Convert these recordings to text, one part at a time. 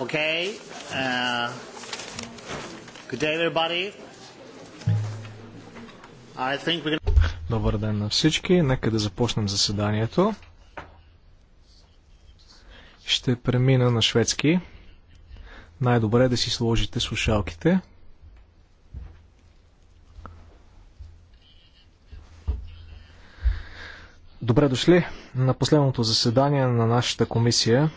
Okay. Uh, good day, everybody. I think we're gonna... Добър ден на всички. Нека да започнем заседанието. Ще премина на шведски. Най-добре е да си сложите слушалките. Добре дошли на последното заседание на нашата комисия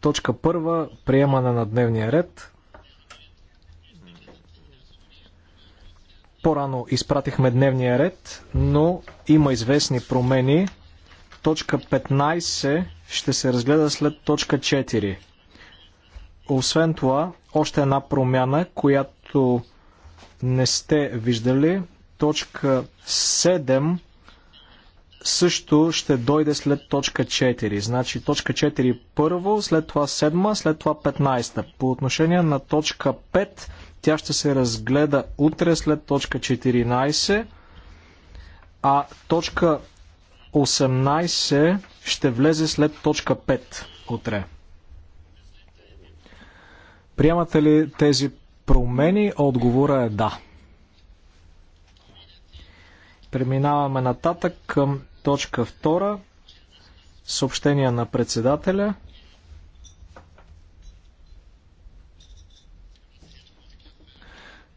Точка първа, приемане на дневния ред. По-рано изпратихме дневния ред, но има известни промени. Точка 15 ще се разгледа след точка 4. Освен това, още една промяна, която не сте виждали. Точка 7 също ще дойде след точка 4. Значи точка 4 първо, след това 7, след това 15. По отношение на точка 5, тя ще се разгледа утре след точка 14, а точка 18 ще влезе след точка 5 утре. Приемате ли тези промени? Отговора е да. Преминаваме нататък към Точка 2. Съобщение на председателя.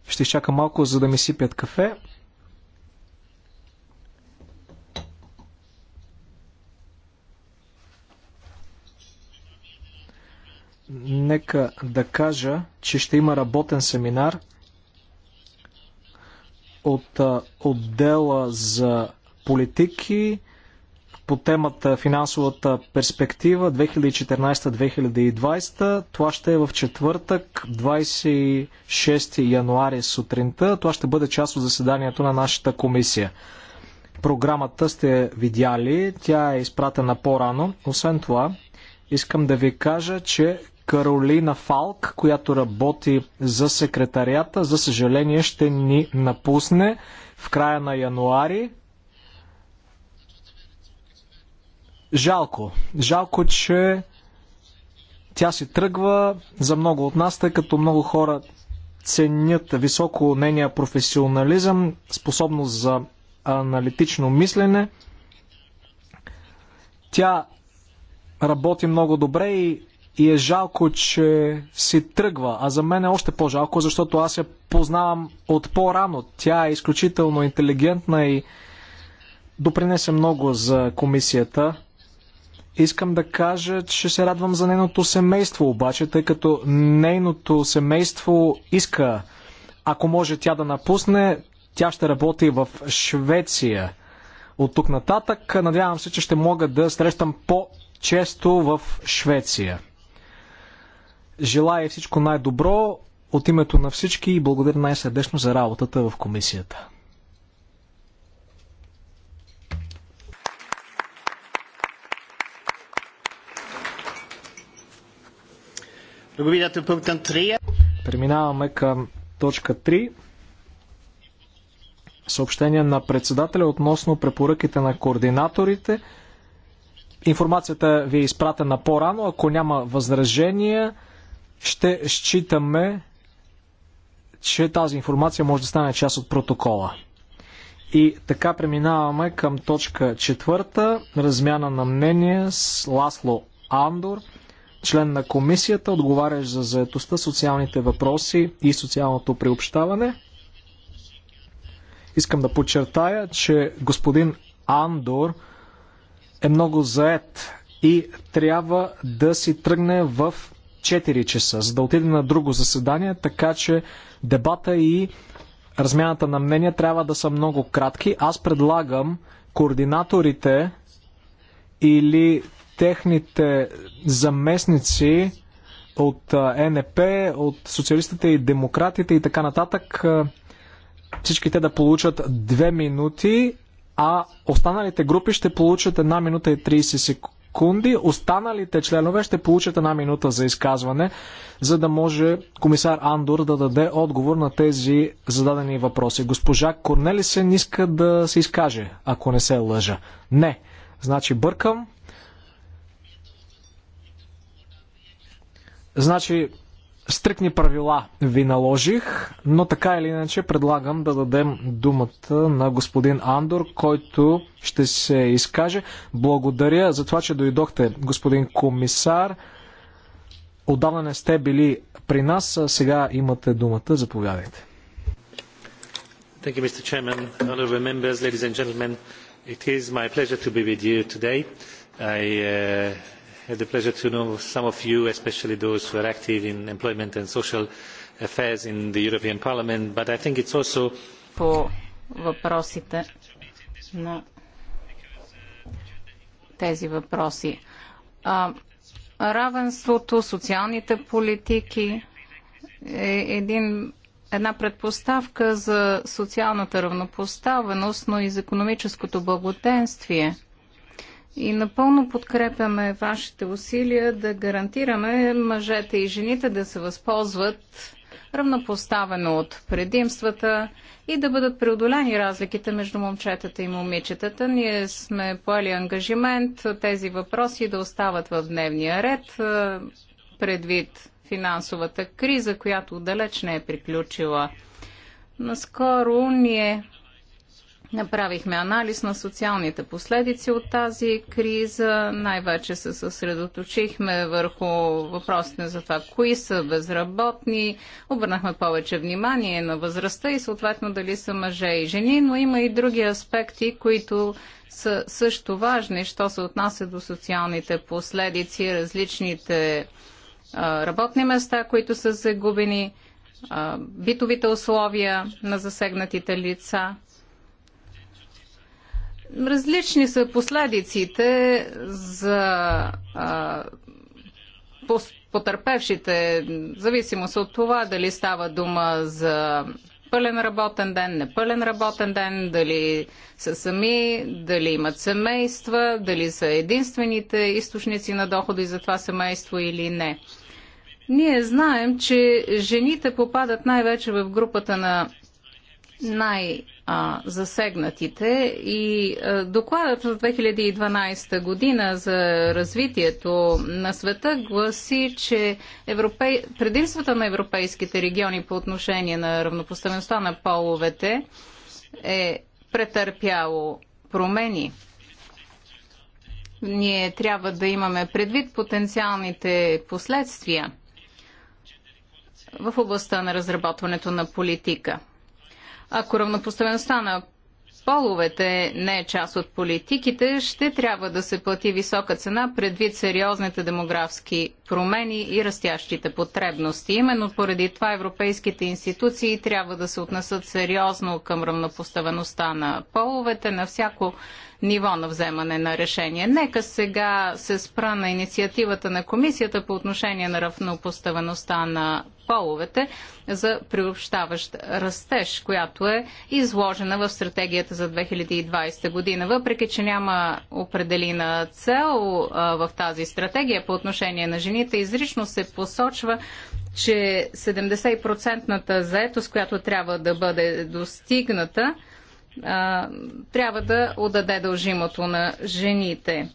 Ще изчака малко, за да ми сипят кафе. Нека да кажа, че ще има работен семинар от отдела за политики по темата финансовата перспектива 2014-2020. Това ще е в четвъртък, 26 януари сутринта. Това ще бъде част от заседанието на нашата комисия. Програмата сте видяли, тя е изпратена по-рано. Освен това, искам да ви кажа, че Каролина Фалк, която работи за секретарията, за съжаление ще ни напусне в края на януари. Жалко. Жалко, че тя си тръгва за много от нас, тъй като много хора ценят високо нения професионализъм, способност за аналитично мислене. Тя работи много добре и, и е жалко, че си тръгва. А за мен е още по-жалко, защото аз я познавам от по-рано. Тя е изключително интелигентна и допринесе много за комисията. Искам да кажа, че се радвам за нейното семейство, обаче, тъй като нейното семейство иска, ако може тя да напусне, тя ще работи в Швеция. От тук нататък надявам се, че ще мога да срещам по-често в Швеция. Желая всичко най-добро от името на всички и благодаря най-сърдечно за работата в комисията. Преминаваме към точка 3. Съобщение на председателя относно препоръките на координаторите. Информацията ви е изпратена по-рано. Ако няма възражения, ще считаме, че тази информация може да стане част от протокола. И така преминаваме към точка четвърта. Размяна на мнение с Ласло Андор – член на комисията, отговаряш за заетостта, социалните въпроси и социалното приобщаване. Искам да подчертая, че господин Андор е много заед и трябва да си тръгне в 4 часа, за да отиде на друго заседание, така че дебата и размяната на мнения трябва да са много кратки. Аз предлагам координаторите или техните заместници от НП, от социалистите и демократите и така нататък, всички те да получат две минути, а останалите групи ще получат една минута и 30 секунди. Останалите членове ще получат една минута за изказване, за да може комисар Андор да даде отговор на тези зададени въпроси. Госпожа Корнелисен иска да се изкаже, ако не се лъжа. Не. Значи бъркам. Значи, стрикни правила ви наложих, но така или иначе предлагам да дадем думата на господин Андор, който ще се изкаже. Благодаря за това, че дойдохте, господин комисар. Отдавна не сте били при нас, а сега имате думата. Заповядайте. Thank you, Mr. Chairman, honorable members, ladies and gentlemen. It is my pleasure to be with you today. I uh, had the pleasure to know some of you, especially those who are active in employment and social affairs in the European Parliament, but I think it's also по въпросите на тези въпроси. А, равенството, социалните политики е един, една предпоставка за социалната равнопоставеност, но и за економическото благоденствие – и напълно подкрепяме вашите усилия да гарантираме мъжете и жените да се възползват равнопоставено от предимствата и да бъдат преодолени разликите между момчетата и момичетата. Ние сме поели ангажимент тези въпроси да остават в дневния ред предвид финансовата криза, която далеч не е приключила. Наскоро ние Направихме анализ на социалните последици от тази криза. Най-вече се съсредоточихме върху въпросите за това, кои са безработни. Обърнахме повече внимание на възрастта и съответно дали са мъже и жени, но има и други аспекти, които са също важни, що се отнася до социалните последици, различните а, работни места, които са загубени, а, битовите условия на засегнатите лица Различни са последиците за а, потърпевшите, зависимост от това дали става дума за пълен работен ден, непълен работен ден, дали са сами, дали имат семейства, дали са единствените източници на доходи за това семейство или не. Ние знаем, че жените попадат най-вече в групата на най- а, засегнатите и а, докладът от 2012 година за развитието на света гласи, че европей... предимствата на европейските региони по отношение на равнопоставеността на половете е претърпяло промени. Ние трябва да имаме предвид потенциалните последствия в областта на разработването на политика – ако равнопоставеността на половете не е част от политиките, ще трябва да се плати висока цена предвид сериозните демографски промени и растящите потребности. Именно поради това европейските институции трябва да се отнесат сериозно към равнопоставеността на половете на всяко ниво на вземане на решение. Нека сега се спра на инициативата на комисията по отношение на равнопоставеността на половете за приобщаващ растеж, която е изложена в стратегията за 2020 година. Въпреки, че няма определена цел в тази стратегия по отношение на жените, изрично се посочва, че 70 заетост, която трябва да бъде достигната, трябва да отдаде дължимото на жените.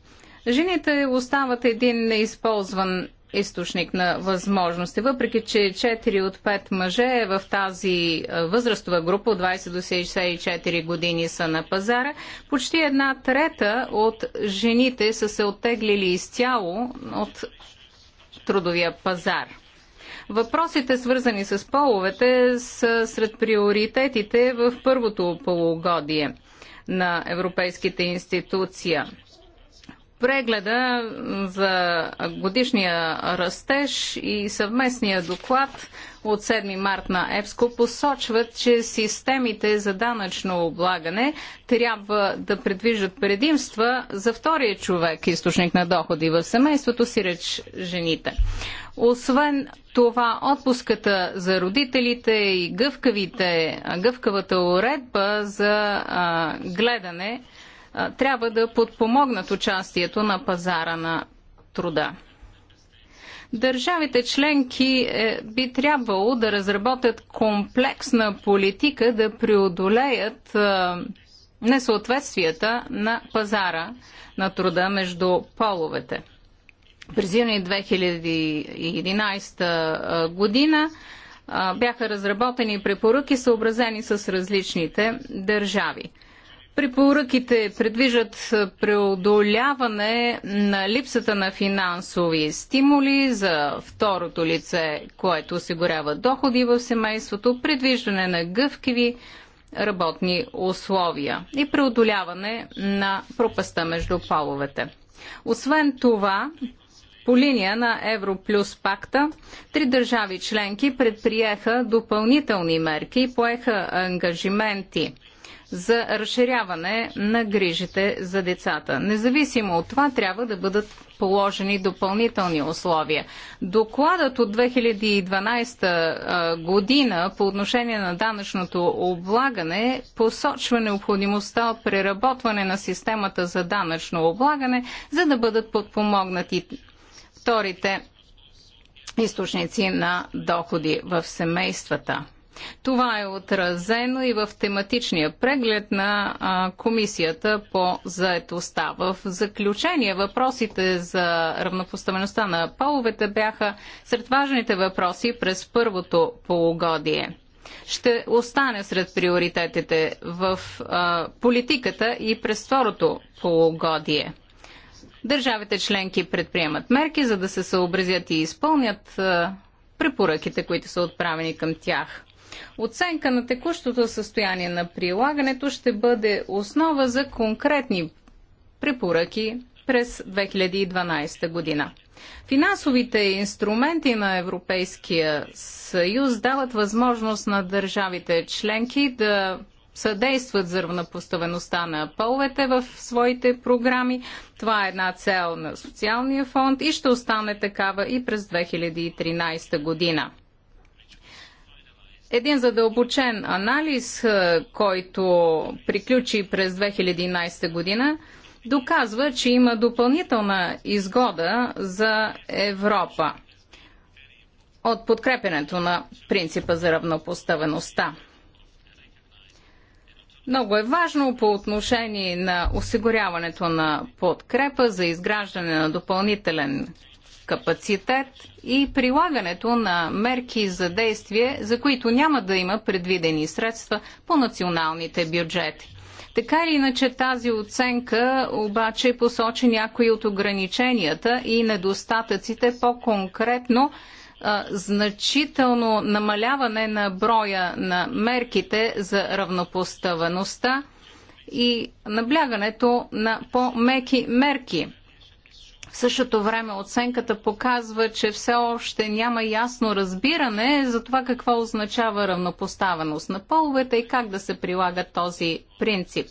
Жените остават един неизползван източник на възможности. Въпреки, че 4 от 5 мъже е в тази възрастова група от 20 до 64 години са на пазара, почти една трета от жените са се оттеглили изцяло от трудовия пазар. Въпросите, свързани с половете, са сред приоритетите в първото полугодие на европейските институции прегледа за годишния растеж и съвместния доклад от 7 март на ЕПСКО посочват, че системите за данъчно облагане трябва да предвиждат предимства за втория човек, източник на доходи в семейството си, реч жените. Освен това, отпуската за родителите и гъвкавите, гъвкавата уредба за а, гледане – трябва да подпомогнат участието на пазара на труда. Държавите членки е, би трябвало да разработят комплексна политика да преодолеят несъответствията на пазара на труда между половете. През юни 2011 година бяха разработени препоръки, съобразени с различните държави. Препоръките предвижат преодоляване на липсата на финансови стимули за второто лице, което осигурява доходи в семейството, предвиждане на гъвкиви работни условия и преодоляване на пропаста между половете. Освен това, по линия на Европлюс пакта, три държави членки предприеха допълнителни мерки и поеха ангажименти – за разширяване на грижите за децата. Независимо от това, трябва да бъдат положени допълнителни условия. Докладът от 2012 година по отношение на данъчното облагане посочва необходимостта от преработване на системата за данъчно облагане, за да бъдат подпомогнати вторите източници на доходи в семействата. Това е отразено и в тематичния преглед на а, Комисията по заетостта. В заключение въпросите за равнопоставеността на половете бяха сред важните въпроси през първото полугодие ще остане сред приоритетите в а, политиката и през второто полугодие. Държавите членки предприемат мерки, за да се съобразят и изпълнят а, препоръките, които са отправени към тях. Оценка на текущото състояние на прилагането ще бъде основа за конкретни препоръки през 2012 година. Финансовите инструменти на Европейския съюз дават възможност на държавите членки да съдействат за равнопоставеността на половете в своите програми. Това е една цел на социалния фонд и ще остане такава и през 2013 година един задълбочен анализ, е, който приключи през 2011 година, доказва, че има допълнителна изгода за Европа от подкрепенето на принципа за равнопоставеността. Много е важно по отношение на осигуряването на подкрепа за изграждане на допълнителен капацитет и прилагането на мерки за действие, за които няма да има предвидени средства по националните бюджети. Така или иначе тази оценка обаче посочи някои от ограниченията и недостатъците по-конкретно значително намаляване на броя на мерките за равнопоставеността и наблягането на по-меки мерки в същото време оценката показва, че все още няма ясно разбиране за това какво означава равнопоставеност на половете и как да се прилага този принцип.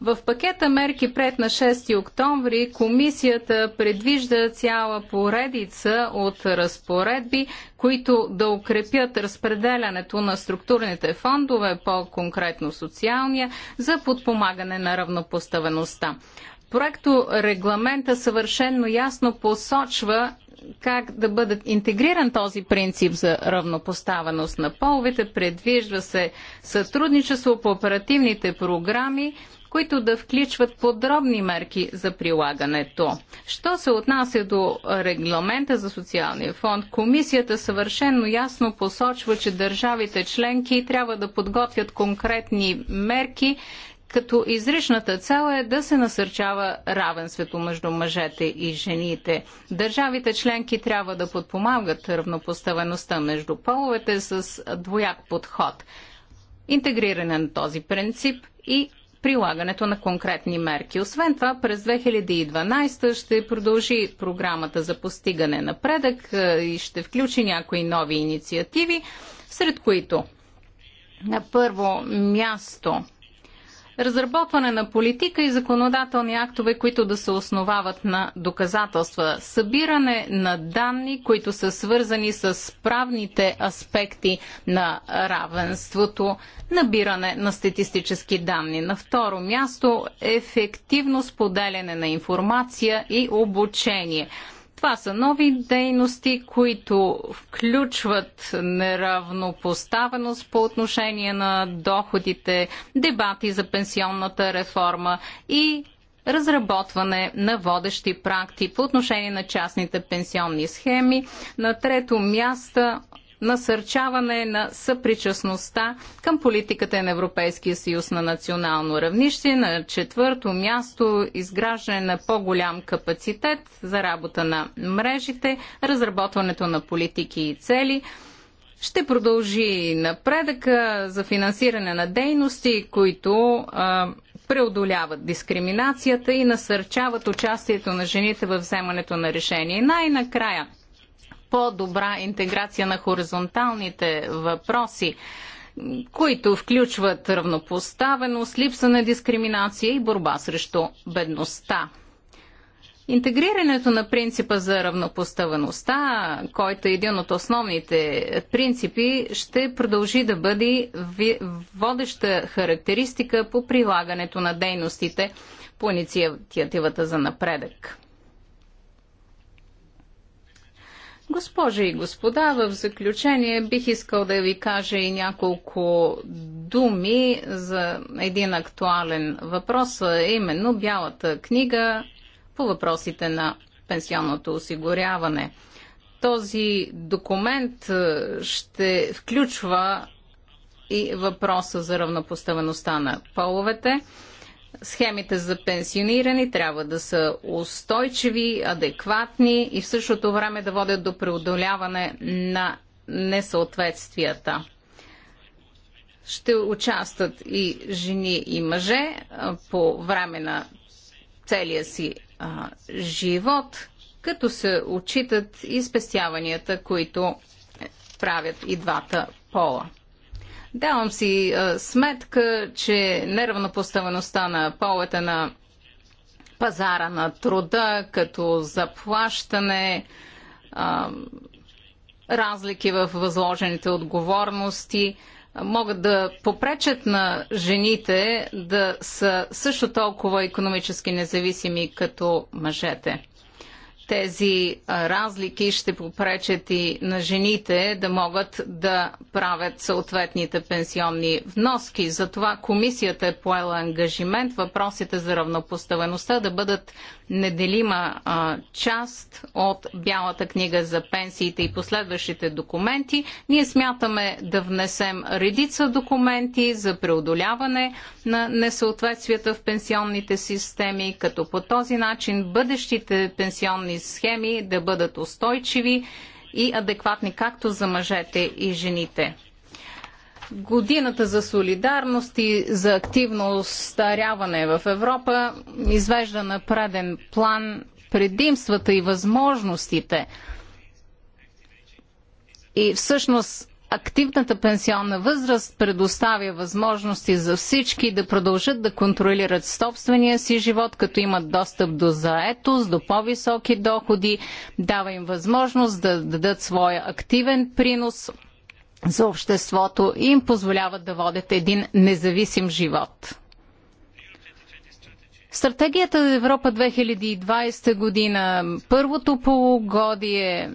В пакета мерки пред на 6 октомври комисията предвижда цяла поредица от разпоредби, които да укрепят разпределянето на структурните фондове, по-конкретно социалния, за подпомагане на равнопоставеността проекто регламента съвършенно ясно посочва как да бъде интегриран този принцип за равнопоставеност на половете. Предвижда се сътрудничество по оперативните програми, които да включват подробни мерки за прилагането. Що се отнася до регламента за социалния фонд, комисията съвършенно ясно посочва, че държавите членки трябва да подготвят конкретни мерки като изричната цел е да се насърчава равенството между мъжете и жените. Държавите членки трябва да подпомагат равнопоставеността между половете с двояк подход, интегриране на този принцип и прилагането на конкретни мерки. Освен това, през 2012 ще продължи програмата за постигане на предък е, и ще включи някои нови инициативи, сред които на първо място разработване на политика и законодателни актове, които да се основават на доказателства, събиране на данни, които са свързани с правните аспекти на равенството, набиране на статистически данни. На второ място ефективно споделяне на информация и обучение. Това са нови дейности, които включват неравнопоставеност по отношение на доходите, дебати за пенсионната реформа и разработване на водещи практи по отношение на частните пенсионни схеми. На трето място насърчаване на съпричастността към политиката на Европейския съюз на национално равнище. На четвърто място изграждане на по-голям капацитет за работа на мрежите, разработването на политики и цели. Ще продължи напредъка за финансиране на дейности, които а, преодоляват дискриминацията и насърчават участието на жените във вземането на решения. Най-накрая – по-добра интеграция на хоризонталните въпроси, които включват равнопоставеност, липса на дискриминация и борба срещу бедността. Интегрирането на принципа за равнопоставеността, който е един от основните принципи, ще продължи да бъде водеща характеристика по прилагането на дейностите по инициативата за напредък. Госпожи и господа, в заключение бих искал да ви кажа и няколко думи за един актуален въпрос, а именно Бялата книга по въпросите на пенсионното осигуряване. Този документ ще включва и въпроса за равнопоставеността на половете. Схемите за пенсионирани трябва да са устойчиви, адекватни и в същото време да водят до преодоляване на несъответствията ще участват и жени и мъже по време на целия си а, живот, като се отчитат и спестяванията, които правят и двата пола. Давам си а, сметка, че неравнопоставеността на полета на пазара на труда, като заплащане, а, разлики в възложените отговорности, могат да попречат на жените да са също толкова економически независими като мъжете тези разлики ще попречат и на жените да могат да правят съответните пенсионни вноски. Затова комисията е поела ангажимент въпросите за равнопоставеността да бъдат неделима а, част от Бялата книга за пенсиите и последващите документи. Ние смятаме да внесем редица документи за преодоляване на несъответствията в пенсионните системи, като по този начин бъдещите пенсионни схеми да бъдат устойчиви и адекватни както за мъжете и жените. Годината за солидарност и за активно старяване в Европа извежда на преден план предимствата и възможностите. И всъщност активната пенсионна възраст предоставя възможности за всички да продължат да контролират собствения си живот, като имат достъп до заетост, до по-високи доходи, дава им възможност да дадат своя активен принос за обществото и им позволяват да водят един независим живот. Стратегията за Европа 2020 година, първото полугодие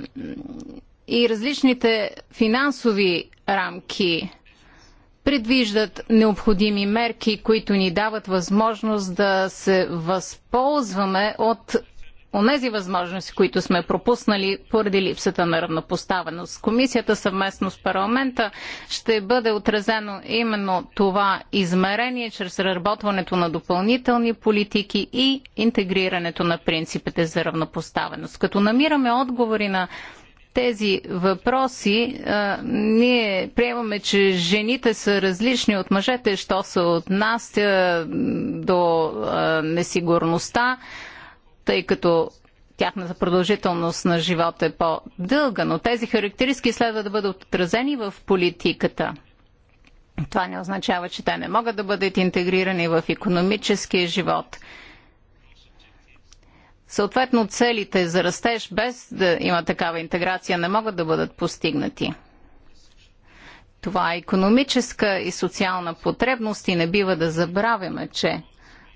и различните финансови рамки предвиждат необходими мерки, които ни дават възможност да се възползваме от онези възможности, които сме пропуснали поради липсата на равнопоставеност. Комисията съвместно с парламента ще бъде отразено именно това измерение чрез разработването на допълнителни политики и интегрирането на принципите за равнопоставеност. Като намираме отговори на тези въпроси, а, ние приемаме, че жените са различни от мъжете, що се отнася до а, несигурността, тъй като тяхната продължителност на живота е по-дълга, но тези характеристики следва да бъдат отразени в политиката. Това не означава, че те не могат да бъдат интегрирани в економическия живот – Съответно, целите за растеж без да има такава интеграция не могат да бъдат постигнати. Това е економическа и социална потребност и не бива да забравяме, че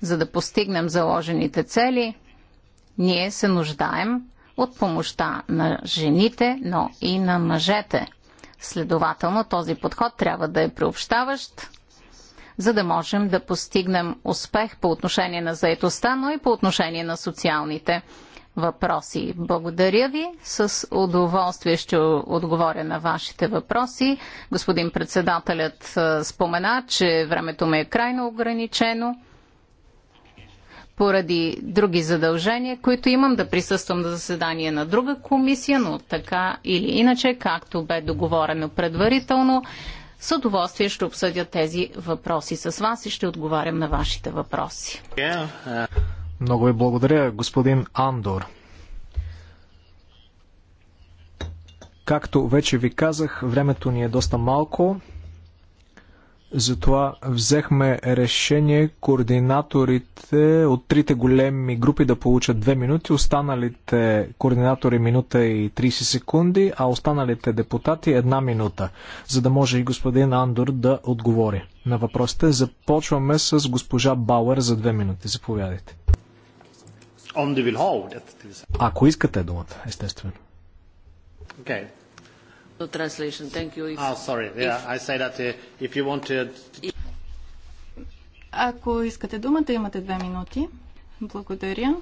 за да постигнем заложените цели, ние се нуждаем от помощта на жените, но и на мъжете. Следователно, този подход трябва да е приобщаващ, за да можем да постигнем успех по отношение на заетостта, но и по отношение на социалните въпроси. Благодаря ви. С удоволствие ще отговоря на вашите въпроси. Господин председателят спомена, че времето ми е крайно ограничено поради други задължения, които имам да присъствам на заседание на друга комисия, но така или иначе, както бе договорено предварително, с удоволствие ще обсъдя тези въпроси с вас и ще отговарям на вашите въпроси. Много ви благодаря, господин Андор. Както вече ви казах, времето ни е доста малко. Затова взехме решение координаторите от трите големи групи да получат 2 минути, останалите координатори минута и 30 секунди, а останалите депутати една минута, за да може и господин Андор да отговори на въпросите. Започваме с госпожа Бауер за 2 минути. Заповядайте. Ако искате думата, естествено. Okay. No translation, thank you. If, oh, sorry, yeah, I say that uh, if you want to... Uh, Ако искате думата, имате две минути. Благодаря.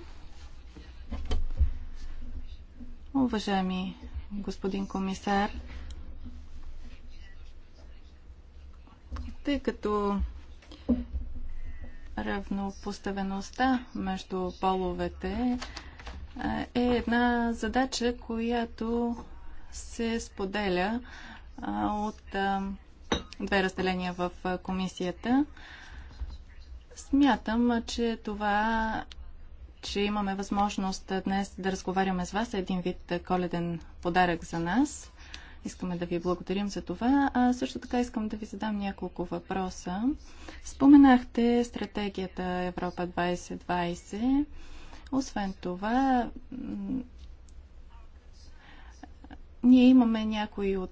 Уважаеми господин комисар, тъй като равнопоставеността между половете е една задача, която се споделя от две разделения в комисията. Смятам, че това, че имаме възможност днес да разговаряме с вас е един вид коледен подарък за нас. Искаме да ви благодарим за това. А също така искам да ви задам няколко въпроса. Споменахте стратегията Европа 2020. Освен това, ние имаме някои от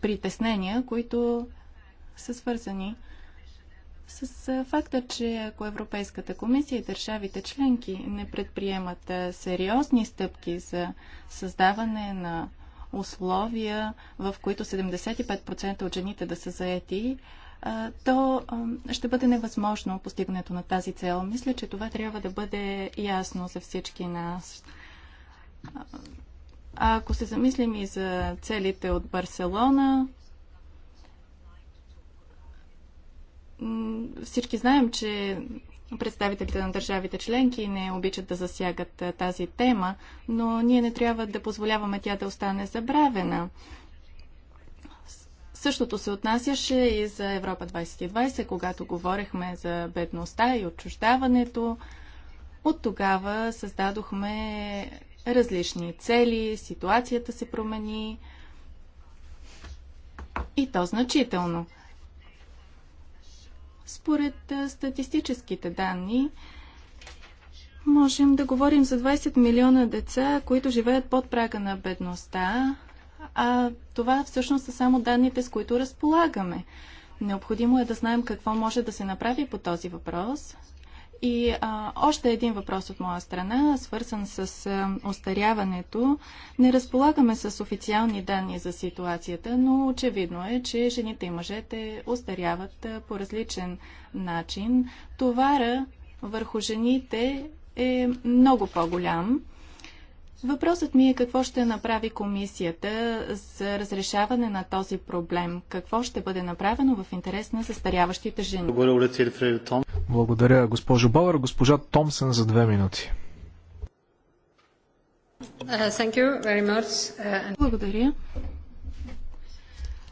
притеснения, които са свързани с факта, че ако Европейската комисия и държавите членки не предприемат сериозни стъпки за създаване на условия, в които 75% от жените да са заети, то ще бъде невъзможно постигането на тази цел. Мисля, че това трябва да бъде ясно за всички нас. А ако се замислим и за целите от Барселона, всички знаем, че представителите на държавите членки не обичат да засягат тази тема, но ние не трябва да позволяваме тя да остане забравена. Същото се отнасяше и за Европа 2020, когато говорехме за бедността и отчуждаването. От тогава създадохме различни цели, ситуацията се промени и то значително. Според статистическите данни, можем да говорим за 20 милиона деца, които живеят под прага на бедността, а това всъщност са само данните, с които разполагаме. Необходимо е да знаем какво може да се направи по този въпрос, и а, още един въпрос от моя страна, свързан с а, остаряването. Не разполагаме с официални данни за ситуацията, но очевидно е, че жените и мъжете остаряват а, по различен начин. Товара върху жените е много по-голям Въпросът ми е какво ще направи комисията за разрешаване на този проблем? Какво ще бъде направено в интерес на състаряващите жени? Благодаря, госпожо Бауер. Госпожа Томсън за две минути. Uh, uh, Благодаря.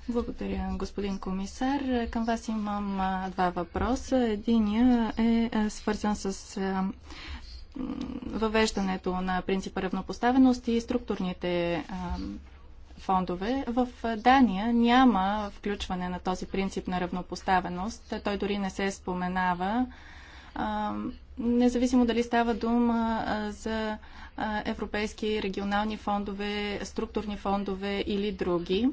Благодаря, господин комисар. Към вас имам два въпроса. Единия е свързан с въвеждането на принципа равнопоставеност и структурните фондове. В Дания няма включване на този принцип на равнопоставеност. Той дори не се споменава. Независимо дали става дума за европейски регионални фондове, структурни фондове или други.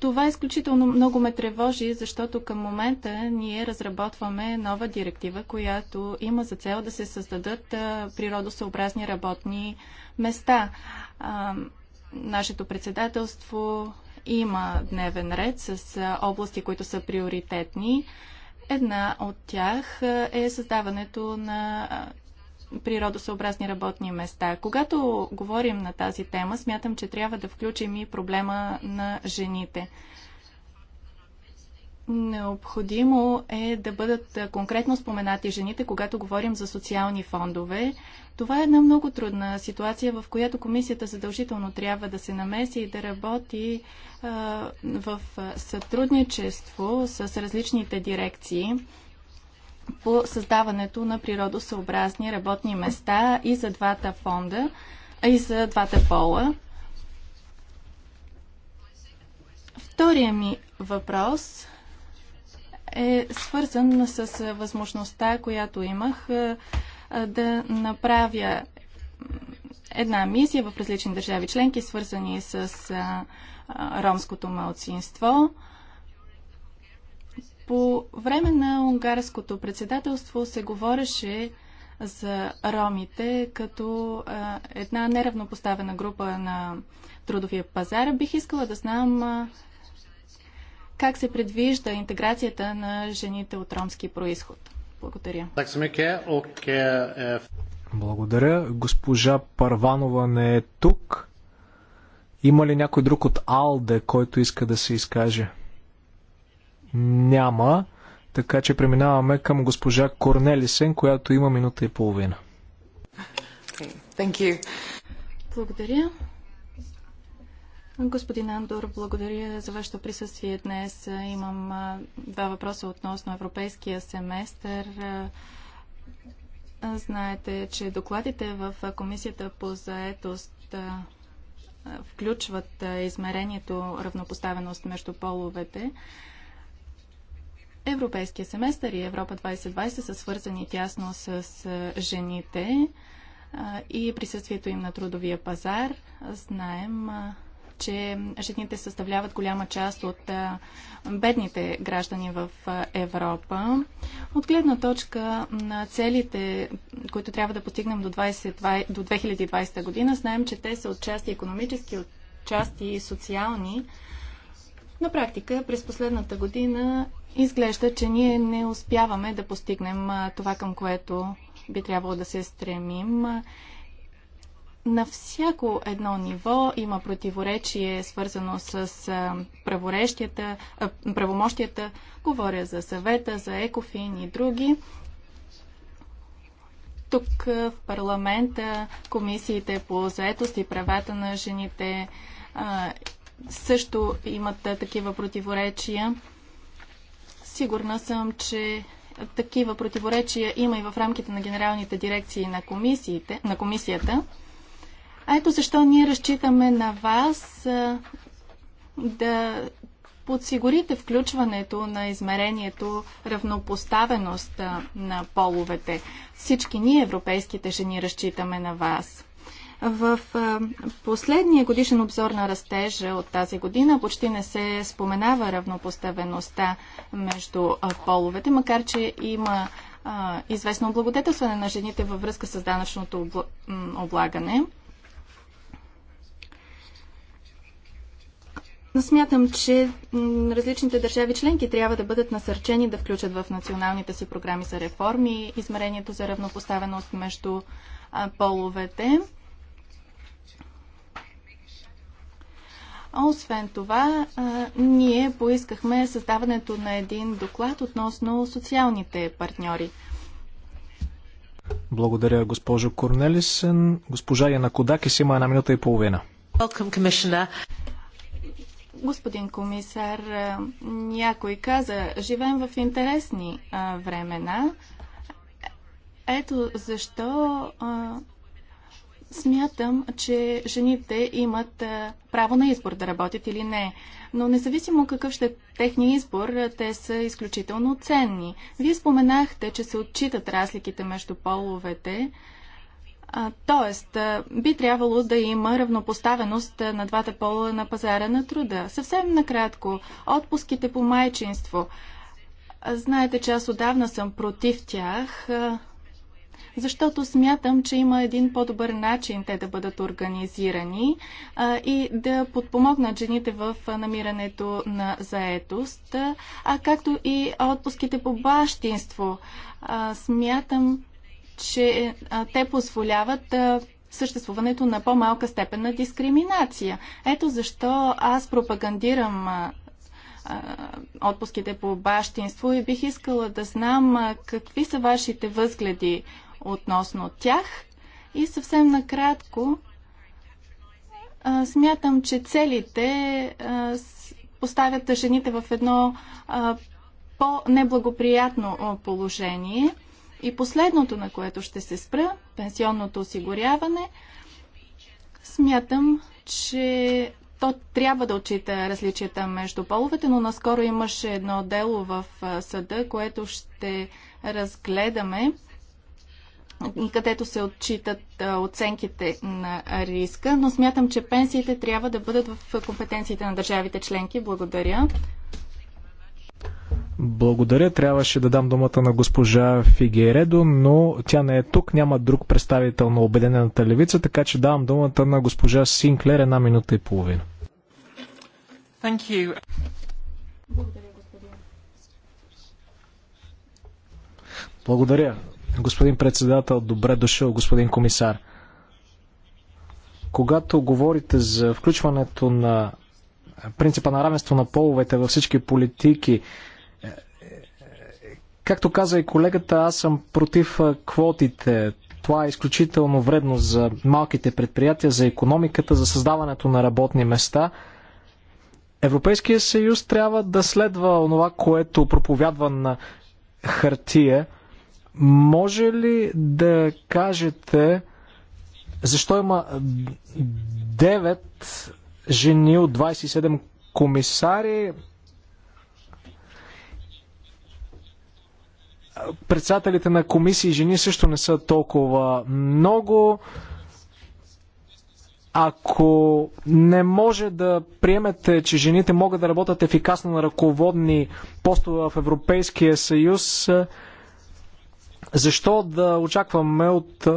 Това изключително много ме тревожи, защото към момента ние разработваме нова директива, която има за цел да се създадат природосъобразни работни места. Нашето председателство има дневен ред с области, които са приоритетни. Една от тях е създаването на природосъобразни работни места. Когато говорим на тази тема, смятам, че трябва да включим и проблема на жените. Необходимо е да бъдат конкретно споменати жените, когато говорим за социални фондове. Това е една много трудна ситуация, в която комисията задължително трябва да се намеси и да работи а, в сътрудничество с различните дирекции по създаването на природосъобразни работни места и за двата фонда, и за двата пола. Втория ми въпрос е свързан с възможността, която имах е, е, да направя една мисия в различни държави членки, свързани с е, ромското малцинство. По време на унгарското председателство се говореше за ромите като а, една неравнопоставена група на трудовия пазар. Бих искала да знам а, как се предвижда интеграцията на жените от ромски происход. Благодаря. Е, е, Благодаря. Госпожа Парванова не е тук. Има ли някой друг от Алде, който иска да се изкаже? няма, така че преминаваме към госпожа Корнелисен, която има минута и половина. Thank you. Благодаря. Господин Андор, благодаря за вашето присъствие днес. Имам два въпроса относно европейския семестър. Знаете, че докладите в Комисията по заетост включват измерението равнопоставеност между половете. Европейския семестър и Европа 2020 са свързани тясно с жените и присъствието им на трудовия пазар. Знаем, че жените съставляват голяма част от бедните граждани в Европа. От гледна точка на целите, които трябва да постигнем до, 20, до 2020 година, знаем, че те са отчасти економически, отчасти социални. На практика през последната година Изглежда, че ние не успяваме да постигнем това, към което би трябвало да се стремим. На всяко едно ниво има противоречие, свързано с правомощията. Говоря за съвета, за екофин и други. Тук в парламента комисиите по заетост и правата на жените също имат такива противоречия. Сигурна съм, че такива противоречия има и в рамките на генералните дирекции на, комисиите, на комисията. А ето защо ние разчитаме на вас да подсигурите включването на измерението равнопоставеност на половете. Всички ние, европейските жени, разчитаме на вас. В последния годишен обзор на растежа от тази година почти не се споменава равнопоставеността между половете, макар че има известно облагодетелстване на жените във връзка с данъчното облагане. Смятам, че различните държави членки трябва да бъдат насърчени да включат в националните си програми за реформи измерението за равнопоставеност между половете. Освен това, ние поискахме създаването на един доклад относно социалните партньори. Благодаря, госпожо Корнелисен. Госпожа Яна Кодакис има една минута и половина. Господин комисар, някой каза, живеем в интересни времена. Ето защо Смятам, че жените имат е, право на избор да работят или не. Но независимо какъв ще е техния избор, е, те са изключително ценни. Вие споменахте, че се отчитат разликите между половете. Тоест, е, би трябвало да има равнопоставеност на двата пола на пазара на труда. Съвсем накратко, отпуските по майчинство. Знаете, че аз отдавна съм против тях защото смятам, че има един по-добър начин те да бъдат организирани а, и да подпомогнат жените в намирането на заетост, а както и отпуските по бащинство. А, смятам, че а, те позволяват а, съществуването на по-малка степен на дискриминация. Ето защо аз пропагандирам а, отпуските по бащинство и бих искала да знам какви са вашите възгледи относно тях. И съвсем накратко, смятам, че целите поставят жените в едно по-неблагоприятно положение. И последното, на което ще се спра, пенсионното осигуряване, смятам, че то трябва да отчита различията между половете, но наскоро имаше едно дело в съда, което ще разгледаме където се отчитат оценките на риска, но смятам, че пенсиите трябва да бъдат в компетенциите на държавите членки. Благодаря. Благодаря. Трябваше да дам думата на госпожа Фигередо, но тя не е тук. Няма друг представител на Обединената левица, така че давам думата на госпожа Синклер една минута и половина. Благодаря, Благодаря, Господин председател, добре дошъл, господин комисар. Когато говорите за включването на принципа на равенство на половете във всички политики, е, е, както каза и колегата, аз съм против е, квотите. Това е изключително вредно за малките предприятия, за економиката, за създаването на работни места. Европейския съюз трябва да следва онова, което проповядва на хартия – може ли да кажете защо има 9 жени от 27 комисари? Председателите на комисии жени също не са толкова много ако не може да приемете, че жените могат да работят ефикасно на ръководни постове в Европейския съюз, защо да очакваме от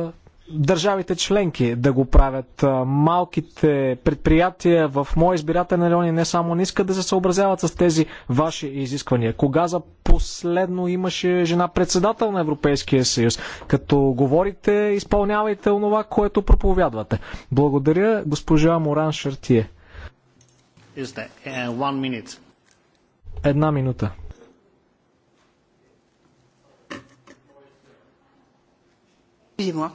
държавите членки да го правят. Малките предприятия в моя избирателен район не само не искат да се съобразяват с тези ваши изисквания. Кога за последно имаше жена председател на Европейския съюз? Като говорите, изпълнявайте онова, което проповядвате. Благодаря, госпожа Моран Шартие. Uh, Една минута. Excusez-moi.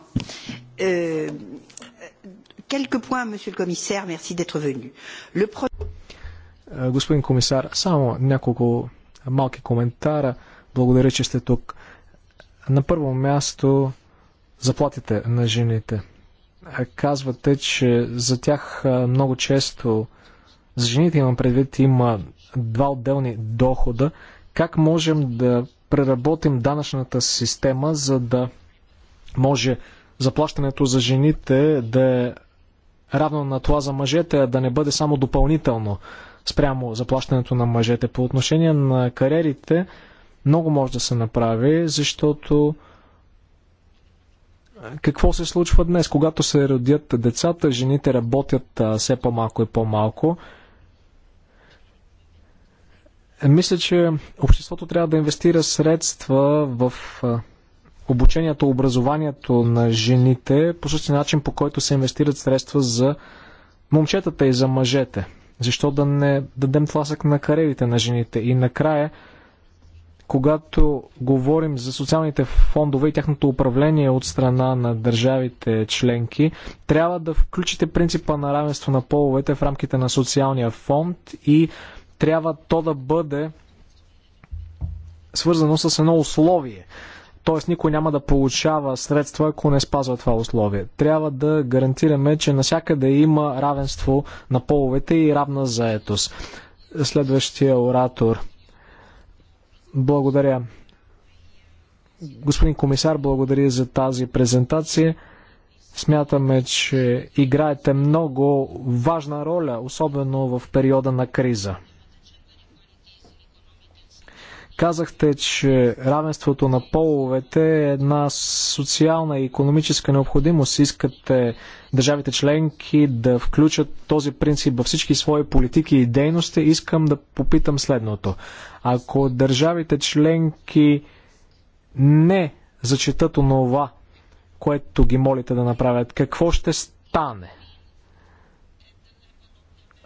Euh, quelques points, monsieur le commissaire, merci d'être venu. Le euh, Господин комисар, само няколко малки коментара. Благодаря, че сте тук. На първо място заплатите на жените. Е, казвате, че за тях е, много често, за жените имам предвид, има два отделни дохода. Как можем да преработим данъчната система, за да може заплащането за жените да е равно на това за мъжете, а да не бъде само допълнително спрямо заплащането на мъжете. По отношение на кариерите, много може да се направи, защото какво се случва днес? Когато се родят децата, жените работят все по-малко и по-малко. Мисля, че обществото трябва да инвестира средства в обучението, образованието на жените по същия начин, по който се инвестират средства за момчетата и за мъжете. Защо да не дадем тласък на каревите на жените? И накрая, когато говорим за социалните фондове и тяхното управление от страна на държавите членки, трябва да включите принципа на равенство на половете в рамките на социалния фонд и трябва то да бъде свързано с едно условие т.е. никой няма да получава средства, ако не спазва това условие. Трябва да гарантираме, че насякъде има равенство на половете и равна заетост. Следващия оратор. Благодаря. Господин комисар, благодаря за тази презентация. Смятаме, че играете много важна роля, особено в периода на криза. Казахте, че равенството на половете е една социална и економическа необходимост. Искате държавите членки да включат този принцип във всички свои политики и дейности. Искам да попитам следното. Ако държавите членки не зачитат онова, което ги молите да направят, какво ще стане?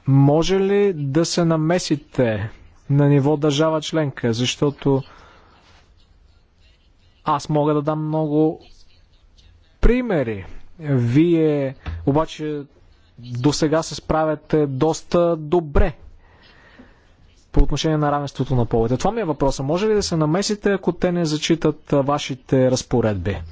Може ли да се намесите на ниво държава членка, защото аз мога да дам много примери. Вие обаче до сега се справяте доста добре по отношение на равенството на полите. Това ми е въпроса. Може ли да се намесите, ако те не зачитат вашите разпоредби?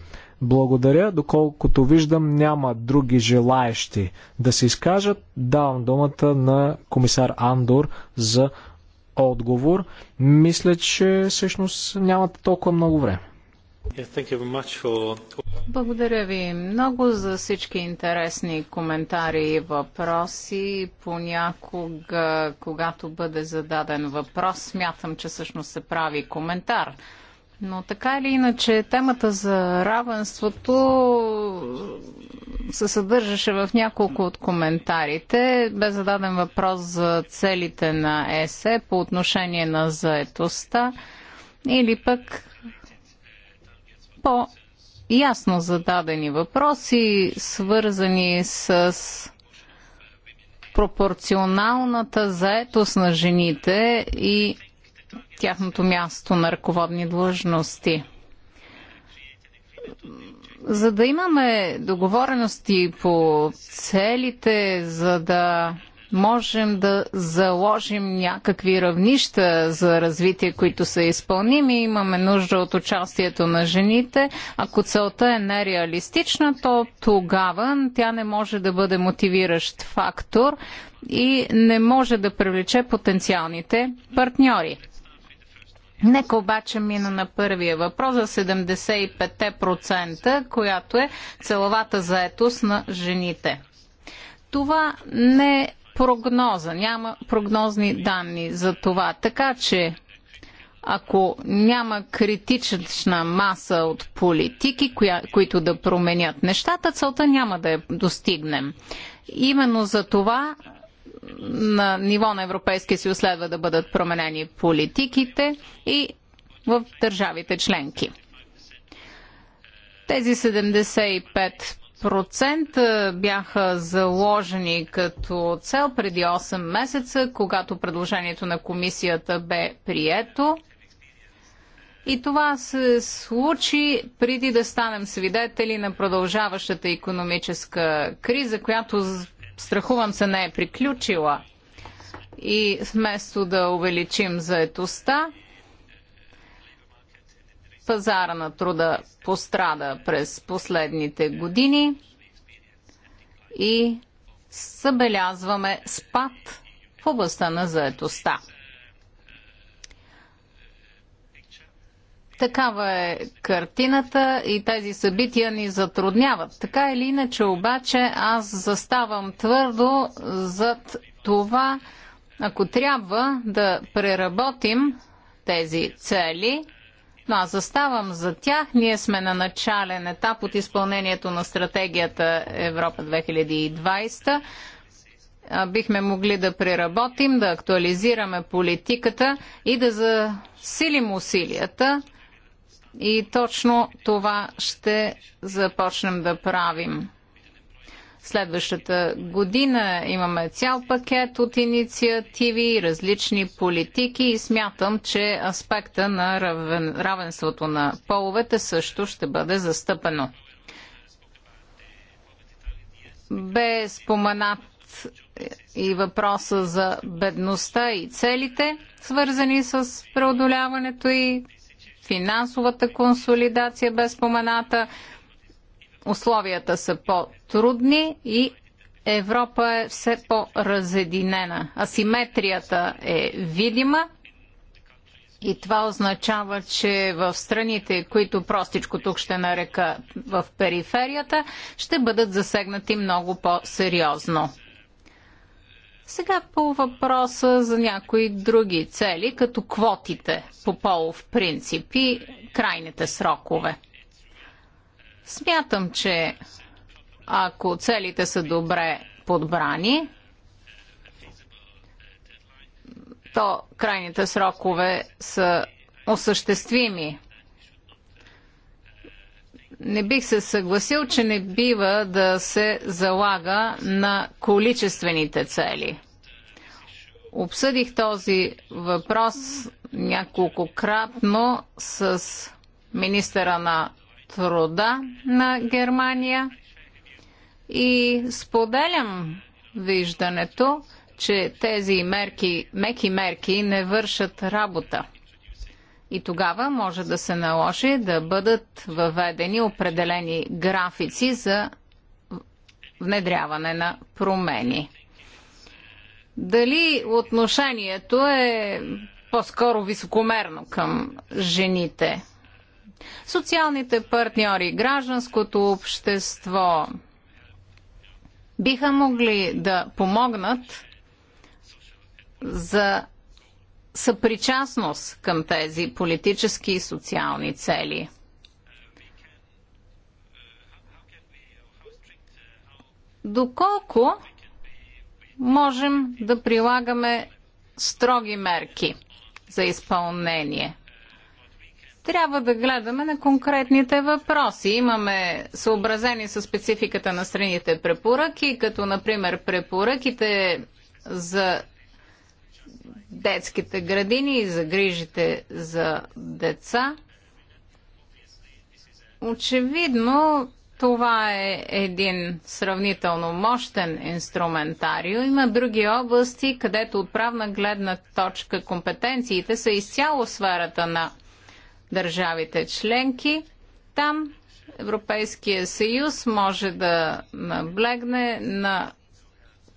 Благодаря. Доколкото виждам, няма други желаещи да се изкажат. Давам думата на комисар Андор за отговор. Мисля, че всъщност нямате толкова много време. Благодаря ви много за всички интересни коментари и въпроси. Понякога, когато бъде зададен въпрос, смятам, че всъщност се прави коментар но така или иначе, темата за равенството се съдържаше в няколко от коментарите. Бе зададен въпрос за целите на ЕСЕ по отношение на заетостта или пък по ясно зададени въпроси, свързани с пропорционалната заетост на жените и тяхното място на ръководни длъжности. За да имаме договорености по целите, за да можем да заложим някакви равнища за развитие, които са изпълними. Имаме нужда от участието на жените. Ако целта е нереалистична, то тогава тя не може да бъде мотивиращ фактор и не може да привлече потенциалните партньори. Нека обаче мина на първия въпрос за 75%, която е целовата заетост на жените. Това не е прогноза, няма прогнозни данни за това. Така че, ако няма критична маса от политики, коя, които да променят нещата, целта няма да я достигнем. Именно за това на ниво на Европейския съюз следва да бъдат променени политиките и в държавите членки. Тези 75% бяха заложени като цел преди 8 месеца, когато предложението на комисията бе прието. И това се случи преди да станем свидетели на продължаващата економическа криза, която страхувам се, не е приключила. И вместо да увеличим заетостта, пазара на труда пострада през последните години и събелязваме спад в областта на заетостта. Такава е картината и тези събития ни затрудняват. Така или иначе обаче аз заставам твърдо зад това, ако трябва да преработим тези цели, но аз заставам за тях. Ние сме на начален етап от изпълнението на стратегията Европа 2020. Бихме могли да преработим, да актуализираме политиката и да засилим усилията и точно това ще започнем да правим. Следващата година имаме цял пакет от инициативи, различни политики и смятам, че аспекта на равен, равенството на половете също ще бъде застъпено. Бе споменат и въпроса за бедността и целите, свързани с преодоляването и финансовата консолидация без спомената. Условията са по-трудни и Европа е все по-разединена. Асиметрията е видима и това означава, че в страните, които простичко тук ще нарека в периферията, ще бъдат засегнати много по-сериозно. Сега по въпроса за някои други цели, като квотите по полов принцип и крайните срокове. Смятам, че ако целите са добре подбрани, то крайните срокове са осъществими не бих се съгласил, че не бива да се залага на количествените цели. Обсъдих този въпрос няколкократно с министъра на труда на Германия и споделям виждането, че тези мерки, меки мерки не вършат работа. И тогава може да се наложи да бъдат въведени определени графици за внедряване на промени. Дали отношението е по-скоро високомерно към жените? Социалните партньори, гражданското общество биха могли да помогнат за съпричастност към тези политически и социални цели. Доколко можем да прилагаме строги мерки за изпълнение? трябва да гледаме на конкретните въпроси. Имаме съобразени с спецификата на страните препоръки, като например препоръките за детските градини и за грижите за деца. Очевидно, това е един сравнително мощен инструментарио. Има други области, където от правна гледна точка компетенциите са изцяло сферата на държавите членки. Там Европейския съюз може да наблегне на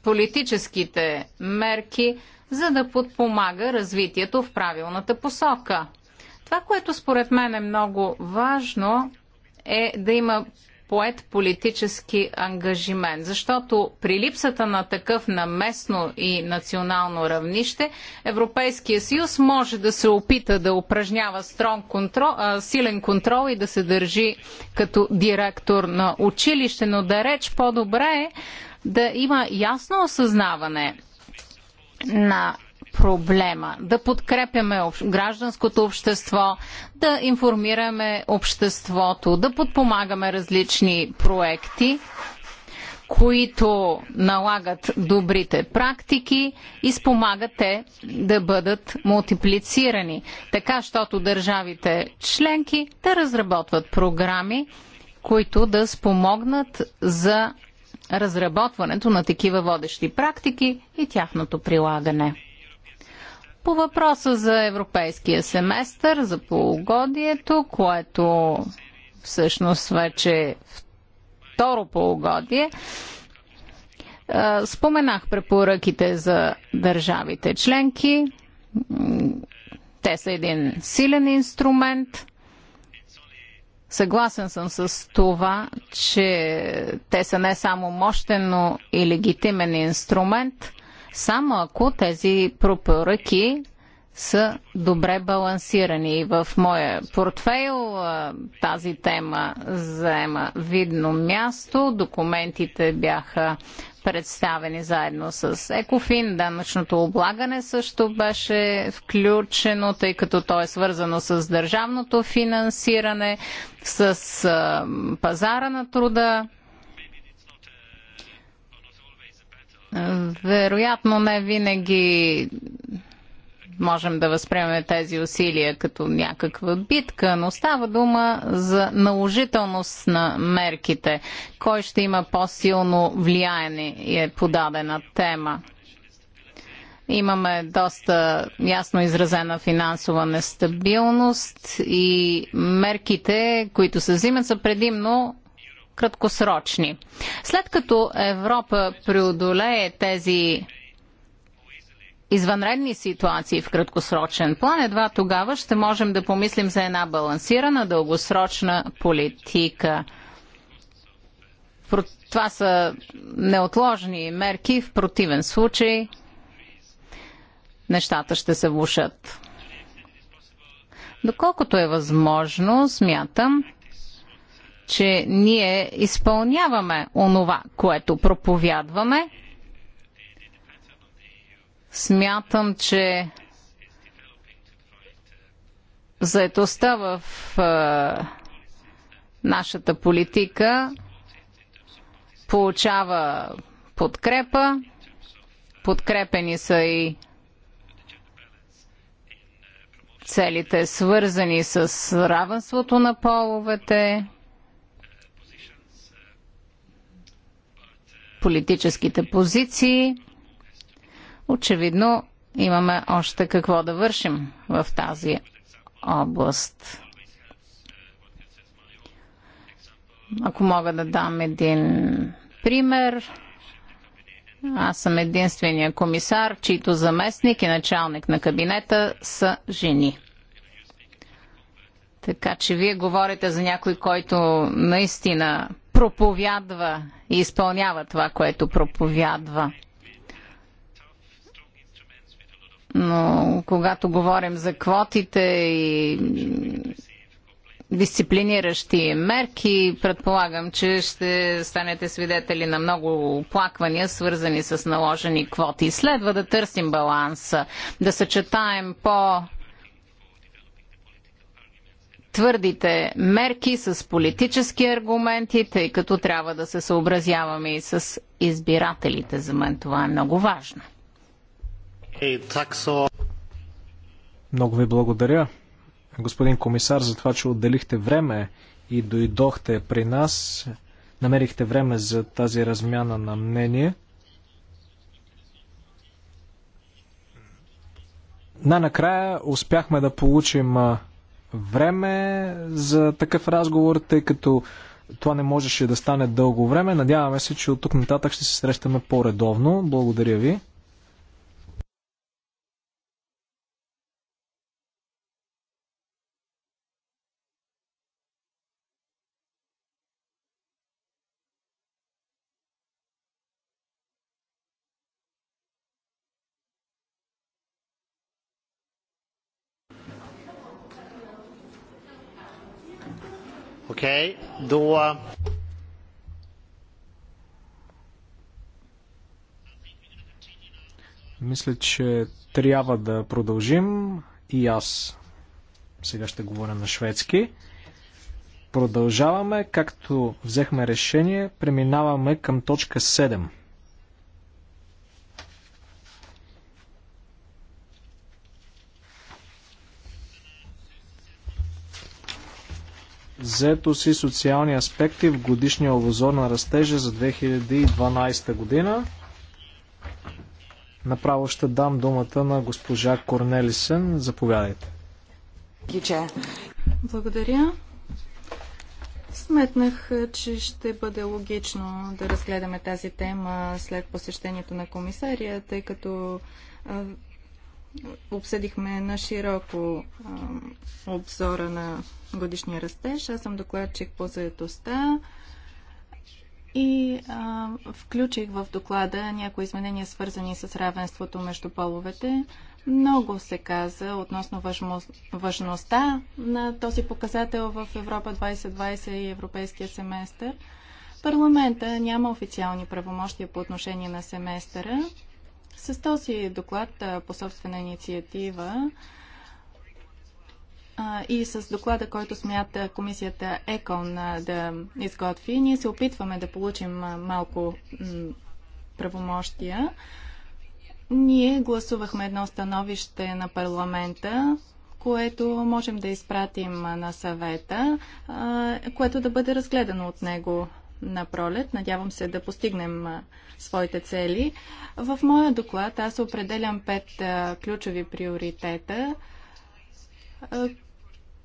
политическите мерки за да подпомага развитието в правилната посока. Това, което според мен е много важно, е да има поет политически ангажимент, защото при липсата на такъв на местно и национално равнище, Европейския съюз може да се опита да упражнява строн контрол, а, силен контрол и да се държи като директор на училище, но да реч по-добре е да има ясно осъзнаване на проблема, да подкрепяме гражданското общество, да информираме обществото, да подпомагаме различни проекти, които налагат добрите практики и спомагат те да бъдат мултиплицирани, така щото държавите членки да разработват програми, които да спомогнат за разработването на такива водещи практики и тяхното прилагане. По въпроса за европейския семестър, за полугодието, което всъщност вече е второ полугодие, споменах препоръките за държавите членки. Те са един силен инструмент – Съгласен съм с това, че те са не само мощен, но и легитимен инструмент, само ако тези пропоръки са добре балансирани. И в моя портфейл тази тема заема видно място. Документите бяха представени заедно с Екофин. Данъчното облагане също беше включено, тъй като то е свързано с държавното финансиране, с пазара на труда. Вероятно не винаги можем да възприемем тези усилия като някаква битка, но става дума за наложителност на мерките. Кой ще има по-силно влияние е подадена тема? имаме доста ясно изразена финансова нестабилност и мерките, които се взимат, са предимно краткосрочни. След като Европа преодолее тези извънредни ситуации в краткосрочен план, едва тогава ще можем да помислим за една балансирана дългосрочна политика. Това са неотложни мерки, в противен случай нещата ще се влушат. Доколкото е възможно, смятам, че ние изпълняваме онова, което проповядваме Смятам, че заедостта в нашата политика получава подкрепа. Подкрепени са и целите, свързани с равенството на половете, политическите позиции. Очевидно имаме още какво да вършим в тази област. Ако мога да дам един пример, аз съм единствения комисар, чийто заместник и началник на кабинета са жени. Така че вие говорите за някой, който наистина проповядва и изпълнява това, което проповядва. Но когато говорим за квотите и дисциплиниращи мерки. Предполагам, че ще станете свидетели на много оплаквания, свързани с наложени квоти. Следва да търсим баланса, да съчетаем по твърдите мерки с политически аргументи, тъй като трябва да се съобразяваме и с избирателите. За мен това е много важно. Много ви благодаря, господин комисар, за това, че отделихте време и дойдохте при нас. Намерихте време за тази размяна на мнение. Най-накрая успяхме да получим време за такъв разговор, тъй като това не можеше да стане дълго време. Надяваме се, че от тук нататък ще се срещаме по-редовно. Благодаря ви. okay, då... Мисля, че трябва да продължим и аз сега ще говоря на шведски. Продължаваме, както взехме решение, преминаваме към точка 7. взето си социални аспекти в годишния обзор на растежа за 2012 година. Направо ще дам думата на госпожа Корнелисен. Заповядайте. Благодаря. Сметнах, че ще бъде логично да разгледаме тази тема след посещението на комисария, тъй като Обсъдихме на широко обзора на годишния растеж. Аз съм докладчик по заедостта и а, включих в доклада някои изменения, свързани с равенството между половете. Много се каза относно важността на този показател в Европа 2020 и Европейския семестър. Парламента няма официални правомощия по отношение на семестъра. С този доклад по собствена инициатива и с доклада, който смята комисията ЕКОН да изготви, ние се опитваме да получим малко правомощия. Ние гласувахме едно становище на парламента, което можем да изпратим на съвета, което да бъде разгледано от него на пролет. Надявам се да постигнем своите цели. В моя доклад аз определям пет ключови приоритета,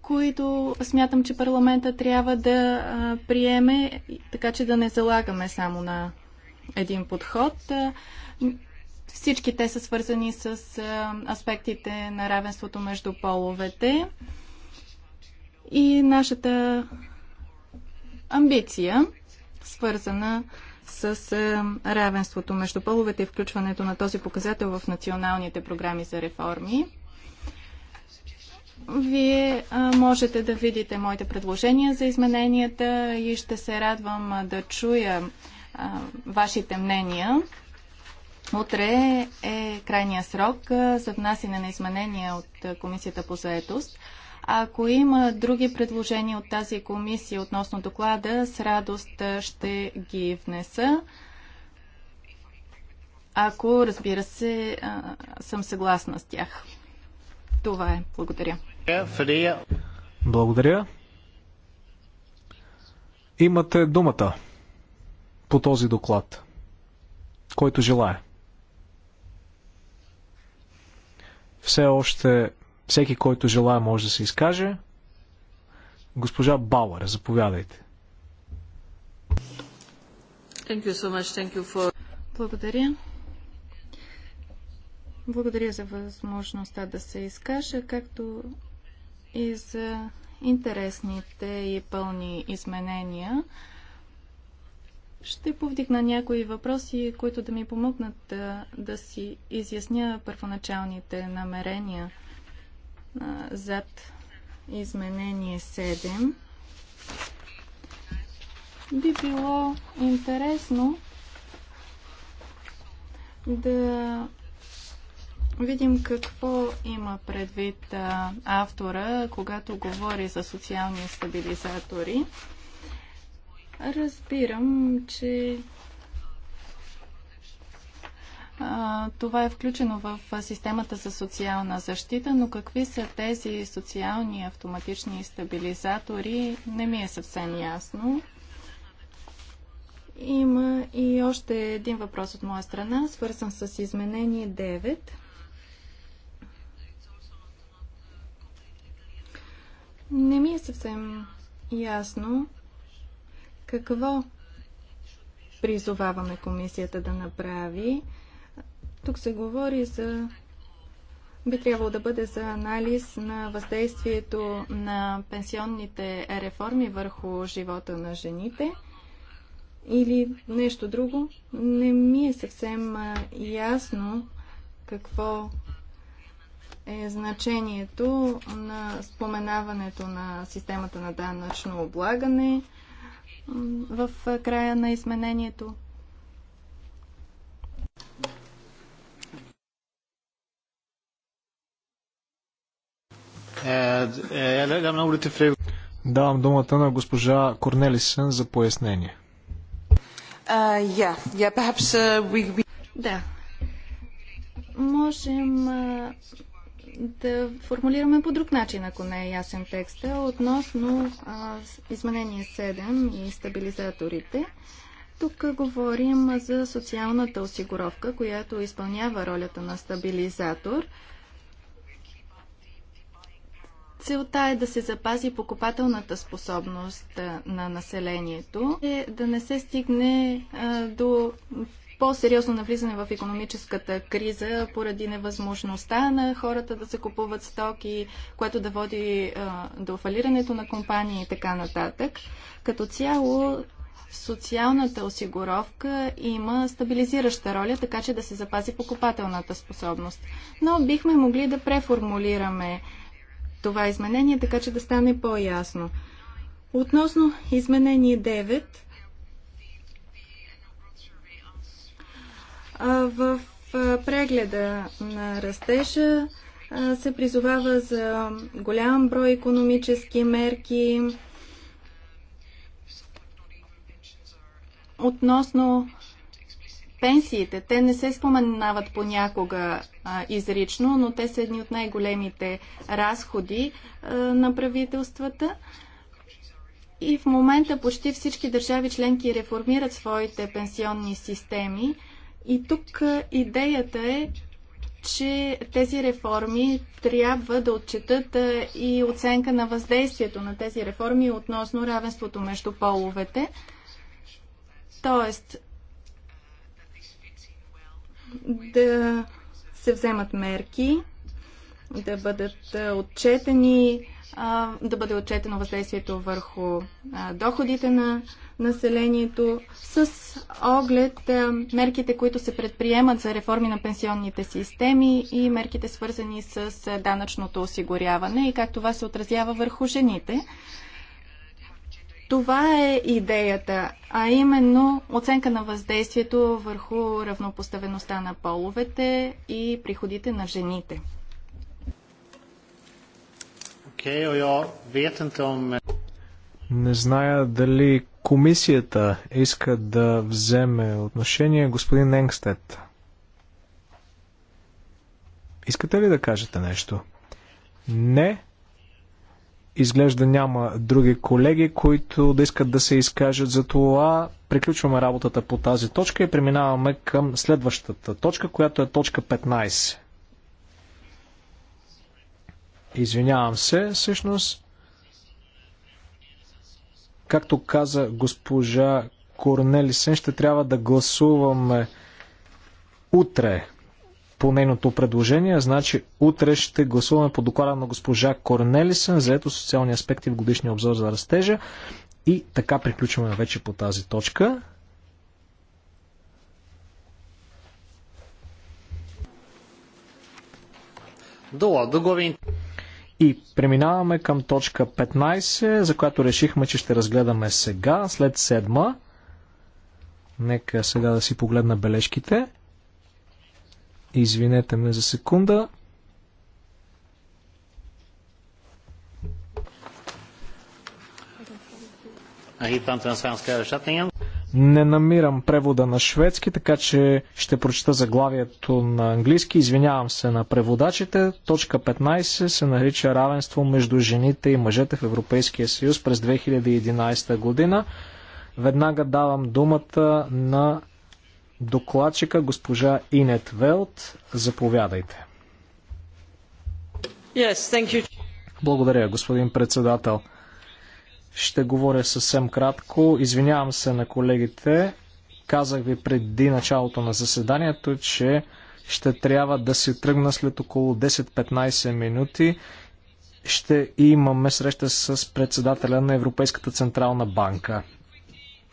които смятам, че парламента трябва да приеме, така че да не залагаме само на един подход. Всички те са свързани с аспектите на равенството между половете и нашата амбиция свързана с е, равенството между половете и включването на този показател в националните програми за реформи. Вие е, можете да видите моите предложения за измененията и ще се радвам е, да чуя вашите мнения. Утре е крайния срок за внасяне на изменения от Комисията по заедост. Ако има други предложения от тази комисия относно доклада, с радост ще ги внеса. Ако, разбира се, съм съгласна с тях. Това е. Благодаря. Благодаря. Имате думата по този доклад, който желая. Все още всеки, който желая, може да се изкаже. Госпожа Бауър, заповядайте. So for... Благодаря. Благодаря за възможността да се изкажа, както и за интересните и пълни изменения. Ще повдигна някои въпроси, които да ми помогнат да, да си изясня първоначалните намерения – зад изменение 7. Би било интересно да видим какво има предвид автора, когато говори за социални стабилизатори. Разбирам, че това е включено в системата за социална защита, но какви са тези социални автоматични стабилизатори, не ми е съвсем ясно. Има и още един въпрос от моя страна, свързан с изменение 9. Не ми е съвсем ясно какво призоваваме комисията да направи. Тук се говори за би трябвало да бъде за анализ на въздействието на пенсионните реформи върху живота на жените или нещо друго. Не ми е съвсем ясно какво е значението на споменаването на системата на данъчно облагане в края на изменението. Давам думата на госпожа Корнелисън за пояснение. Да. Можем да формулираме по друг начин, ако не е ясен текста, относно а, изменение 7 и стабилизаторите. Тук говорим за социалната осигуровка, която изпълнява ролята на стабилизатор – Целта е да се запази покупателната способност на населението, е да не се стигне до по-сериозно навлизане в економическата криза поради невъзможността на хората да се купуват стоки, което да води до фалирането на компании и така нататък. Като цяло, социалната осигуровка има стабилизираща роля, така че да се запази покупателната способност. Но бихме могли да преформулираме това изменение, така че да стане по-ясно. Относно изменение 9, в прегледа на растежа се призовава за голям брой економически мерки относно пенсиите. Те не се споменават понякога а, изрично, но те са едни от най-големите разходи а, на правителствата. И в момента почти всички държави членки реформират своите пенсионни системи. И тук а, идеята е, че тези реформи трябва да отчетат а, и оценка на въздействието на тези реформи относно равенството между половете. Тоест, да се вземат мерки, да бъдат отчетени, да бъде отчетено въздействието върху доходите на населението с оглед мерките, които се предприемат за реформи на пенсионните системи и мерките свързани с данъчното осигуряване и как това се отразява върху жените. Това е идеята, а именно оценка на въздействието върху равнопоставеността на половете и приходите на жените. Е, Не зная дали комисията иска да вземе отношение господин Енгстед. Искате ли да кажете нещо? Не. Изглежда няма други колеги, които да искат да се изкажат за това. Приключваме работата по тази точка и преминаваме към следващата точка, която е точка 15. Извинявам се, всъщност. Както каза госпожа Корнелисен, ще трябва да гласуваме утре по нейното предложение. Значи утре ще гласуваме по доклада на госпожа Корнелисън за ето социални аспекти в годишния обзор за растежа. И така приключваме вече по тази точка. И преминаваме към точка 15, за която решихме, че ще разгледаме сега, след седма. Нека сега да си погледна бележките. Извинете ме за секунда. Не намирам превода на шведски, така че ще прочета заглавието на английски. Извинявам се на преводачите. Точка 15 се нарича равенство между жените и мъжете в Европейския съюз през 2011 година. Веднага давам думата на докладчика госпожа Инет Велт. Заповядайте. Yes, thank you. Благодаря, господин председател. Ще говоря съвсем кратко. Извинявам се на колегите. Казах ви преди началото на заседанието, че ще трябва да се тръгна след около 10-15 минути. Ще имаме среща с председателя на Европейската централна банка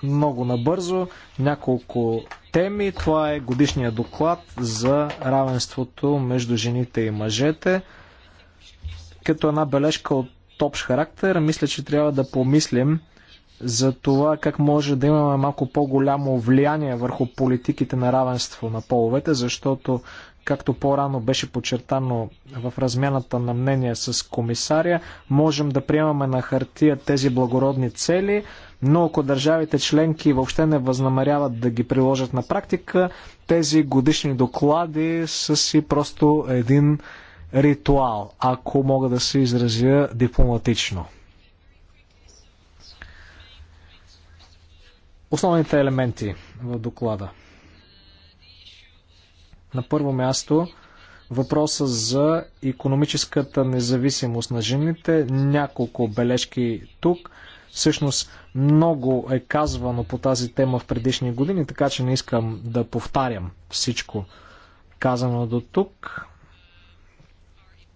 много набързо няколко теми. Това е годишния доклад за равенството между жените и мъжете. Като една бележка от общ характер, мисля, че трябва да помислим за това как може да имаме малко по-голямо влияние върху политиките на равенство на половете, защото както по-рано беше подчертано в размяната на мнение с комисаря, можем да приемаме на хартия тези благородни цели, но ако държавите членки въобще не възнамеряват да ги приложат на практика, тези годишни доклади са си просто един ритуал, ако мога да се изразя дипломатично. Основните елементи в доклада – на първо място въпроса за економическата независимост на жените. Няколко бележки тук. Всъщност много е казвано по тази тема в предишни години, така че не искам да повтарям всичко казано до тук.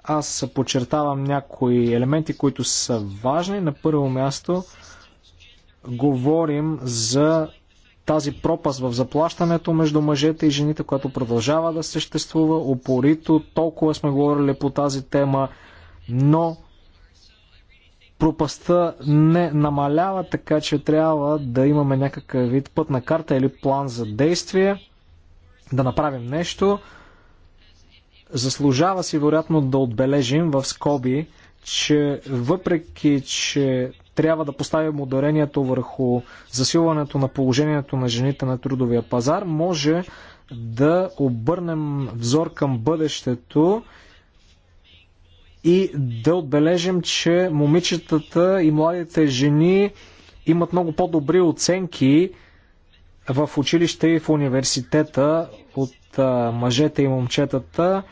Аз подчертавам някои елементи, които са важни. На първо място говорим за тази пропаст в заплащането между мъжете и жените, която продължава да съществува опорито. Толкова сме говорили по тази тема, но пропаста не намалява, така че трябва да имаме някакъв вид път на карта или план за действие, да направим нещо. Заслужава си вероятно да отбележим в скоби, че въпреки, че трябва да поставим ударението върху засилването на положението на жените на трудовия пазар, може да обърнем взор към бъдещето и да отбележим, че момичетата и младите жени имат много по-добри оценки в училище и в университета от мъжете и момчетата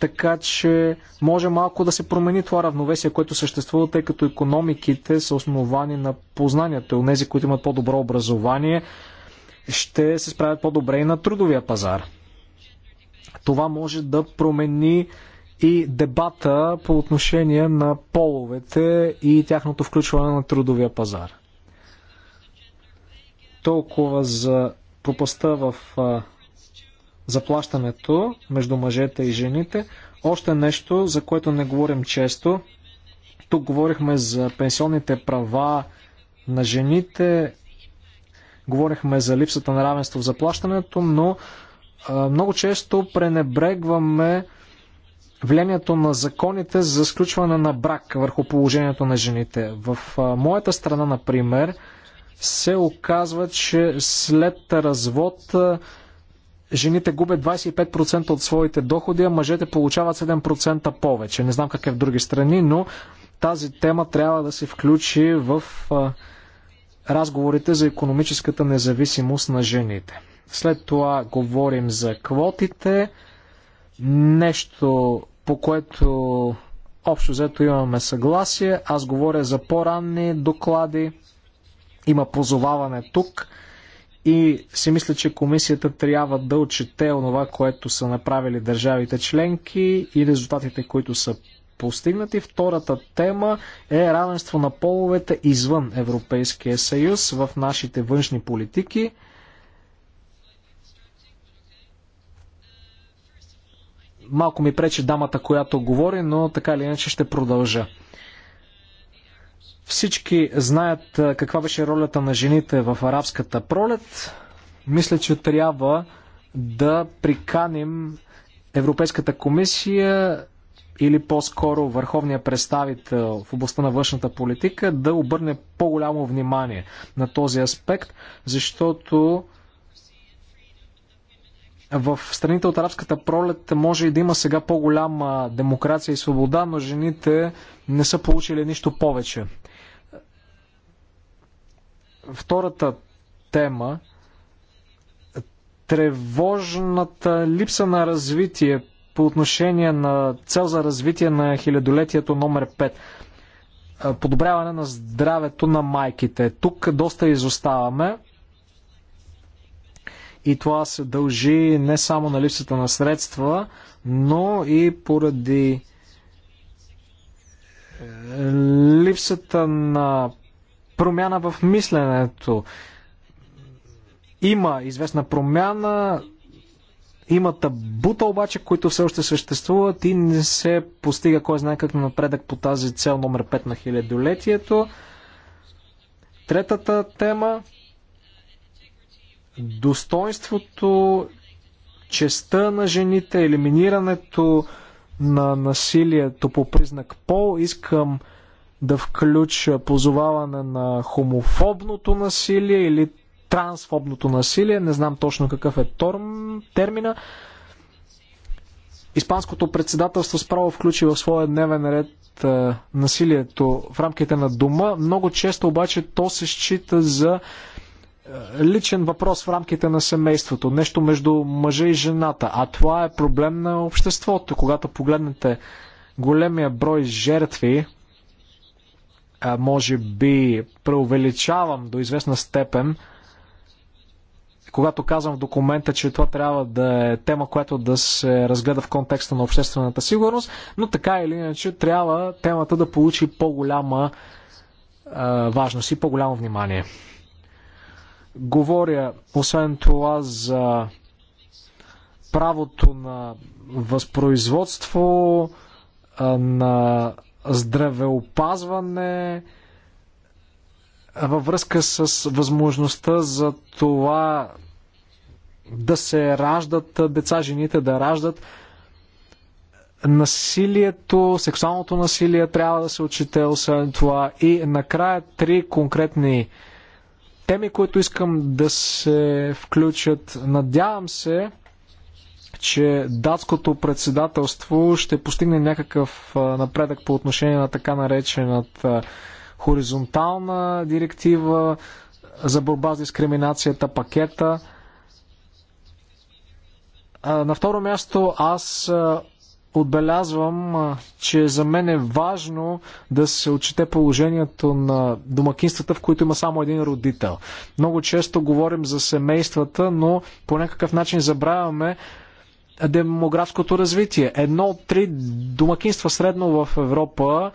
така че може малко да се промени това равновесие, което съществува, тъй като економиките са основани на познанието. Онези, които имат по-добро образование, ще се справят по-добре и на трудовия пазар. Това може да промени и дебата по отношение на половете и тяхното включване на трудовия пазар. Толкова за пропаста в заплащането между мъжете и жените. Още нещо, за което не говорим често. Тук говорихме за пенсионните права на жените, говорихме за липсата на равенство в заплащането, но а, много често пренебрегваме влиянието на законите за сключване на брак върху положението на жените. В а, моята страна, например, се оказва, че след развод а, жените губят 25% от своите доходи, а мъжете получават 7% повече. Не знам как е в други страни, но тази тема трябва да се включи в разговорите за економическата независимост на жените. След това говорим за квотите, нещо по което общо взето имаме съгласие. Аз говоря за по-ранни доклади, има позоваване тук – и си мисля, че комисията трябва да отчете онова, което са направили държавите членки и резултатите, които са постигнати. Втората тема е равенство на половете извън Европейския съюз в нашите външни политики. Малко ми пречи дамата, която говори, но така или иначе ще продължа. Всички знаят каква беше ролята на жените в арабската пролет. Мисля, че трябва да приканим Европейската комисия или по-скоро върховния представител в областта на външната политика да обърне по-голямо внимание на този аспект, защото в страните от арабската пролет може и да има сега по-голяма демокрация и свобода, но жените не са получили нищо повече Втората тема тревожната липса на развитие по отношение на цел за развитие на хилядолетието номер 5 подобряване на здравето на майките. Тук доста изоставаме. И това се дължи не само на липсата на средства, но и поради е, липсата на промяна в мисленето. Има известна промяна, има табута обаче, които все още съществуват и не се постига кой знае как напредък по тази цел номер 5 на хилядолетието. Третата тема достоинството, честа на жените, елиминирането на насилието по признак пол. Искам да включа позоваване на хомофобното насилие или трансфобното насилие. Не знам точно какъв е торм, термина. Испанското председателство справо включи в своя дневен ред а, е, насилието в рамките на дома. Много често обаче то се счита за е, личен въпрос в рамките на семейството. Нещо между мъжа и жената. А това е проблем на обществото. Когато погледнете големия брой жертви, може би преувеличавам до известна степен, когато казвам в документа, че това трябва да е тема, която да се разгледа в контекста на обществената сигурност, но така или иначе трябва темата да получи по-голяма е, важност и по-голямо внимание. Говоря, освен това, за правото на възпроизводство, на здравеопазване, във връзка с възможността за това да се раждат деца, жените да раждат. Насилието, сексуалното насилие трябва да се отчете, освен това. И накрая три конкретни теми, които искам да се включат. Надявам се, че датското председателство ще постигне някакъв напредък по отношение на така наречената хоризонтална директива за борба с дискриминацията, пакета. На второ място аз отбелязвам, че за мен е важно да се отчете положението на домакинствата, в които има само един родител. Много често говорим за семействата, но по някакъв начин забравяме, демографското развитие. Едно от три домакинства средно в Европа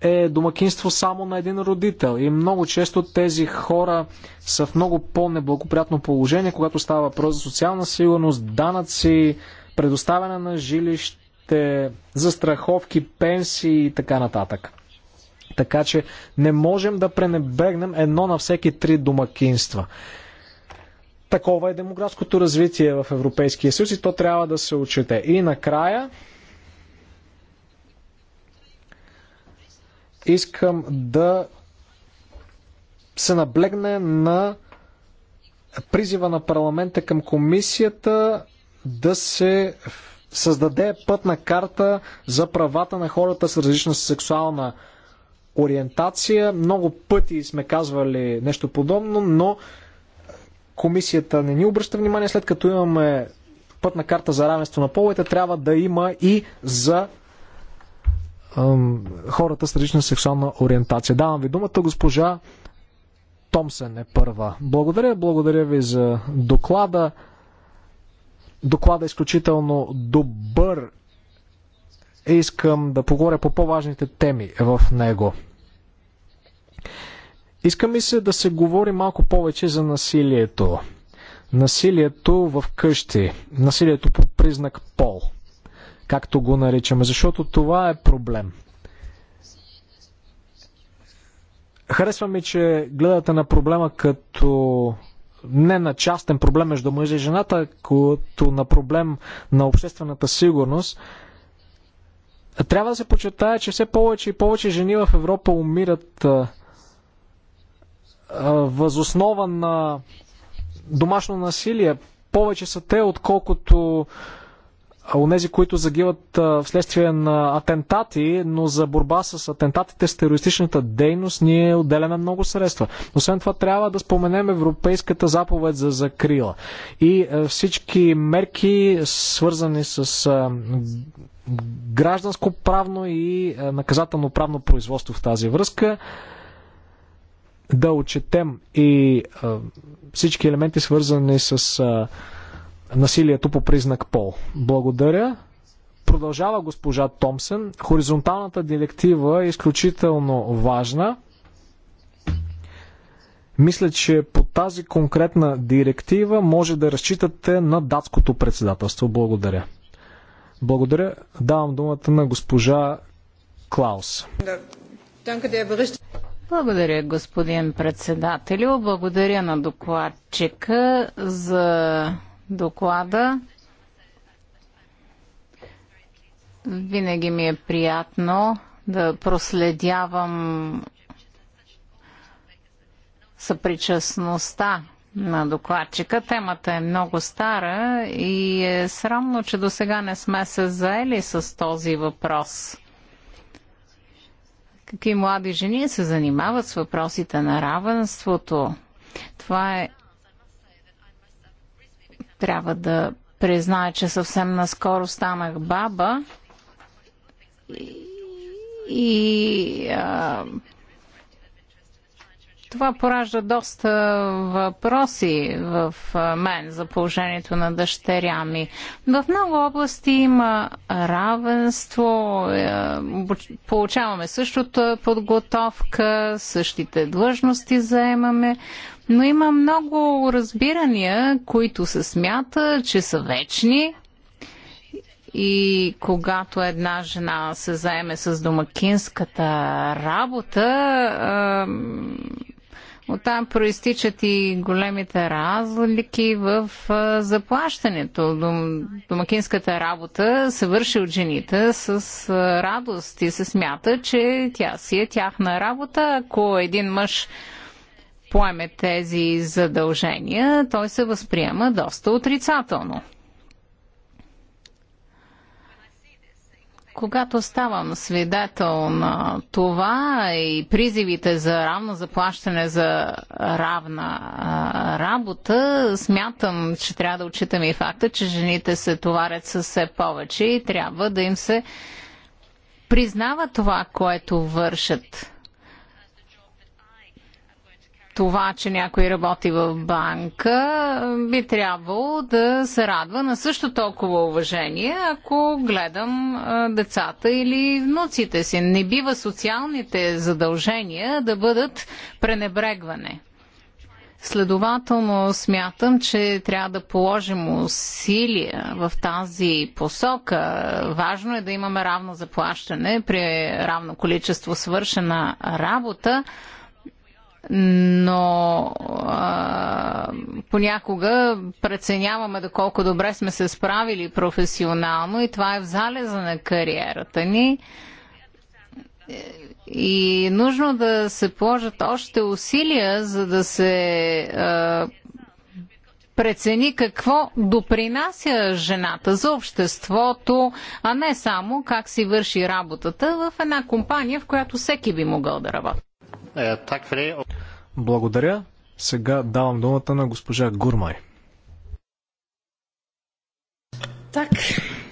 е домакинство само на един родител. И много често тези хора са в много по-неблагоприятно положение, когато става въпрос за социална сигурност, данъци, предоставяне на жилище, застраховки, пенсии и така нататък. Така че не можем да пренебрегнем едно на всеки три домакинства. Такова е демографското развитие в Европейския съюз и то трябва да се отчете. И накрая искам да се наблегне на призива на парламента към комисията да се създаде пътна карта за правата на хората с различна сексуална ориентация. Много пъти сме казвали нещо подобно, но комисията не ни обръща внимание, след като имаме пътна карта за равенство на половете, трябва да има и за ам, хората с различна сексуална ориентация. Давам ви думата, госпожа Томсен е първа. Благодаря, благодаря ви за доклада. Доклада е изключително добър. Искам да поговоря по по-важните теми в него. Иска ми се да се говори малко повече за насилието. Насилието в къщи, насилието по признак пол, както го наричаме, защото това е проблем. Харесва ми, че гледате на проблема като не на частен проблем между мъжа и жената, като на проблем на обществената сигурност. Трябва да се почетая, че все повече и повече жени в Европа умират възоснова на домашно насилие. Повече са те, отколкото онези, които загиват вследствие на атентати, но за борба с атентатите с терористичната дейност ние отделяме много средства. Освен това трябва да споменем Европейската заповед за закрила и всички мерки свързани с гражданско правно и наказателно правно производство в тази връзка да отчетем и всички елементи, свързани с насилието по признак пол. Благодаря. Продължава госпожа Томсън. Хоризонталната директива е изключително важна. Мисля, че по тази конкретна директива може да разчитате на датското председателство. Благодаря. Благодаря. Давам думата на госпожа Клаус. Благодаря, господин председателю. Благодаря на докладчика за доклада. Винаги ми е приятно да проследявам съпричастността на докладчика. Темата е много стара и е срамно, че до сега не сме се заели с този въпрос какви млади жени се занимават с въпросите на равенството. Това е. Трябва да призная, че съвсем наскоро станах баба и, и а, това поражда доста въпроси в мен за положението на дъщеря ми. В много области има равенство, е, получаваме същото подготовка, същите длъжности заемаме, но има много разбирания, които се смята, че са вечни и когато една жена се заеме с домакинската работа, Оттам проистичат и големите разлики в заплащането. Домакинската работа се върши от жените с радост и се смята, че тя си е тяхна работа. Ако един мъж поеме тези задължения, той се възприема доста отрицателно. Когато ставам свидетел на това и призивите за равно заплащане за равна а, работа, смятам, че трябва да отчитам и факта, че жените се товарят с все повече и трябва да им се признава това, което вършат това, че някой работи в банка, би трябвало да се радва на също толкова уважение, ако гледам децата или внуците си. Не бива социалните задължения да бъдат пренебрегване. Следователно смятам, че трябва да положим усилия в тази посока. Важно е да имаме равно заплащане при равно количество свършена работа, но а, понякога преценяваме доколко добре сме се справили професионално и това е в залеза на кариерата ни. И е нужно да се положат още усилия, за да се а, прецени какво допринася жената за обществото, а не само как си върши работата в една компания, в която всеки би могъл да работи. Благодаря. Сега давам думата на госпожа Гурмай. Так,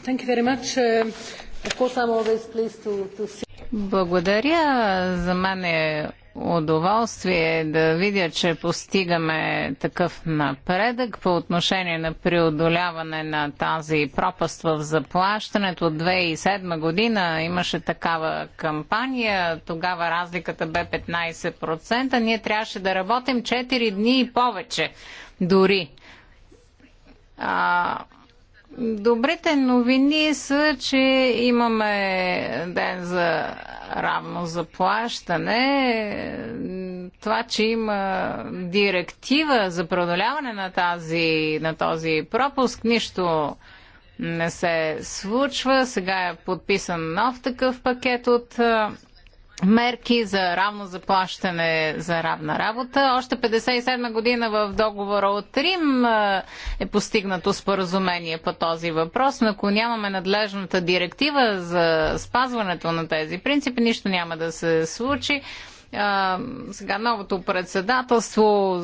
thank you very much. Of course I'm always pleased to, to see благодаря. За мен е удоволствие да видя, че постигаме такъв напредък по отношение на преодоляване на тази пропаст в заплащането. От 2007 година имаше такава кампания, тогава разликата бе 15%, ние трябваше да работим 4 дни и повече дори. А, Добрите новини са, че имаме ден за равно заплащане. Това, че има директива за преодоляване на, тази, на този пропуск, нищо не се случва. Сега е подписан нов такъв пакет от мерки за равно заплащане за равна работа. Още 57 година в договора от Рим е постигнато споразумение по този въпрос, но ако нямаме надлежната директива за спазването на тези принципи, нищо няма да се случи. А, сега новото председателство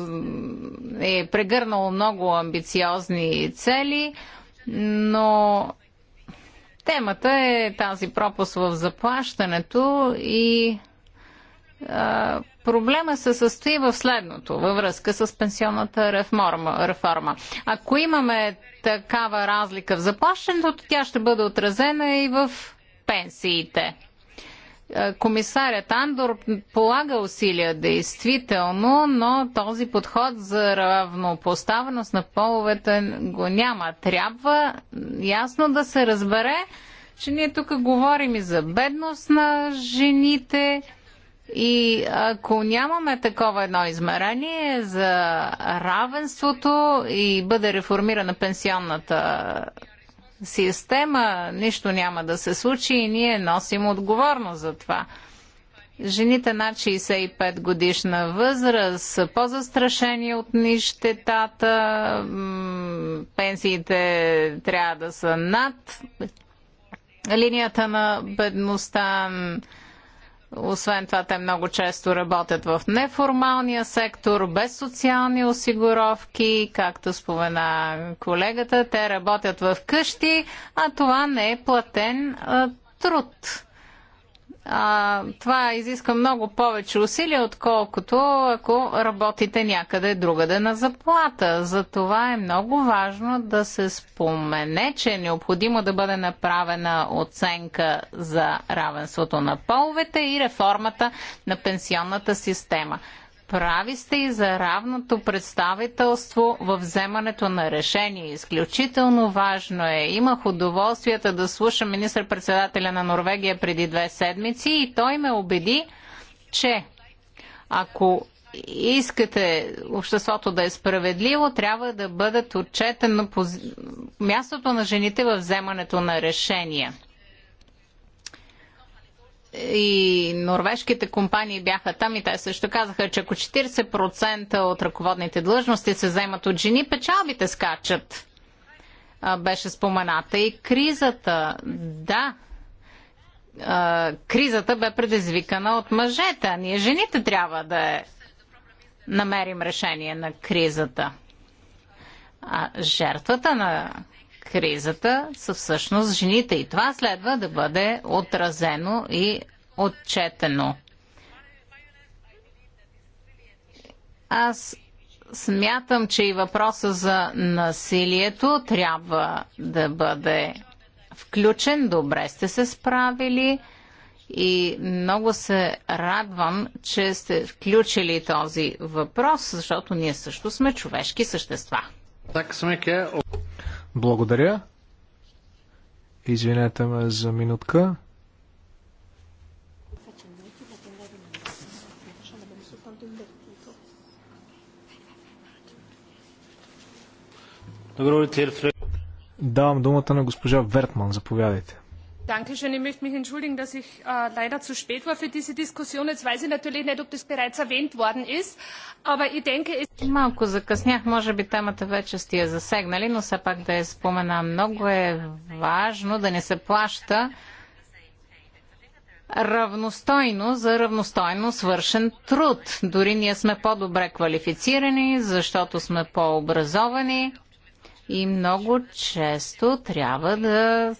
е прегърнало много амбициозни цели, но Темата е тази пропуск в заплащането и а, проблема се състои в следното във връзка с пенсионната реформа. реформа. Ако имаме такава разлика в заплащането, тя ще бъде отразена и в пенсиите. Е, комисарят Андор полага усилия действително, но този подход за равнопоставеност на половете го няма. Трябва ясно да се разбере, че ние тук говорим и за бедност на жените. И ако нямаме такова едно измерение за равенството и бъде реформирана пенсионната система, нищо няма да се случи и ние носим отговорност за това. Жените над 65 годишна възраст са по-застрашени от нищетата, пенсиите трябва да са над линията на бедността, освен това, те много често работят в неформалния сектор, без социални осигуровки, както спомена колегата. Те работят в къщи, а това не е платен труд а, това изиска много повече усилия, отколкото ако работите някъде другаде на заплата. Затова е много важно да се спомене, че е необходимо да бъде направена оценка за равенството на половете и реформата на пенсионната система. Прави сте и за равното представителство в вземането на решение. Изключително важно е. Имах удоволствията да слушам министър-председателя на Норвегия преди две седмици и той ме убеди, че ако искате обществото да е справедливо, трябва да бъдат отчетено мястото на жените във вземането на решения и норвежките компании бяха там и те също казаха, че ако 40% от ръководните длъжности се вземат от жени, печалбите скачат. Беше спомената и кризата. Да, кризата бе предизвикана от мъжете, а ние жените трябва да намерим решение на кризата. А жертвата на кризата са всъщност жените и това следва да бъде отразено и отчетено. Аз смятам, че и въпроса за насилието трябва да бъде включен. Добре сте се справили и много се радвам, че сте включили този въпрос, защото ние също сме човешки същества. Благодаря. Извинете ме за минутка. Давам думата на госпожа Вертман. Заповядайте. Dankeschön. Ich möchte mich entschuldigen, dass ich äh, leider zu spät war für diese Diskussion. Jetzt weiß ich natürlich nicht, ob das bereits erwähnt worden ist, aber ich denke... Es... Малко закъснях, може би темата вече сте я засегнали, но все пак да я спомена. Много е важно да не се плаща равностойно за равностойно свършен труд. Дори ние сме по-добре квалифицирани, защото сме по-образовани и много често трябва да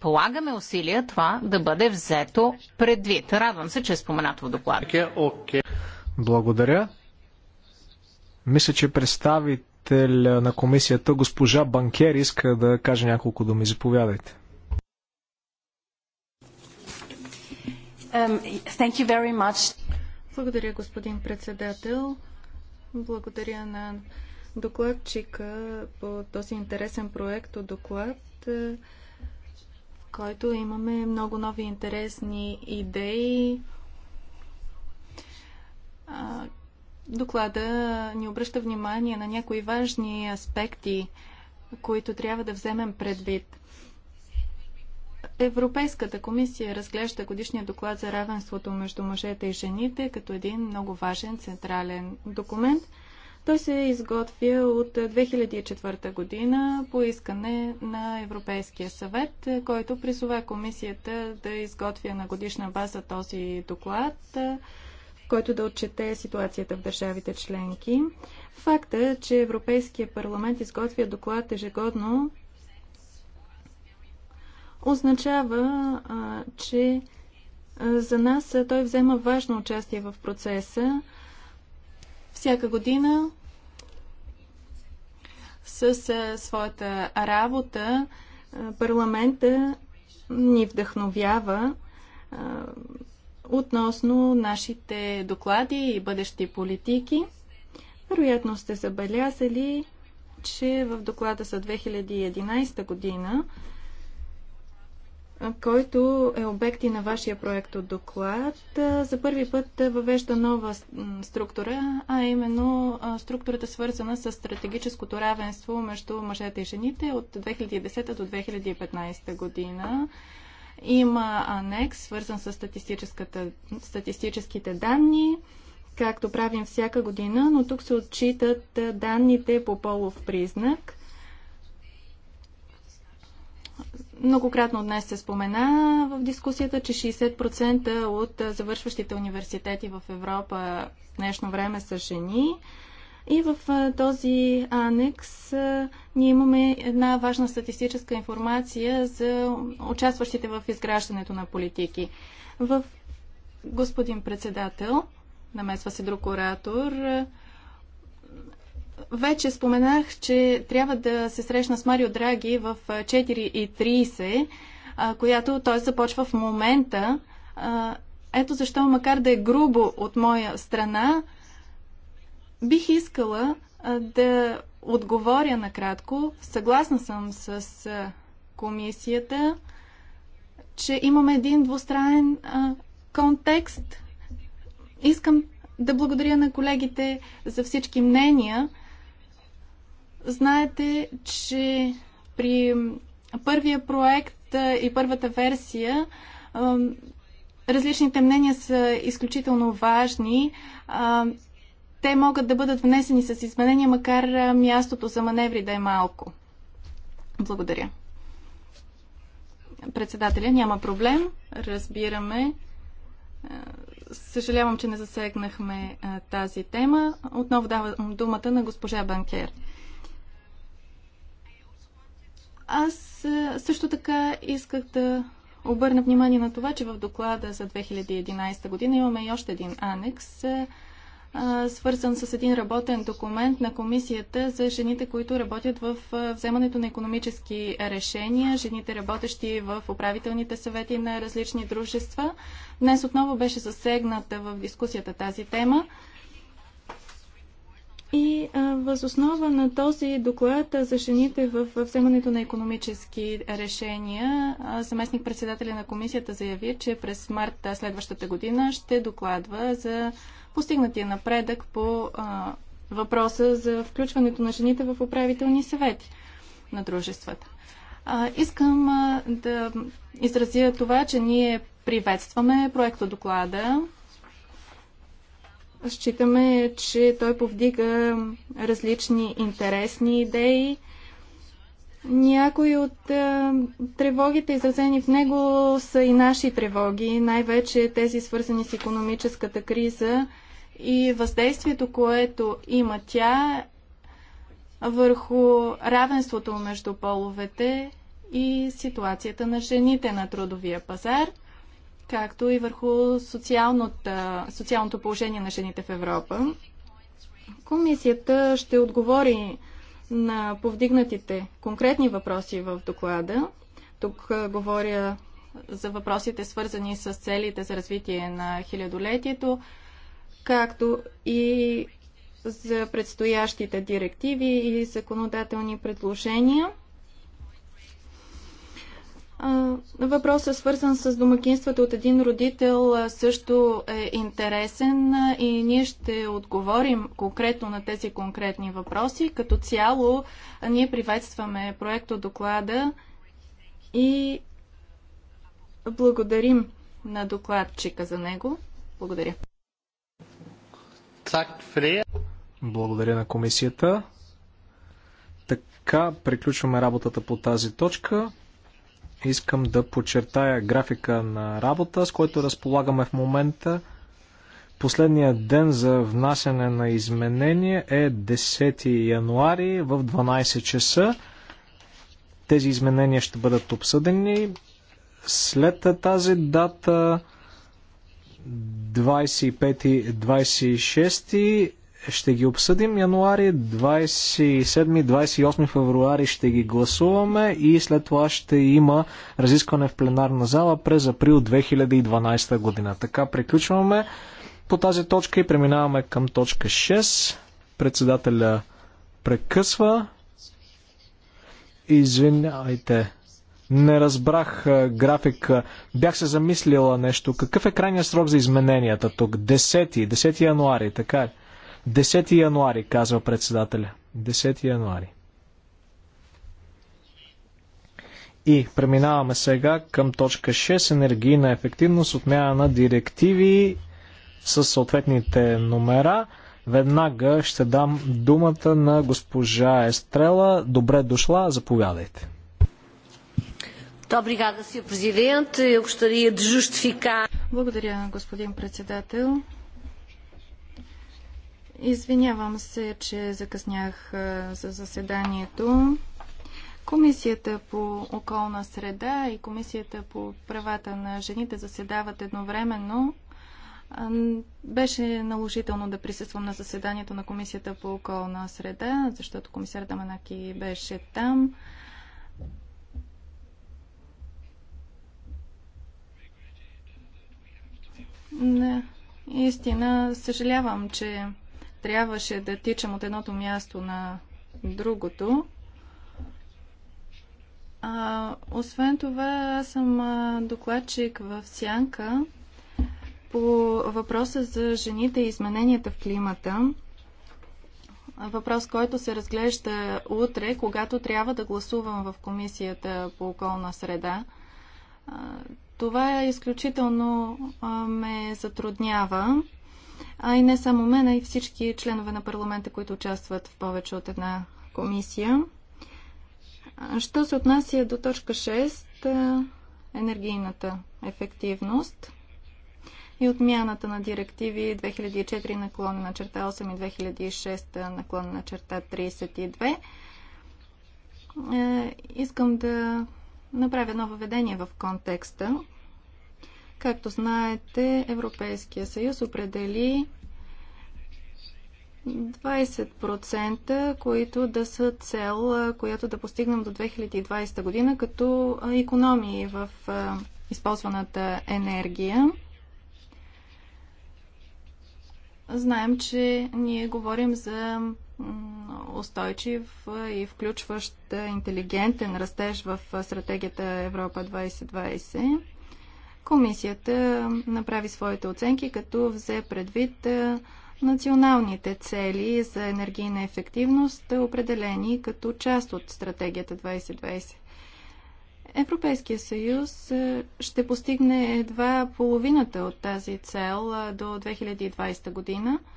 полагаме усилия това да бъде взето предвид. Радвам се, че е споменато в доклада. Okay, okay. Благодаря. Мисля, че представител на комисията, госпожа Банкер, иска да каже няколко думи. Заповядайте. Um, Благодаря, господин председател. Благодаря на докладчика по този интересен проект от доклад който имаме много нови интересни идеи. Доклада ни обръща внимание на някои важни аспекти, които трябва да вземем предвид. Европейската комисия разглежда годишния доклад за равенството между мъжете и жените като един много важен централен документ – той се изготвя от 2004 година по искане на Европейския съвет, който призова комисията да изготвя на годишна база този доклад който да отчете ситуацията в държавите членки. Факта, че Европейския парламент изготвя доклад ежегодно, означава, че за нас той взема важно участие в процеса всяка година с своята работа парламента ни вдъхновява относно нашите доклади и бъдещи политики. Вероятно сте забелязали, че в доклада за 2011 година който е обект и на вашия проект от доклад. За първи път въвежда нова структура, а именно структурата свързана с стратегическото равенство между мъжете и жените от 2010 до 2015 година. Има анекс, свързан с статистическите данни, както правим всяка година, но тук се отчитат данните по полов признак Многократно днес се спомена в дискусията, че 60% от завършващите университети в Европа в днешно време са жени. И в този анекс ние имаме една важна статистическа информация за участващите в изграждането на политики. В господин председател, намесва се друг оратор, вече споменах, че трябва да се срещна с Марио Драги в 4.30, която той започва в момента. Ето защо, макар да е грубо от моя страна, бих искала да отговоря накратко. Съгласна съм с комисията, че имаме един двустранен контекст. Искам да благодаря на колегите за всички мнения. Знаете, че при първия проект и първата версия различните мнения са изключително важни. Те могат да бъдат внесени с изменения, макар мястото за маневри да е малко. Благодаря. Председателя, няма проблем. Разбираме. Съжалявам, че не засегнахме тази тема. Отново давам думата на госпожа Банкер. Аз също така исках да обърна внимание на това, че в доклада за 2011 година имаме и още един анекс, свързан с един работен документ на комисията за жените, които работят в вземането на економически решения, жените работещи в управителните съвети на различни дружества. Днес отново беше засегната в дискусията тази тема. И възоснова на този доклад за жените в вземането на економически решения, заместник председателя на комисията заяви, че през март следващата година ще докладва за постигнатия напредък по а, въпроса за включването на жените в управителни съвети на дружествата. А, искам а, да изразя това, че ние приветстваме проекта доклада Считаме, че той повдига различни интересни идеи. Някои от е, тревогите, изразени в него, са и наши тревоги, най-вече тези свързани с економическата криза и въздействието, което има тя върху равенството между половете и ситуацията на жените на трудовия пазар – както и върху социалното положение на жените в Европа. Комисията ще отговори на повдигнатите конкретни въпроси в доклада. Тук говоря за въпросите свързани с целите за развитие на хилядолетието, както и за предстоящите директиви и законодателни предложения – Въпросът е свързан с домакинствата от един родител също е интересен и ние ще отговорим конкретно на тези конкретни въпроси. Като цяло ние приветстваме проекто доклада и благодарим на докладчика за него. Благодаря. Благодаря на комисията. Така приключваме работата по тази точка. Искам да подчертая графика на работа, с който разполагаме в момента. Последният ден за внасяне на изменения е 10 януари в 12 часа. Тези изменения ще бъдат обсъдени. След тази дата 25-26 ще ги обсъдим януари, 27-28 февруари ще ги гласуваме и след това ще има разискване в пленарна зала през април 2012 година. Така приключваме по тази точка и преминаваме към точка 6. Председателя прекъсва. Извинявайте. Не разбрах графика. Бях се замислила нещо. Какъв е крайният срок за измененията тук? 10, 10 януари, така ли? Е. 10 януари, казва председателя. 10 януари. И преминаваме сега към точка 6 енергийна ефективност, отмяна на директиви с съответните номера. Веднага ще дам думата на госпожа Естрела. Добре дошла, заповядайте. Благодаря, господин председател. Извинявам се, че закъснях за заседанието. Комисията по околна среда и Комисията по правата на жените заседават едновременно. Беше наложително да присъствам на заседанието на Комисията по околна среда, защото комисар Даманаки беше там. Не, истина, съжалявам, че трябваше да тичам от едното място на другото. А, освен това, аз съм докладчик в Сянка по въпроса за жените и измененията в климата. Въпрос, който се разглежда утре, когато трябва да гласувам в Комисията по околна среда. Това изключително ме затруднява а и не само мен, а и всички членове на парламента, които участват в повече от една комисия. Що се отнася до точка 6, енергийната ефективност и отмяната на директиви 2004 наклон на черта 8 и 2006 наклон на черта 32, е, искам да направя едно въведение в контекста. Както знаете, Европейския съюз определи 20%, които да са цел, която да постигнем до 2020 година, като економии в използваната енергия. Знаем, че ние говорим за устойчив и включващ интелигентен растеж в стратегията Европа 2020. Комисията направи своите оценки, като взе предвид националните цели за енергийна ефективност, определени като част от стратегията 2020. Европейския съюз ще постигне едва половината от тази цел до 2020 година –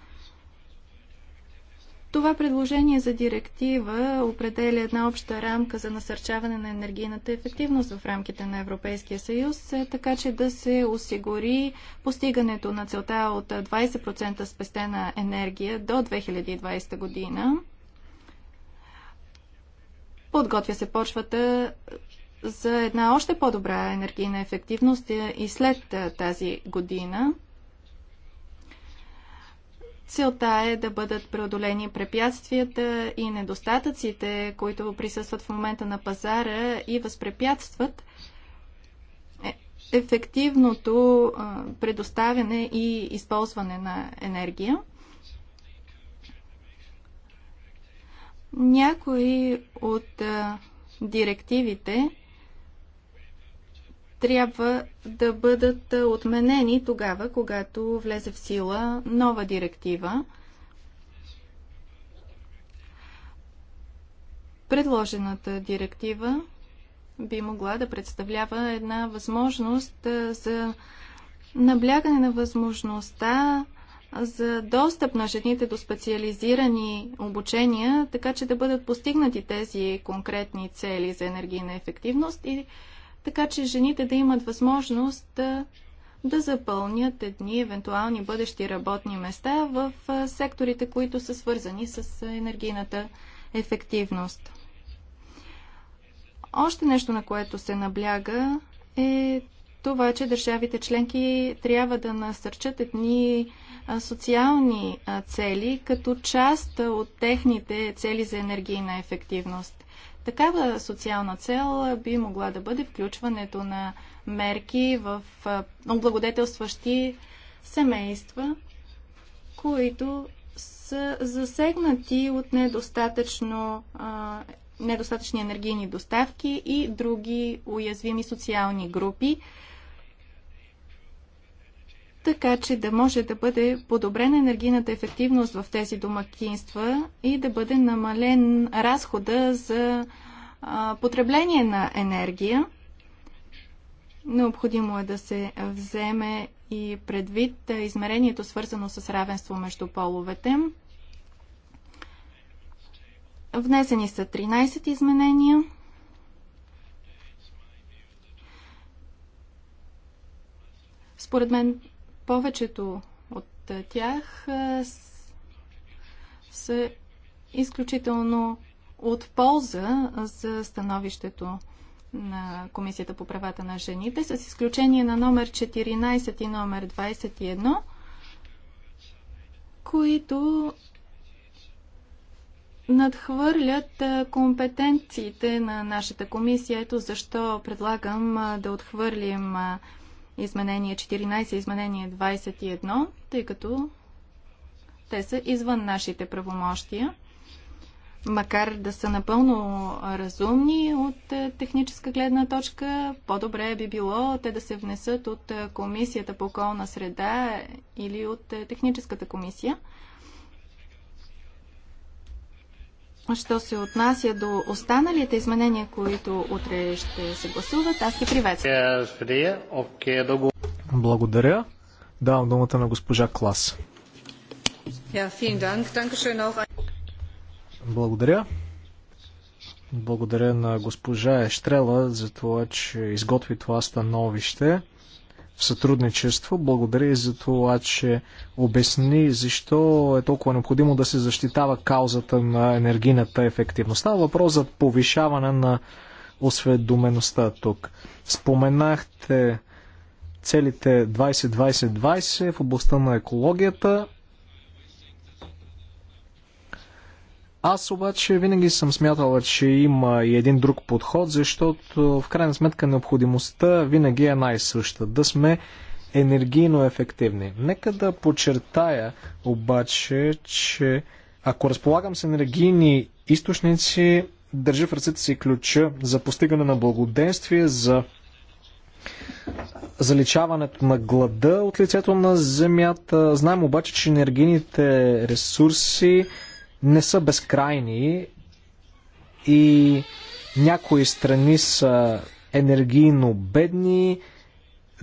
това предложение за директива определя една обща рамка за насърчаване на енергийната ефективност в рамките на Европейския съюз, е така че да се осигури постигането на целта от 20% спестена енергия до 2020 година. Подготвя се почвата за една още по-добра енергийна ефективност и след тази година. Целта е да бъдат преодолени препятствията и недостатъците, които присъстват в момента на пазара и възпрепятстват е, ефективното предоставяне и използване на енергия. Някои от директивите трябва да бъдат отменени тогава, когато влезе в сила нова директива, Предложената директива би могла да представлява една възможност за наблягане на възможността за достъп на жените до специализирани обучения, така че да бъдат постигнати тези конкретни цели за енергийна ефективност и така че жените да имат възможност да, да запълнят едни евентуални бъдещи работни места в секторите, които са свързани с енергийната ефективност. Още нещо, на което се набляга е това, че държавите членки трябва да насърчат едни социални цели като част от техните цели за енергийна ефективност. Такава социална цел би могла да бъде включването на мерки в облагодетелстващи семейства, които са засегнати от недостатъчно, недостатъчни енергийни доставки и други уязвими социални групи, така че да може да бъде подобрена енергийната ефективност в тези домакинства и да бъде намален разхода за а, потребление на енергия. Необходимо е да се вземе и предвид измерението свързано с равенство между половете. Внесени са 13 изменения. Според мен повечето от тях са изключително от полза за становището на Комисията по правата на жените, с изключение на номер 14 и номер 21, които надхвърлят компетенциите на нашата комисия. Ето защо предлагам да отхвърлим изменение 14 и изменение 21, тъй като те са извън нашите правомощия, макар да са напълно разумни от е, техническа гледна точка, по-добре би било те да се внесат от е, Комисията по околна среда или от е, Техническата комисия. Що се отнася до останалите изменения, които утре ще се гласуват, аз ги приветствам. Благодаря. Давам думата на госпожа Клас. Благодаря. Благодаря на госпожа Ещрела за това, че изготви това становище сътрудничество. Благодаря и за това, че обясни защо е толкова необходимо да се защитава каузата на енергийната ефективност. Става въпрос за повишаване на осведомеността тук. Споменахте целите 20-20-20 в областта на екологията. Аз обаче винаги съм смятала, че има и един друг подход, защото в крайна сметка необходимостта винаги е най-съща. Да сме енергийно ефективни. Нека да подчертая обаче, че ако разполагам с енергийни източници, държи в ръцете си ключа за постигане на благоденствие, за заличаването на глада от лицето на земята. Знаем обаче, че енергийните ресурси не са безкрайни и някои страни са енергийно бедни,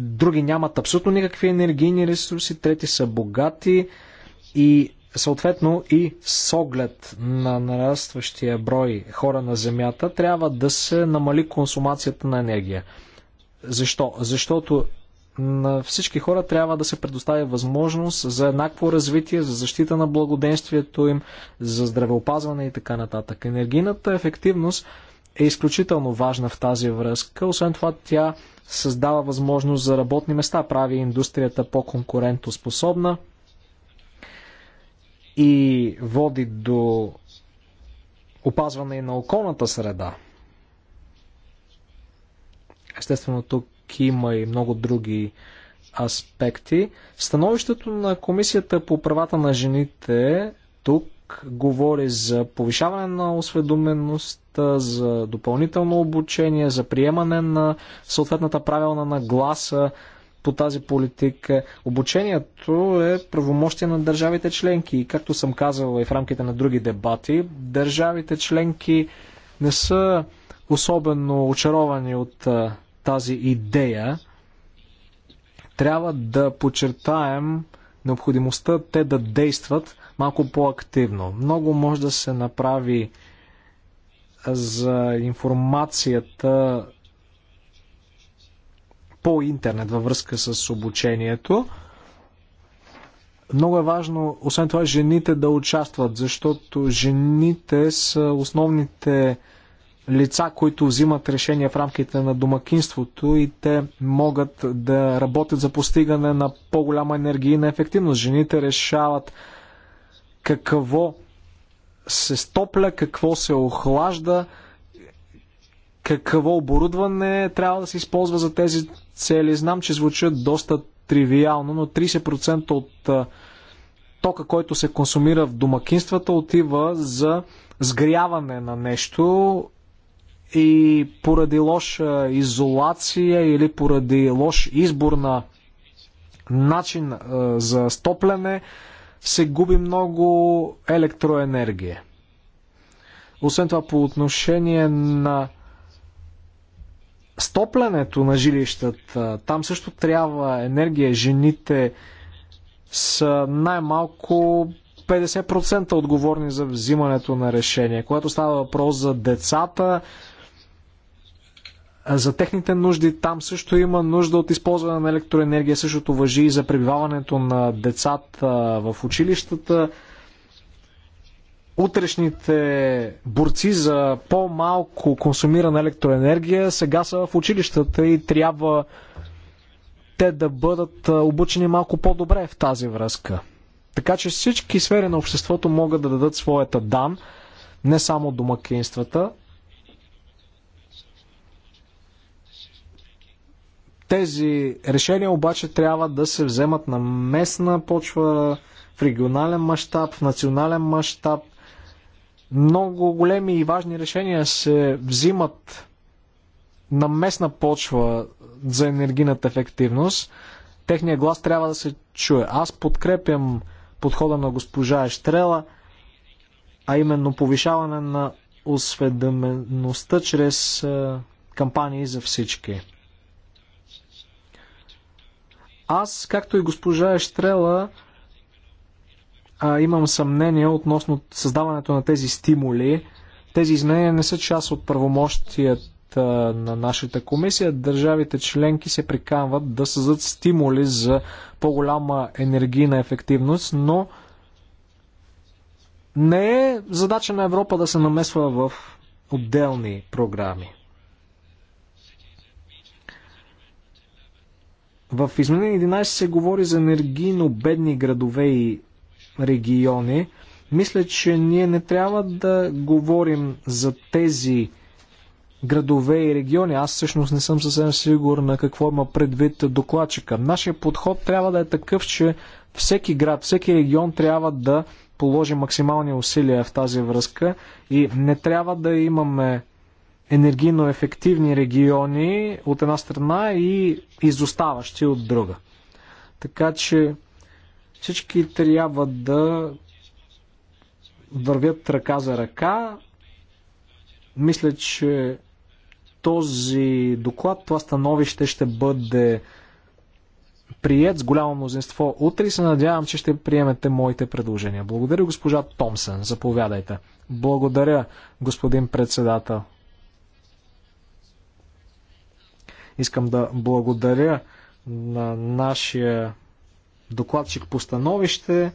други нямат абсолютно никакви енергийни ресурси, трети са богати и съответно и с оглед на нарастващия брой хора на Земята трябва да се намали консумацията на енергия. Защо? Защото на всички хора трябва да се предостави възможност за еднакво развитие, за защита на благоденствието им, за здравеопазване и така нататък. Енергийната ефективност е изключително важна в тази връзка. Освен това, тя създава възможност за работни места, прави индустрията по-конкурентоспособна и води до опазване и на околната среда. Естествено, тук има и много други аспекти. Становището на Комисията по правата на жените тук говори за повишаване на осведомеността, за допълнително обучение, за приемане на съответната правилна нагласа по тази политика. Обучението е правомощие на държавите членки и както съм казал и в рамките на други дебати, държавите членки не са особено очаровани от тази идея, трябва да подчертаем необходимостта те да действат малко по-активно. Много може да се направи за информацията по интернет във връзка с обучението. Много е важно, освен това, жените да участват, защото жените са основните лица, които взимат решения в рамките на домакинството и те могат да работят за постигане на по-голяма енергийна ефективност. Жените решават какво се стопля, какво се охлажда, какво оборудване трябва да се използва за тези цели. Знам, че звучат доста тривиално, но 30% от тока, който се консумира в домакинствата, отива за сгряване на нещо и поради лоша изолация или поради лош избор на начин е, за стопляне се губи много електроенергия. Освен това, по отношение на стоплянето на жилищата, там също трябва енергия. Жените са най-малко 50% отговорни за взимането на решение. Когато става въпрос за децата, за техните нужди. Там също има нужда от използване на електроенергия. Същото въжи и за пребиваването на децата в училищата. Утрешните борци за по-малко консумирана електроенергия сега са в училищата и трябва те да бъдат обучени малко по-добре в тази връзка. Така че всички сфери на обществото могат да дадат своята дан, не само домакинствата. Тези решения обаче трябва да се вземат на местна почва, в регионален мащаб, в национален мащаб. Много големи и важни решения се взимат на местна почва за енергийната ефективност. Техния глас трябва да се чуе. Аз подкрепям подхода на госпожа Ещрела, а именно повишаване на осведомеността чрез е, кампании за всички. Аз, както и госпожа Ещрела, а, имам съмнение относно създаването на тези стимули. Тези изменения не са част от правомощията на нашата комисия. Държавите членки се приканват да създадат стимули за по-голяма енергийна ефективност, но не е задача на Европа да се намесва в отделни програми. В изменение 11 се говори за енергийно бедни градове и региони. Мисля, че ние не трябва да говорим за тези градове и региони. Аз всъщност не съм съвсем на какво има предвид докладчика. Нашия подход трябва да е такъв, че всеки град, всеки регион трябва да положи максимални усилия в тази връзка и не трябва да имаме енергийно ефективни региони от една страна и изоставащи от друга. Така че всички трябва да вървят ръка за ръка. Мисля, че този доклад, това становище ще бъде прият с голямо мнозинство утре и се надявам, че ще приемете моите предложения. Благодаря госпожа Томсън. Заповядайте. Благодаря, господин председател. Искам да благодаря на нашия докладчик по становище.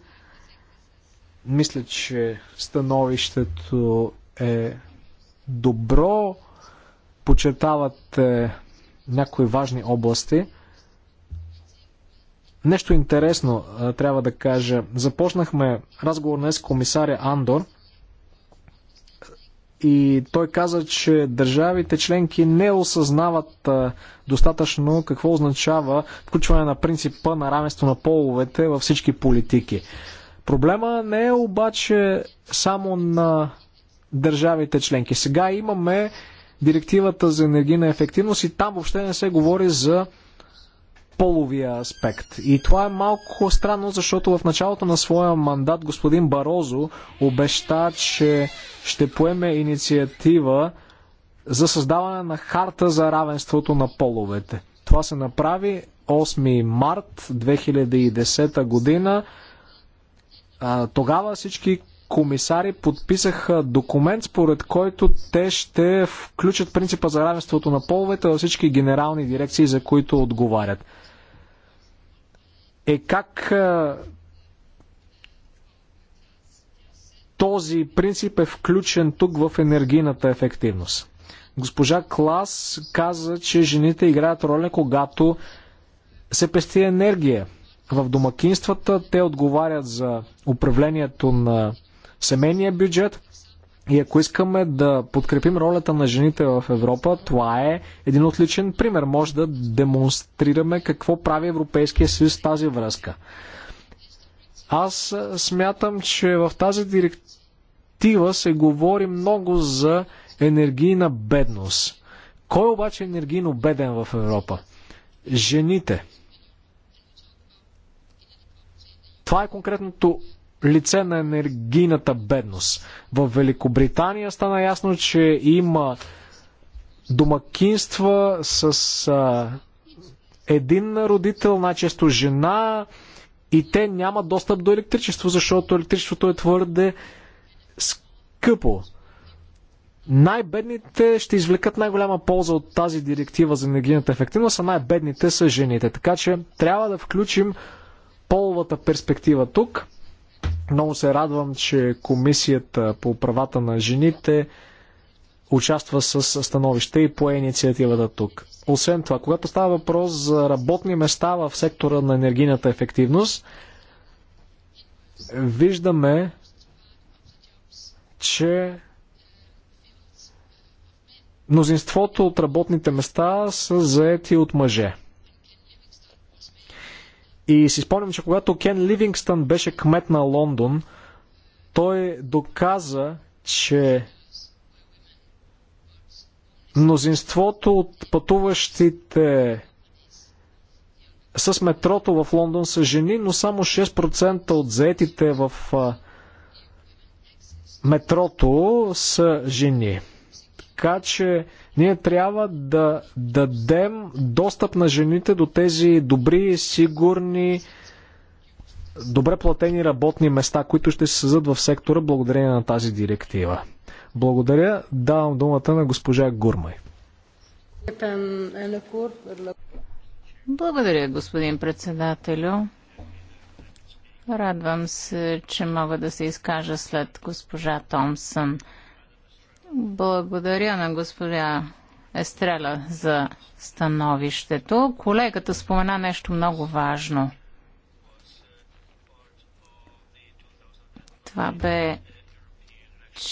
Мисля, че становището е добро. Почетавате някои важни области. Нещо интересно трябва да кажа. Започнахме разговор днес с комисаря Андор – и той каза, че държавите членки не осъзнават достатъчно какво означава включване на принципа на равенство на половете във всички политики. Проблема не е обаче само на държавите членки. Сега имаме директивата за енергийна ефективност и там въобще не се говори за половия аспект. И това е малко странно, защото в началото на своя мандат господин Барозо обеща, че ще поеме инициатива за създаване на харта за равенството на половете. Това се направи 8 март 2010 година. Тогава всички комисари подписаха документ, според който те ще включат принципа за равенството на половете във всички генерални дирекции, за които отговарят е как този принцип е включен тук в енергийната ефективност. Госпожа Клас каза, че жените играят роля, когато се пести енергия. В домакинствата те отговарят за управлението на семейния бюджет – и ако искаме да подкрепим ролята на жените в Европа, това е един отличен пример. Може да демонстрираме какво прави Европейския съюз в тази връзка. Аз смятам, че в тази директива се говори много за енергийна бедност. Кой обаче е енергийно беден в Европа? Жените. Това е конкретното лице на енергийната бедност. В Великобритания стана ясно, че има домакинства с а, един родител, най-често жена, и те нямат достъп до електричество, защото електричеството е твърде скъпо. Най-бедните ще извлекат най-голяма полза от тази директива за енергийната ефективност, а най-бедните са жените. Така че трябва да включим половата перспектива тук. Много се радвам, че Комисията по правата на жените участва с становище и по инициативата тук. Освен това, когато става въпрос за работни места в сектора на енергийната ефективност, виждаме, че мнозинството от работните места са заети от мъже. И си спомням, че когато Кен Ливингстън беше кмет на Лондон, той доказа, че мнозинството от пътуващите с метрото в Лондон са жени, но само 6% от заетите в метрото са жени. Така че ние трябва да дадем достъп на жените до тези добри, сигурни, добре платени работни места, които ще се създадат в сектора благодарение на тази директива. Благодаря. Давам думата на госпожа Гурмай. Благодаря, господин председателю. Радвам се, че мога да се изкажа след госпожа Томсън. Благодаря на госпожа Естрела за становището. Колегата спомена нещо много важно. Това бе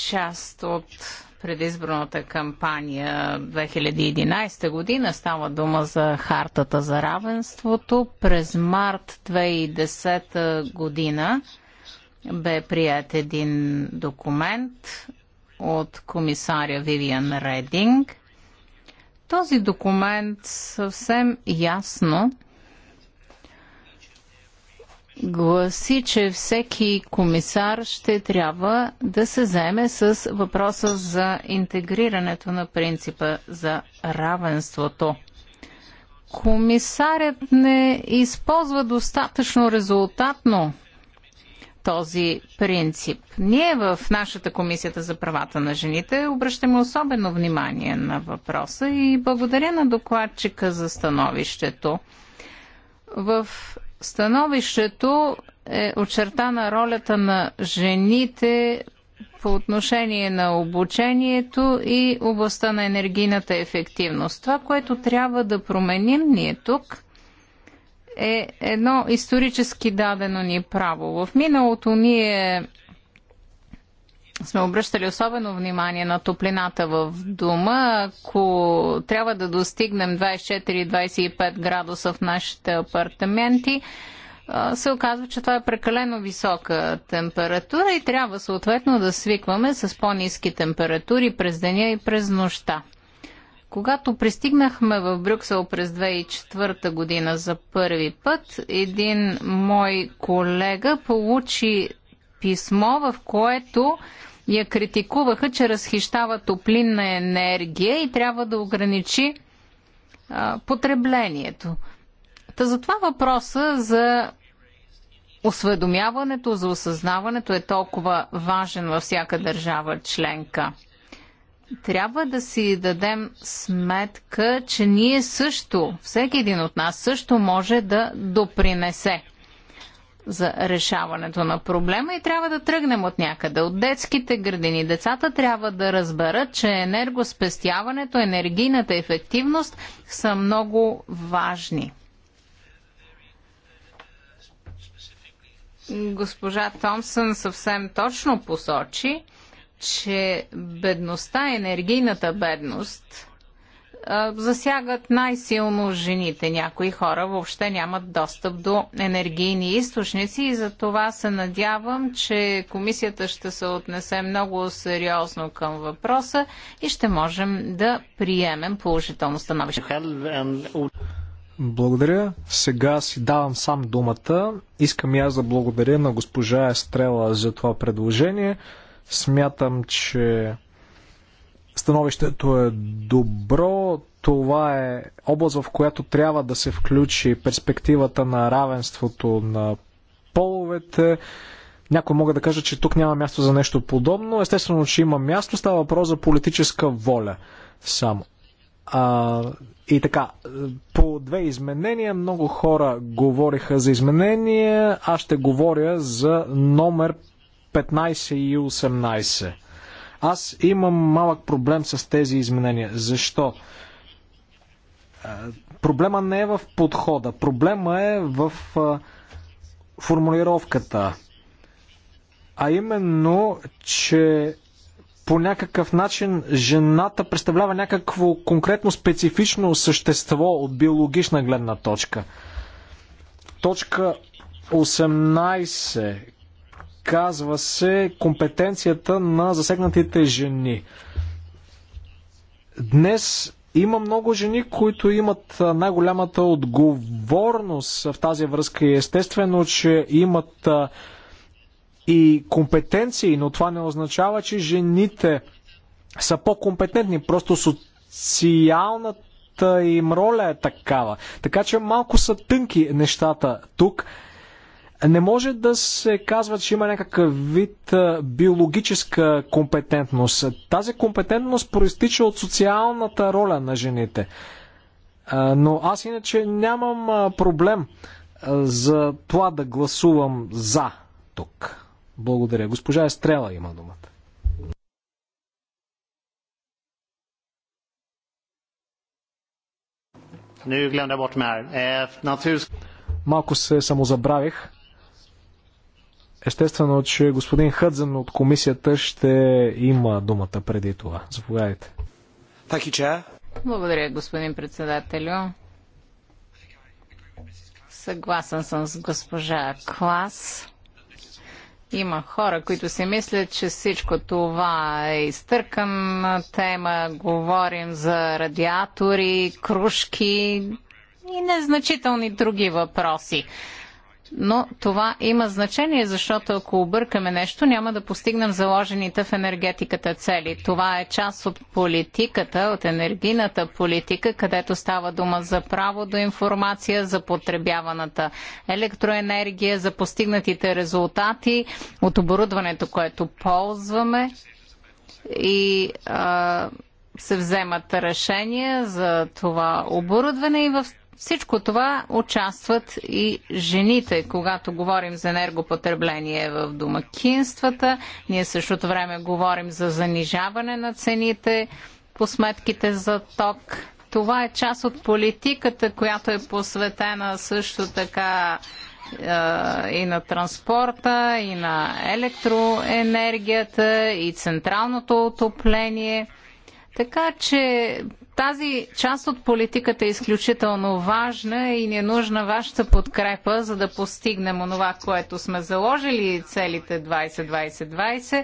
част от предизборната кампания 2011 година. Става дума за хартата за равенството. През март 2010 година бе прият един документ от комисаря Вивиан Рединг. Този документ съвсем ясно гласи, че всеки комисар ще трябва да се заеме с въпроса за интегрирането на принципа за равенството. Комисарят не използва достатъчно резултатно този принцип. Ние в нашата комисията за правата на жените обръщаме особено внимание на въпроса и благодаря на докладчика за становището. В становището е очертана ролята на жените по отношение на обучението и областта на енергийната ефективност. Това, което трябва да променим ние тук – е едно исторически дадено ни право. В миналото ние сме обръщали особено внимание на топлината в дома. Ако трябва да достигнем 24-25 градуса в нашите апартаменти, се оказва, че това е прекалено висока температура и трябва съответно да свикваме с по-низки температури през деня и през нощта. Когато пристигнахме в Брюксел през 2004 година за първи път, един мой колега получи писмо, в което я критикуваха, че разхищава топлинна енергия и трябва да ограничи а, потреблението. Та затова въпроса за осведомяването, за осъзнаването е толкова важен във всяка държава членка трябва да си дадем сметка, че ние също, всеки един от нас също може да допринесе за решаването на проблема и трябва да тръгнем от някъде, от детските градини. Децата трябва да разберат, че енергоспестяването, енергийната ефективност са много важни. Госпожа Томсън съвсем точно посочи, че бедността, енергийната бедност засягат най-силно жените. Някои хора въобще нямат достъп до енергийни източници и за това се надявам, че комисията ще се отнесе много сериозно към въпроса и ще можем да приемем положително становище. Благодаря. Сега си давам сам думата. Искам и аз да благодаря на госпожа Естрела за това предложение. Смятам, че становището е добро. Това е област, в която трябва да се включи перспективата на равенството на половете. Някой мога да кажа, че тук няма място за нещо подобно. Естествено, че има място. Става въпрос за политическа воля. Само. А, и така, по две изменения, много хора говориха за изменения, аз ще говоря за номер 15 и 18. Аз имам малък проблем с тези изменения. Защо? Е, проблема не е в подхода. Проблема е в е, формулировката. А именно, че по някакъв начин жената представлява някакво конкретно специфично същество от биологична гледна точка. Точка 18 Казва се компетенцията на засегнатите жени. Днес има много жени, които имат най-голямата отговорност в тази връзка и естествено, че имат и компетенции, но това не означава, че жените са по-компетентни. Просто социалната им роля е такава. Така че малко са тънки нещата тук. Не може да се казва, че има някакъв вид биологическа компетентност. Тази компетентност проистича от социалната роля на жените. Но аз иначе нямам проблем за това да гласувам за тук. Благодаря. Госпожа Естрела има думата. Малко се самозабравих. Естествено, че господин Хъдзен от комисията ще има думата преди това. Заповядайте. Благодаря, господин председателю. Съгласен съм с госпожа Клас. Има хора, които си мислят, че всичко това е изтъркана тема. Говорим за радиатори, кружки и незначителни други въпроси но това има значение, защото ако объркаме нещо, няма да постигнем заложените в енергетиката цели. Това е част от политиката, от енергийната политика, където става дума за право до информация, за потребяваната електроенергия, за постигнатите резултати от оборудването, което ползваме и а, се вземат решения за това оборудване и в всичко това участват и жените, когато говорим за енергопотребление в домакинствата. Ние същото време говорим за занижаване на цените по сметките за ток. Това е част от политиката, която е посветена също така е, и на транспорта, и на електроенергията, и централното отопление. Така че тази част от политиката е изключително важна и ни е нужна вашата подкрепа, за да постигнем онова, което сме заложили целите 20-20-20.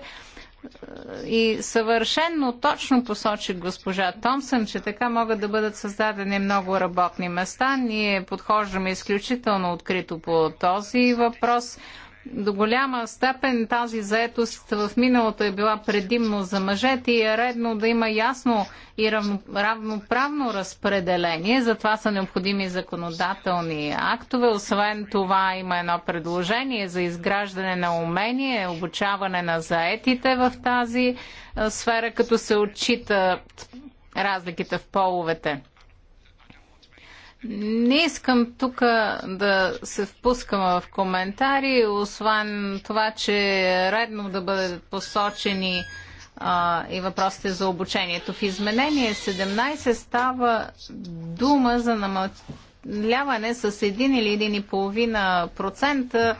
И съвършенно точно посочи госпожа Томсън, че така могат да бъдат създадени много работни места. Ние подхождаме изключително открито по този въпрос до голяма степен тази заетост в миналото е била предимно за мъжете и е редно да има ясно и равно, равноправно разпределение. Затова са необходими законодателни актове. Освен това има едно предложение за изграждане на умение, обучаване на заетите в тази сфера, като се отчитат разликите в половете. Не искам тук да се впускам в коментари, освен това, че е редно да бъдат посочени а, и въпросите за обучението. В изменение 17 става дума за намаляване с 1 или 1,5%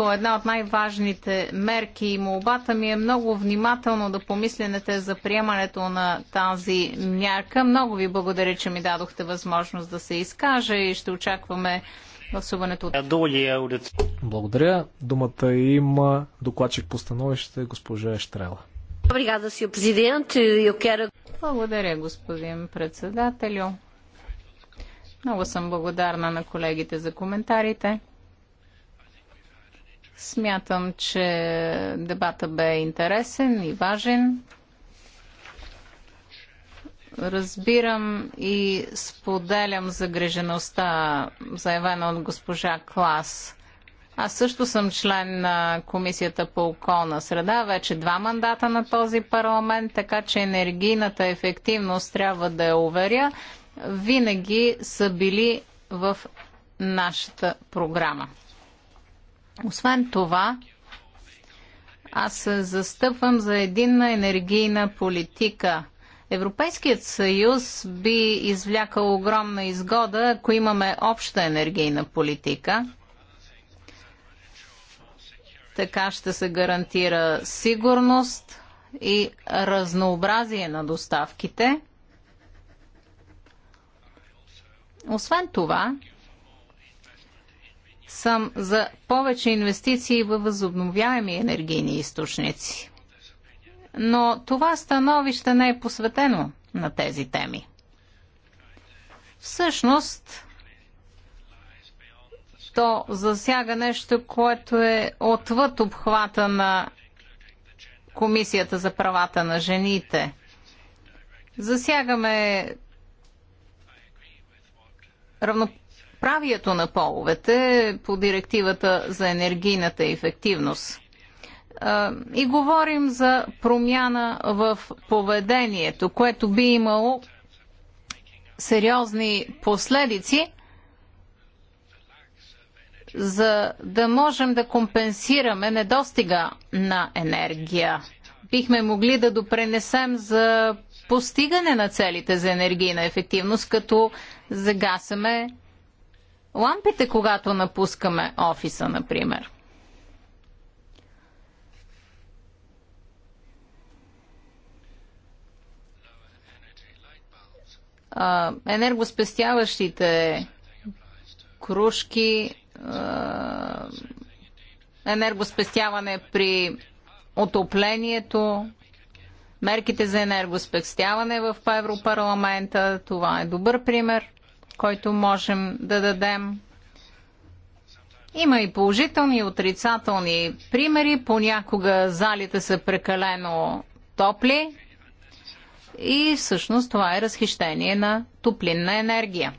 по една от най-важните мерки и молбата ми е много внимателно да помислянете за приемането на тази мярка. Много ви благодаря, че ми дадохте възможност да се изкаже и ще очакваме гласуването. Благодаря. Думата има докладчик по становище госпожа Штрела. Благодаря, господин председателю. Много съм благодарна на колегите за коментарите. Смятам, че дебата бе интересен и важен. Разбирам и споделям загрежеността, заявена от госпожа Клас. Аз също съм член на Комисията по околна среда, вече два мандата на този парламент, така че енергийната ефективност трябва да я уверя, винаги са били в нашата програма. Освен това, аз застъпвам за единна енергийна политика. Европейският съюз би извлякал огромна изгода, ако имаме обща енергийна политика. Така ще се гарантира сигурност и разнообразие на доставките. Освен това, съм за повече инвестиции във възобновяеми енергийни източници. Но това становище не е посветено на тези теми. Всъщност, то засяга нещо, което е отвъд обхвата на Комисията за правата на жените. Засягаме равно равноправието на половете по директивата за енергийната ефективност. И говорим за промяна в поведението, което би имало сериозни последици, за да можем да компенсираме недостига на енергия. Бихме могли да допренесем за постигане на целите за енергийна ефективност, като загасаме лампите, когато напускаме офиса, например. енергоспестяващите кружки, енергоспестяване при отоплението, мерките за енергоспестяване в Европарламента. Това е добър пример който можем да дадем. Има и положителни и отрицателни примери. Понякога залите са прекалено топли и всъщност това е разхищение на топлинна енергия.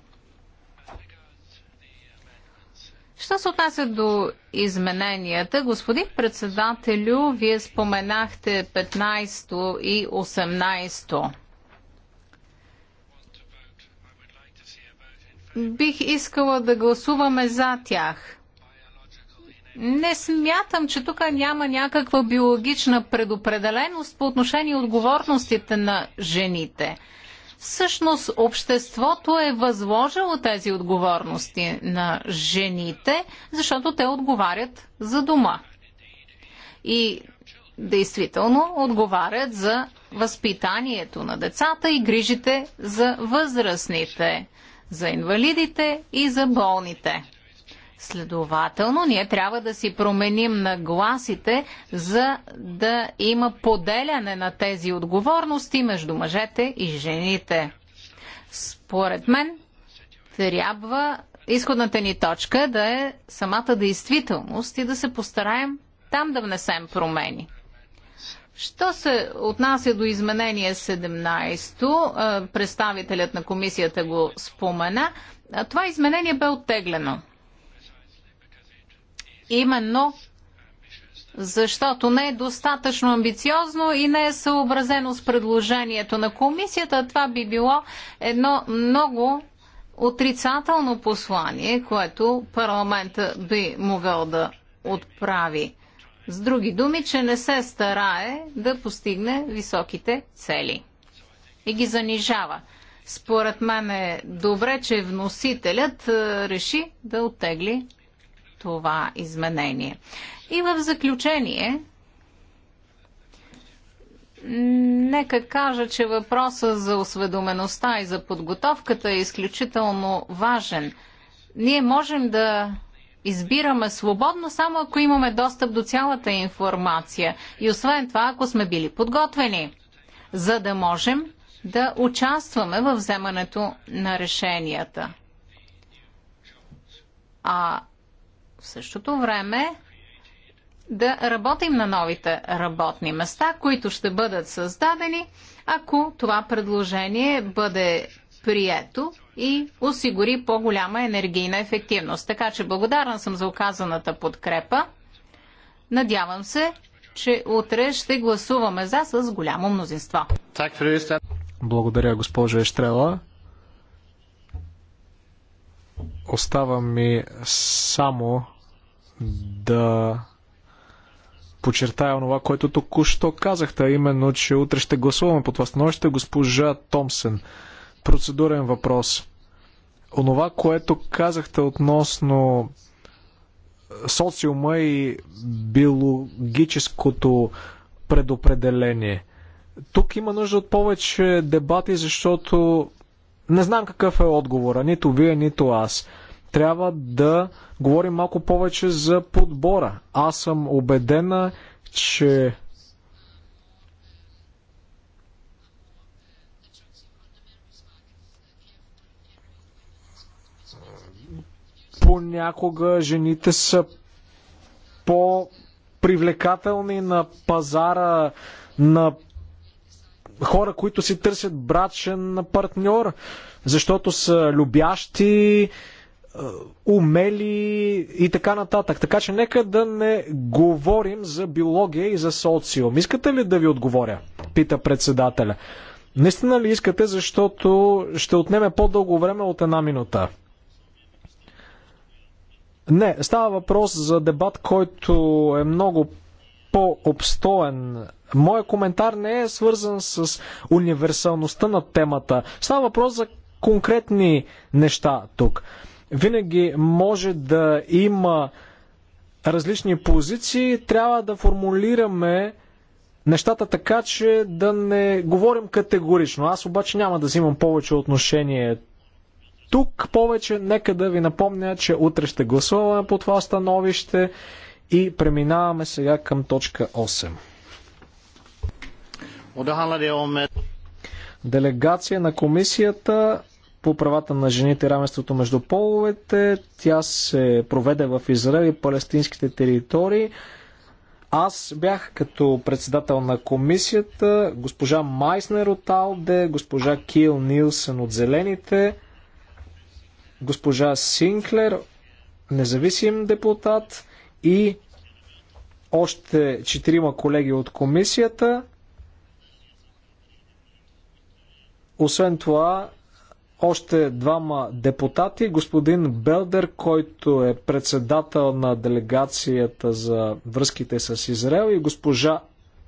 Що се отнася до измененията, господин председателю, вие споменахте 15 и 18. -то. бих искала да гласуваме за тях. Не смятам, че тук няма някаква биологична предопределеност по отношение отговорностите на жените. Всъщност обществото е възложило тези отговорности на жените, защото те отговарят за дома. И действително отговарят за възпитанието на децата и грижите за възрастните за инвалидите и за болните. Следователно, ние трябва да си променим нагласите, за да има поделяне на тези отговорности между мъжете и жените. Според мен, трябва изходната ни точка да е самата действителност и да се постараем там да внесем промени. Що се отнася до изменение 17, е, представителят на комисията го спомена, е, това изменение бе оттеглено. Именно защото не е достатъчно амбициозно и не е съобразено с предложението на комисията. Това би било едно много отрицателно послание, което парламента би могъл да отправи. С други думи, че не се старае да постигне високите цели и ги занижава. Според мен е добре, че вносителят е, реши да оттегли това изменение. И в заключение, нека кажа, че въпросът за осведомеността и за подготовката е изключително важен. Ние можем да избираме свободно, само ако имаме достъп до цялата информация. И освен това, ако сме били подготвени, за да можем да участваме в вземането на решенията. А в същото време да работим на новите работни места, които ще бъдат създадени, ако това предложение бъде прието и осигури по-голяма енергийна ефективност. Така че благодарна съм за оказаната подкрепа. Надявам се, че утре ще гласуваме за с голямо мнозинство. Благодаря, госпожо Ещрела. Остава ми само да подчертая онова, което току-що казахте, именно, че утре ще гласуваме по това становище госпожа Томсен процедурен въпрос. Онова, което казахте относно социума и биологическото предопределение. Тук има нужда от повече дебати, защото не знам какъв е отговора, нито вие, нито аз. Трябва да говорим малко повече за подбора. Аз съм убедена, че Понякога жените са по-привлекателни на пазара на хора, които си търсят брачен партньор, защото са любящи, е, умели и така нататък. Така че нека да не говорим за биология и за социум. Искате ли да ви отговоря? Пита председателя. Наистина ли искате, защото ще отнеме по-дълго време от една минута? Не, става въпрос за дебат, който е много по-обстоен. Моя коментар не е свързан с универсалността на темата. Става въпрос за конкретни неща тук. Винаги може да има различни позиции, трябва да формулираме нещата така, че да не говорим категорично. Аз обаче няма да взимам повече отношение тук повече. Нека да ви напомня, че утре ще гласуваме по това становище и преминаваме сега към точка 8. Делегация на комисията по правата на жените и равенството между половете. Тя се проведе в Израел и палестинските територии. Аз бях като председател на комисията, госпожа Майснер от Алде, госпожа Кил Нилсен от Зелените – госпожа Синклер, независим депутат и още четирима колеги от комисията. Освен това, още двама депутати, господин Белдер, който е председател на делегацията за връзките с Израел и госпожа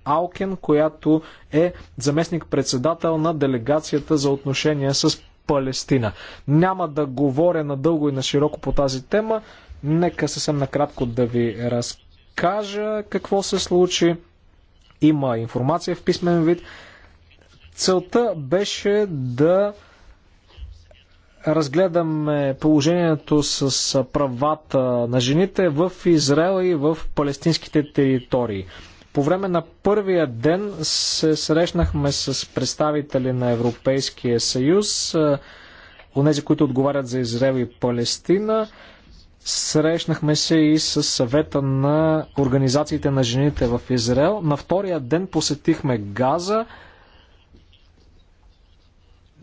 Алкен, която е заместник-председател на делегацията за отношения с Палестина. Няма да говоря надълго и на широко по тази тема. Нека съвсем накратко да ви разкажа какво се случи. Има информация в писмен вид. Целта беше да разгледаме положението с правата на жените в Израел и в палестинските територии. По време на първия ден се срещнахме с представители на Европейския съюз, е, онези, които отговарят за Израел и Палестина. Срещнахме се и с съвета на организациите на жените в Израел. На втория ден посетихме Газа.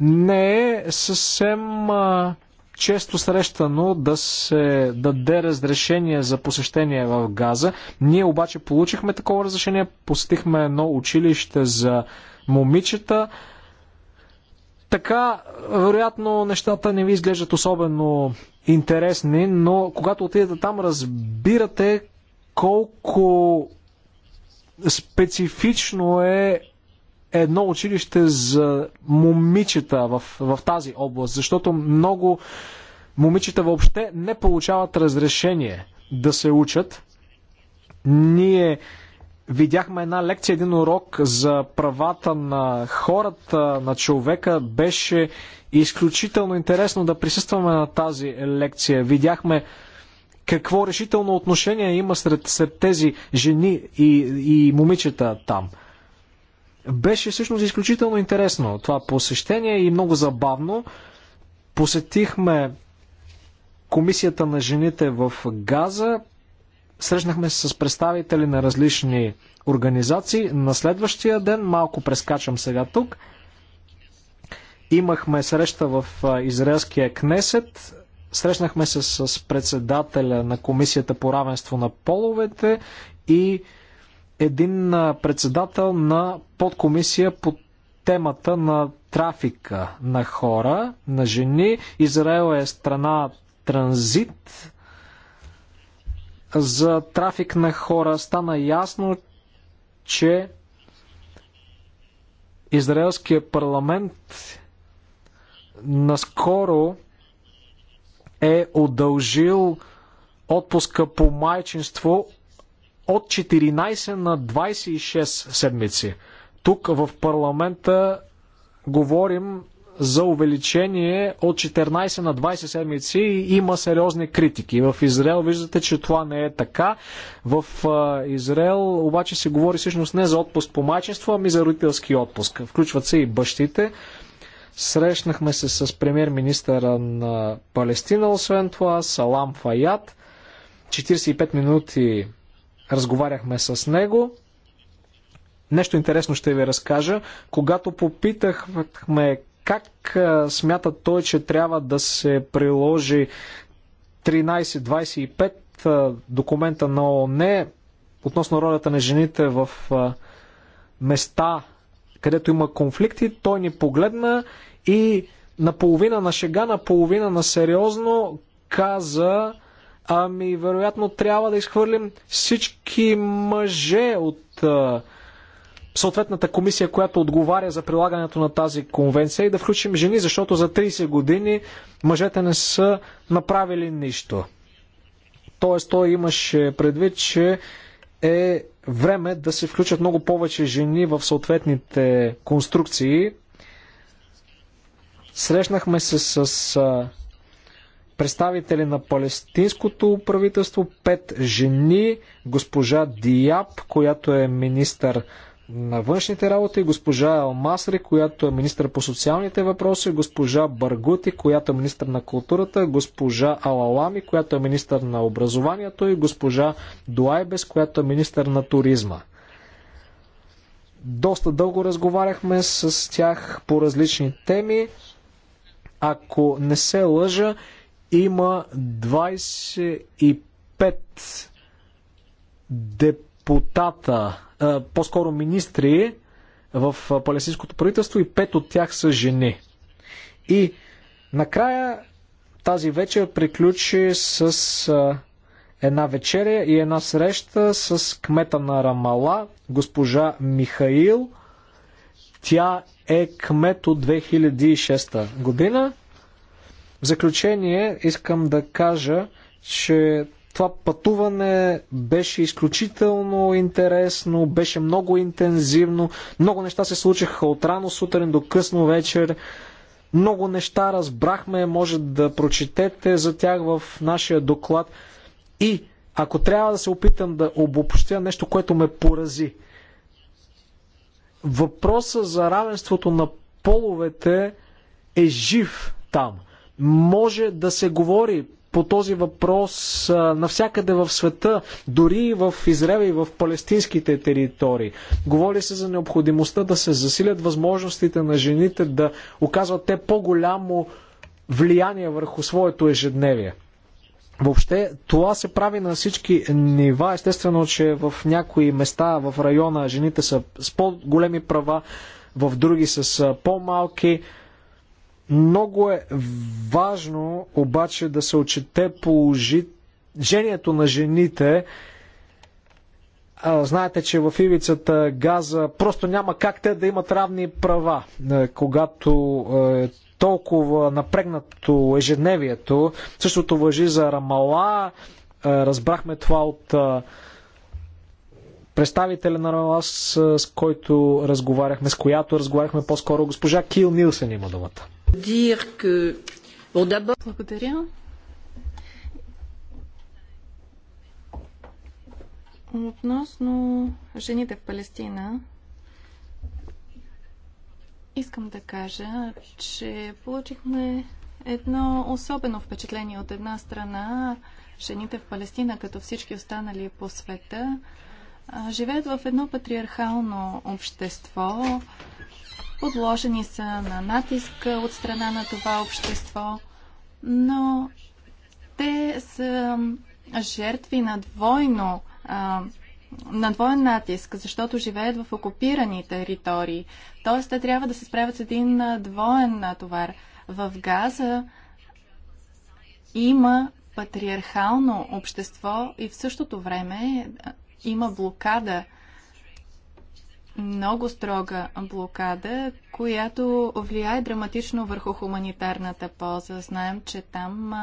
Не е съвсем а, е, често срещано да се даде разрешение за посещение в Газа. Ние обаче получихме такова разрешение, посетихме едно училище за момичета. Така, вероятно, нещата не ви изглеждат особено интересни, но когато отидете там, разбирате колко специфично е едно училище за момичета в, в тази област, защото много момичета въобще не получават разрешение да се учат. Ние видяхме една лекция, един урок за правата на хората, на човека. Беше изключително интересно да присъстваме на тази лекция. Видяхме какво решително отношение има сред, сред тези жени и, и момичета там. Беше всъщност изключително интересно това посещение и много забавно. Посетихме Комисията на жените в Газа. Срещнахме се с представители на различни организации. На следващия ден, малко прескачам сега тук, имахме среща в израелския Кнесет. Срещнахме се с председателя на Комисията по равенство на половете и един председател на подкомисия по темата на трафика на хора, на жени. Израел е страна транзит за трафик на хора. Стана ясно, че Израелския парламент наскоро е удължил отпуска по майчинство от 14 на 26 седмици. Тук в парламента говорим за увеличение от 14 на 20 седмици и има сериозни критики. В Израел виждате, че това не е така. В Израел обаче се говори всъщност не за отпуск по майчество, ами за родителски отпуск. Включват се и бащите. Срещнахме се с премьер-министъра на Палестина, освен това, Салам Фаят. 45 минути Разговаряхме с него. Нещо интересно ще ви разкажа. Когато попитахме как смята той, че трябва да се приложи 1325 документа на ООН относно ролята на жените в места, където има конфликти, той ни погледна и наполовина на шега, наполовина на сериозно каза, Ами, вероятно, трябва да изхвърлим всички мъже от а, съответната комисия, която отговаря за прилагането на тази конвенция и да включим жени, защото за 30 години мъжете не са направили нищо. Тоест, той имаше предвид, че е време да се включат много повече жени в съответните конструкции. Срещнахме се с представители на палестинското правителство, пет жени, госпожа Дияб, която е министър на външните работи, госпожа Алмасри, която е министър по социалните въпроси, госпожа Баргути, която е министър на културата, госпожа Алалами, която е министър на образованието и госпожа Дуайбес, която е министър на туризма. Доста дълго разговаряхме с тях по различни теми. Ако не се лъжа, има 25 депутата, по-скоро министри в палестинското правителство и 5 от тях са жени. И накрая тази вечер приключи с една вечеря и една среща с кмета на Рамала, госпожа Михаил. Тя е кмет от 2006 година. В заключение искам да кажа, че това пътуване беше изключително интересно, беше много интензивно, много неща се случиха от рано сутрин до късно вечер. Много неща разбрахме, може да прочетете за тях в нашия доклад. И ако трябва да се опитам да обобщя нещо, което ме порази, въпросът за равенството на половете е жив там – може да се говори по този въпрос навсякъде в света, дори в Израел и в палестинските територии. Говори се за необходимостта да се засилят възможностите на жените да оказват те по-голямо влияние върху своето ежедневие. Въобще това се прави на всички нива. Естествено, че в някои места в района жените са с по-големи права, в други с по-малки. Много е важно обаче да се отчете положението на жените. Знаете, че в ивицата газа просто няма как те да имат равни права, е, когато е толкова напрегнато ежедневието. Същото въжи за Рамала. Е, разбрахме това от е, представителя на РАЛАС, с който разговаряхме, с която разговаряхме по-скоро. Госпожа Кил Нилсен има думата. Благодаря. Относно жените в Палестина, искам да кажа, че получихме едно особено впечатление от една страна. Жените в Палестина, като всички останали по света, живеят в едно патриархално общество, подложени са на натиск от страна на това общество, но те са жертви на двойно на двоен натиск, защото живеят в окупирани територии. Тоест, те трябва да се справят с един двоен товар. В Газа има патриархално общество и в същото време има блокада, много строга блокада, която влияе драматично върху хуманитарната полза. Знаем, че там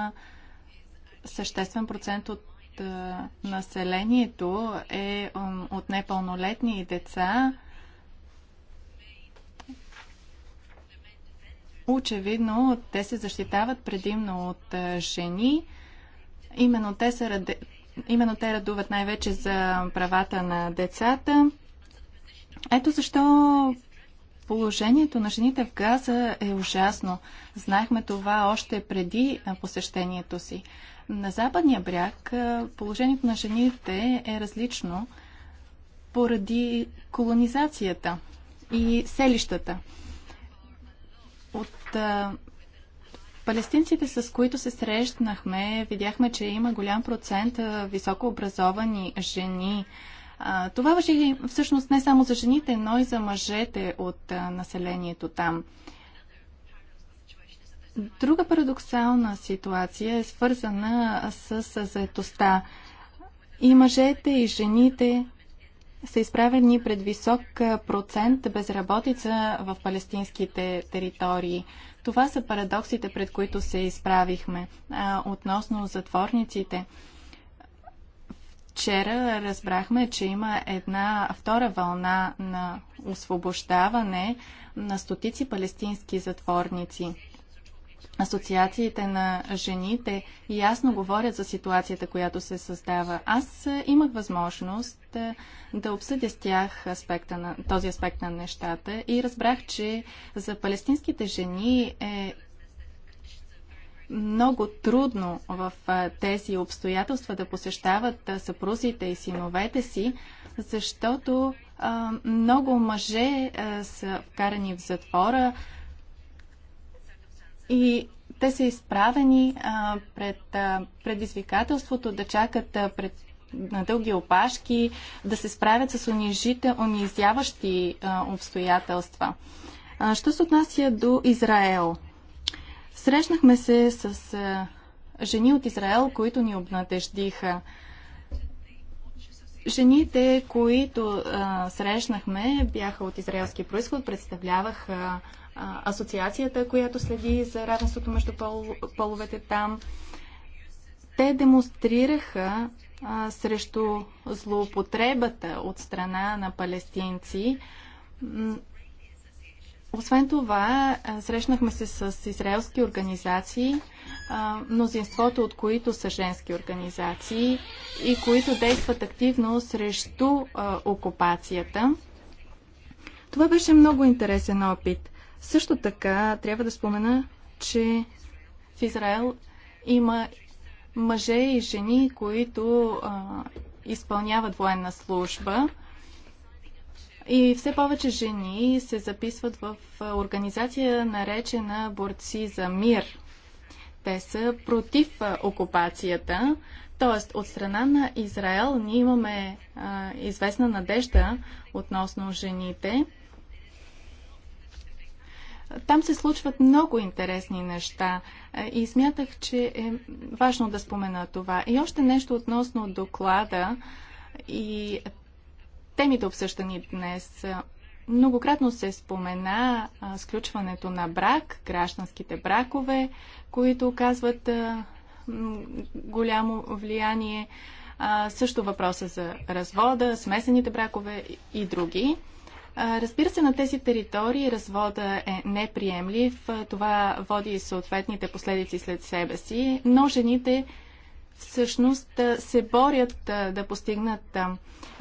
съществен процент от населението е от непълнолетни деца. Очевидно, те се защитават предимно от жени. Именно те са Именно те радуват най-вече за правата на децата. Ето защо положението на жените в Газа е ужасно. Знаехме това още преди посещението си. На западния бряг положението на жените е различно поради колонизацията и селищата. От Палестинците, с които се срещнахме, видяхме, че има голям процент високообразовани жени. Това въжи всъщност не само за жените, но и за мъжете от населението там. Друга парадоксална ситуация е свързана с заетостта. И мъжете, и жените са изправени пред висок процент безработица в палестинските територии. Това са парадоксите, пред които се изправихме. А, относно затворниците, вчера разбрахме, че има една втора вълна на освобождаване на стотици палестински затворници асоциациите на жените ясно говорят за ситуацията, която се създава. Аз е, имах възможност е, да обсъдя с тях аспекта на, този аспект на нещата и разбрах, че за палестинските жени е много трудно в е, тези обстоятелства да посещават съпрузите и синовете си, защото много мъже са вкарани в затвора, и те са изправени а, пред а, предизвикателството да чакат а, пред, на дълги опашки, да се справят с унижите, унизяващи а, обстоятелства. А, що се отнася до Израел? Срещнахме се с а, жени от Израел, които ни обнадеждиха. Жените, които а, срещнахме, бяха от израелски происход, представляваха асоциацията, която следи за равенството между пол, половете там. Те демонстрираха а, срещу злоупотребата от страна на палестинци. Освен това, срещнахме се с израелски организации, мнозинството от които са женски организации и които действат активно срещу окупацията. Това беше много интересен опит. Също така трябва да спомена, че в Израел има мъже и жени, които а, изпълняват военна служба. И все повече жени се записват в организация, наречена Борци за мир. Те са против окупацията. Тоест, от страна на Израел ние имаме а, известна надежда относно жените. Там се случват много интересни неща е, и смятах, че е важно да спомена това. И още нещо относно доклада и темите обсъщани днес. Е, многократно се спомена сключването на брак, гражданските бракове, които оказват голямо влияние. също въпроса за развода, смесените бракове и други. Разбира се, на тези територии развода е неприемлив. Това води и съответните последици след себе си, но жените всъщност се борят да постигнат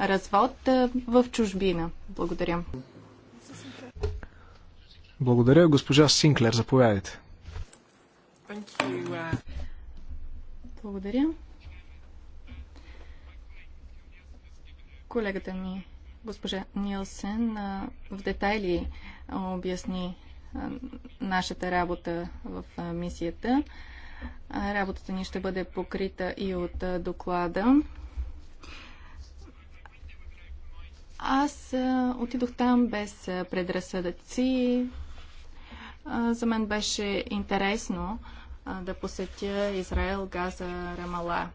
развод в чужбина. Благодаря. Благодаря, госпожа Синклер. Заповядайте. Uh, Благодаря. Колегата ми Госпожа Нилсен в детайли обясни нашата работа в мисията. Работата ни ще бъде покрита и от доклада. Аз отидох там без предразсъдъци. За мен беше интересно да посетя Израел, Газа, Рамала.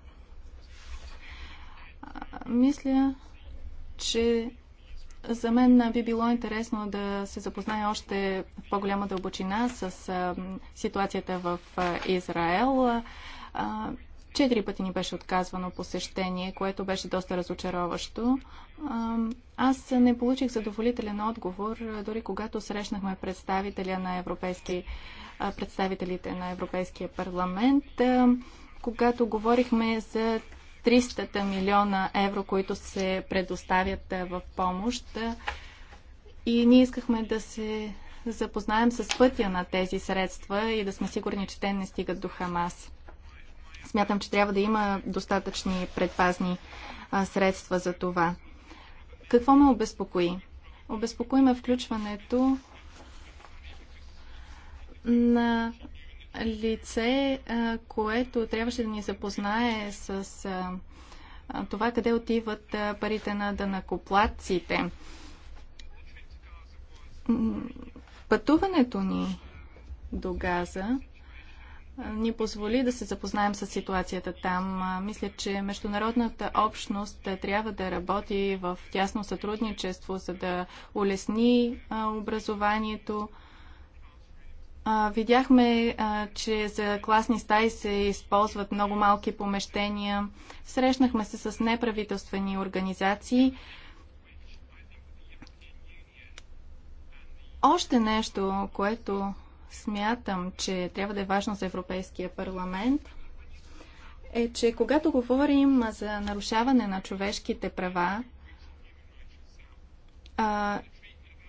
Мисля, че за мен би било интересно да се запознае още в по-голяма дълбочина с ситуацията в Израел. Четири пъти ни беше отказвано посещение, което беше доста разочароващо. Аз не получих задоволителен отговор, дори когато срещнахме представителя на европейски, представителите на Европейския парламент, когато говорихме за 300 милиона евро, които се предоставят е, в помощ. И ние искахме да се запознаем с пътя на тези средства и да сме сигурни, че те не стигат до Хамас. Смятам, че трябва да има достатъчни предпазни средства за това. Какво ме обезпокои? Обезпокои ме включването на лице, което трябваше да ни запознае с това къде отиват парите на данакоплатците. Пътуването ни до Газа ни позволи да се запознаем с ситуацията там. Мисля, че международната общност трябва да работи в тясно сътрудничество, за да улесни образованието, видяхме, че за класни стаи се използват много малки помещения. Срещнахме се с неправителствени организации. Още нещо, което смятам, че трябва да е важно за Европейския парламент, е, че когато говорим за нарушаване на човешките права,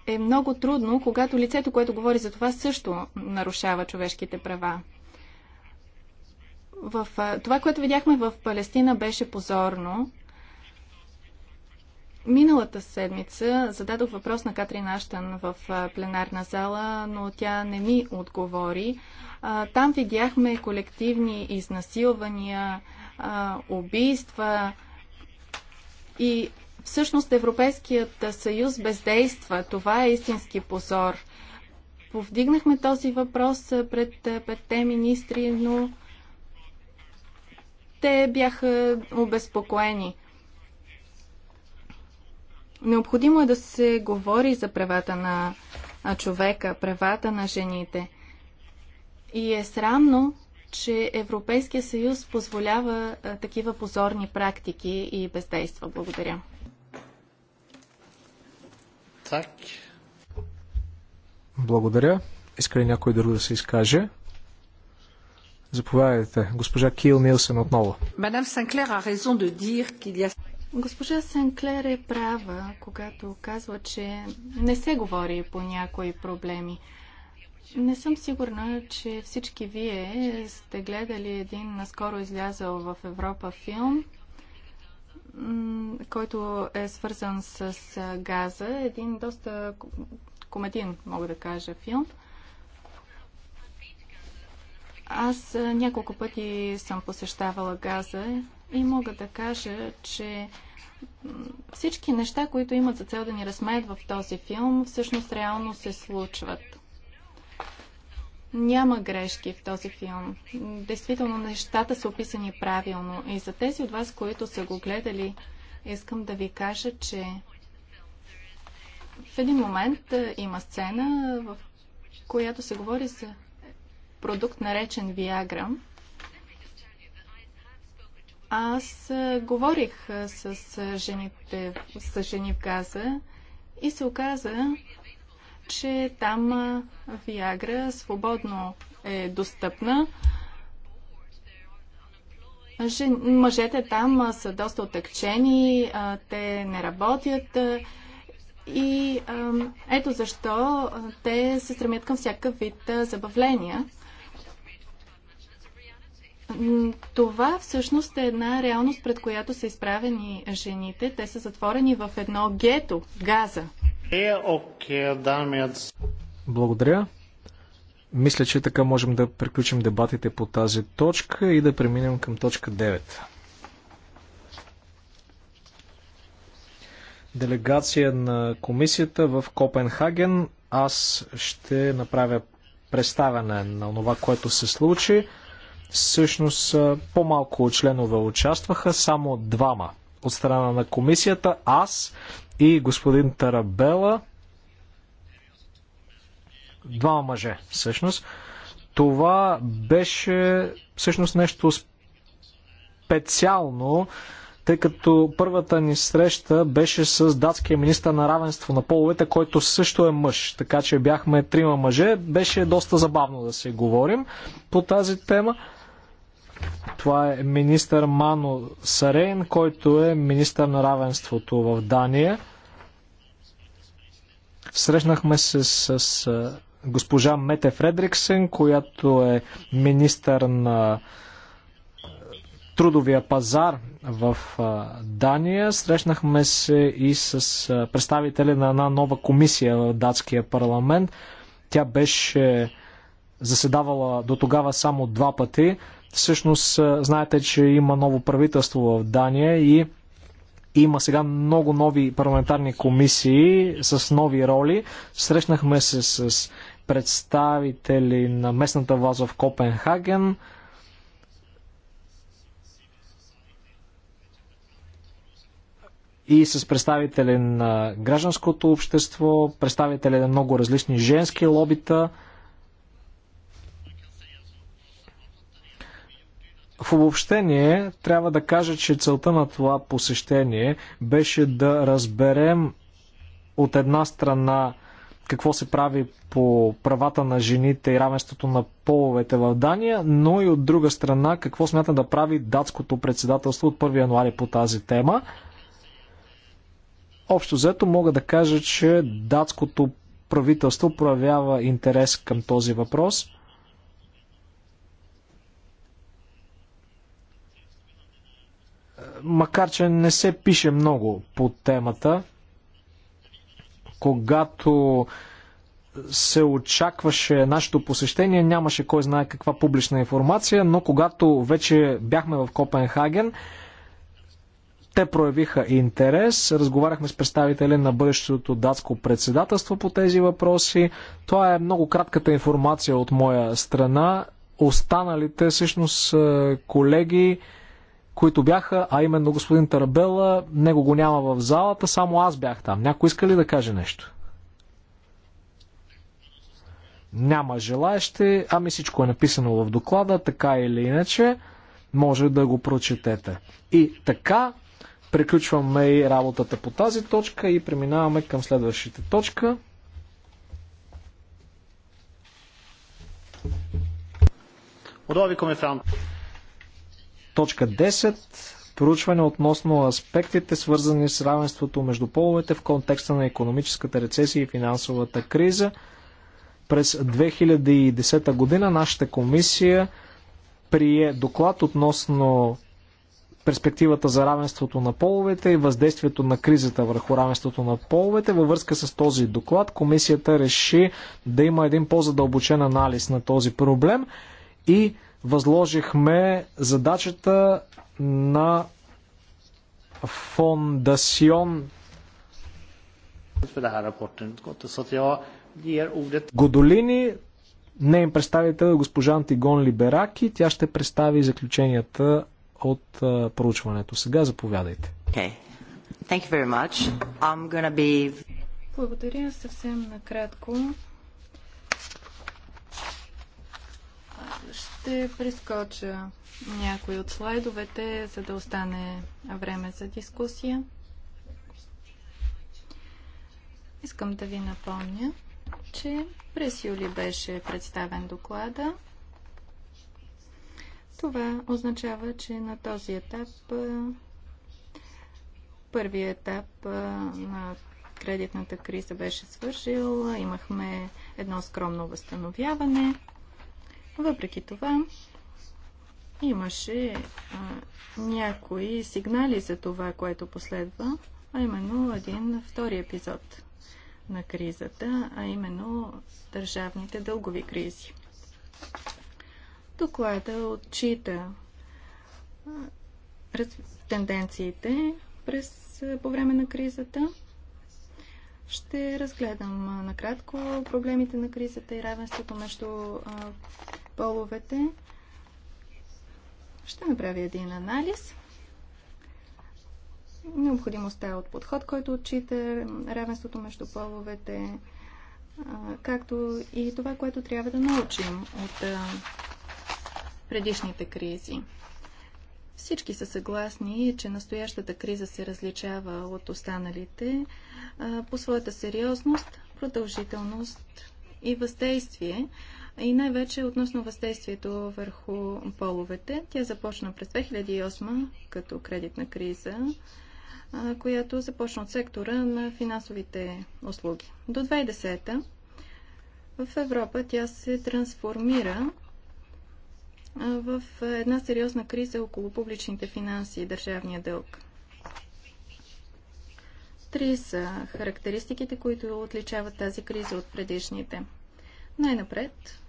е много трудно, когато лицето, което говори за това, също нарушава човешките права. В, това, което видяхме в Палестина, беше позорно. Миналата седмица зададох въпрос на Катрин Аштан в пленарна зала, но тя не ми отговори. Там видяхме колективни изнасилвания, убийства и Всъщност Европейският съюз бездейства. Това е истински позор. Повдигнахме този въпрос пред петте министри, но те бяха обезпокоени. Необходимо е да се говори за правата на човека, правата на жените. И е срамно, че Европейския съюз позволява такива позорни практики и бездейства. Благодаря. Так. Благодаря. Иска ли някой друг да се изкаже? Заповядайте. Госпожа Кил Нилсен отново. Мадам Санклер а резон да дир Госпожа Сенклер е права, когато казва, че не се говори по някои проблеми. Не съм сигурна, че всички вие сте гледали един наскоро излязъл в Европа филм, който е свързан с газа. Един доста комедиен, мога да кажа, филм. Аз няколко пъти съм посещавала Газа и мога да кажа, че всички неща, които имат за цел да ни разсмеят в този филм, всъщност реално се случват. Няма грешки в този филм. Действително нещата са описани правилно. И за тези от вас, които са го гледали, искам да ви кажа, че в един момент е, има сцена, в която се говори за продукт наречен Виаграм. Аз е, говорих е, с жените, с жени в Газа и се оказа, че там Виагра свободно е достъпна. Мъжете там са доста отъкчени, те не работят и ето защо те се стремят към всякакъв вид забавления. Това всъщност е една реалност, пред която са изправени жените. Те са затворени в едно гето, газа. Благодаря. Мисля, че така можем да приключим дебатите по тази точка и да преминем към точка 9. Делегация на комисията в Копенхаген. Аз ще направя представяне на това, което се случи. Всъщност по-малко членове участваха, само двама от страна на комисията, аз и господин Тарабела. два мъже, всъщност. Това беше всъщност нещо специално, тъй като първата ни среща беше с датския министр на равенство на половете, който също е мъж. Така че бяхме трима мъже. Беше доста забавно да се говорим по тази тема. Това е министър Мано Сарейн, който е министър на равенството в Дания. Срещнахме се с, с госпожа Мете Фредриксен, която е министър на трудовия пазар в Дания. Срещнахме се и с представители на една нова комисия в датския парламент. Тя беше заседавала до тогава само два пъти. Всъщност, знаете, че има ново правителство в Дания и има сега много нови парламентарни комисии с нови роли. Срещнахме се с представители на местната ваза в Копенхаген. и с представители на гражданското общество, представители на много различни женски лобита – В обобщение трябва да кажа, че целта на това посещение беше да разберем от една страна какво се прави по правата на жените и равенството на половете в Дания, но и от друга страна какво смята да прави датското председателство от 1 януари по тази тема. Общо взето мога да кажа, че датското правителство проявява интерес към този въпрос – макар че не се пише много по темата, когато се очакваше нашето посещение, нямаше кой знае каква публична информация, но когато вече бяхме в Копенхаген, те проявиха интерес. Разговаряхме с представители на бъдещото датско председателство по тези въпроси. Това е много кратката информация от моя страна. Останалите, всъщност, е, колеги, които бяха, а именно господин Тарабела, него го няма в залата, само аз бях там. Някой иска ли да каже нещо? Няма желаящи, ами всичко е написано в доклада, така или иначе, може да го прочетете. И така, приключваме и работата по тази точка и преминаваме към следващата точка. Och då har vi kommit fram Точка 10. Проучване относно аспектите, свързани с равенството между половете в контекста на економическата рецесия и финансовата криза. През 2010 година нашата комисия прие доклад относно перспективата за равенството на половете и въздействието на кризата върху равенството на половете. Във връзка с този доклад комисията реши да има един по-задълбочен анализ на този проблем и възложихме задачата на фондасион Годолини, нейн представител е госпожа Антигон Либераки. Тя ще представи заключенията от проучването. Сега заповядайте. Okay. Thank you very much. I'm gonna be... Благодаря съвсем накратко. Ще прескоча някои от слайдовете, за да остане време за дискусия. Искам да ви напомня, че през юли беше представен доклада. Това означава, че на този етап, първият етап на кредитната криза беше свършил. Имахме едно скромно възстановяване. Въпреки това, имаше а, някои сигнали за това, което последва, а именно един втори епизод на кризата, а именно държавните дългови кризи. Доклада отчита а, тенденциите през, а, по време на кризата. Ще разгледам накратко проблемите на кризата и равенството между половете. Ще направя един анализ. Необходимостта е от подход, който отчита равенството между половете, както и това, което трябва да научим от предишните кризи. Всички са съгласни, че настоящата криза се различава от останалите по своята сериозност, продължителност и въздействие и най-вече относно въздействието върху половете. Тя започна през 2008 като кредитна криза, която започна от сектора на финансовите услуги. До 2010 та в Европа тя се трансформира в една сериозна криза около публичните финанси и държавния дълг. Три са характеристиките, които отличават тази криза от предишните. Най-напред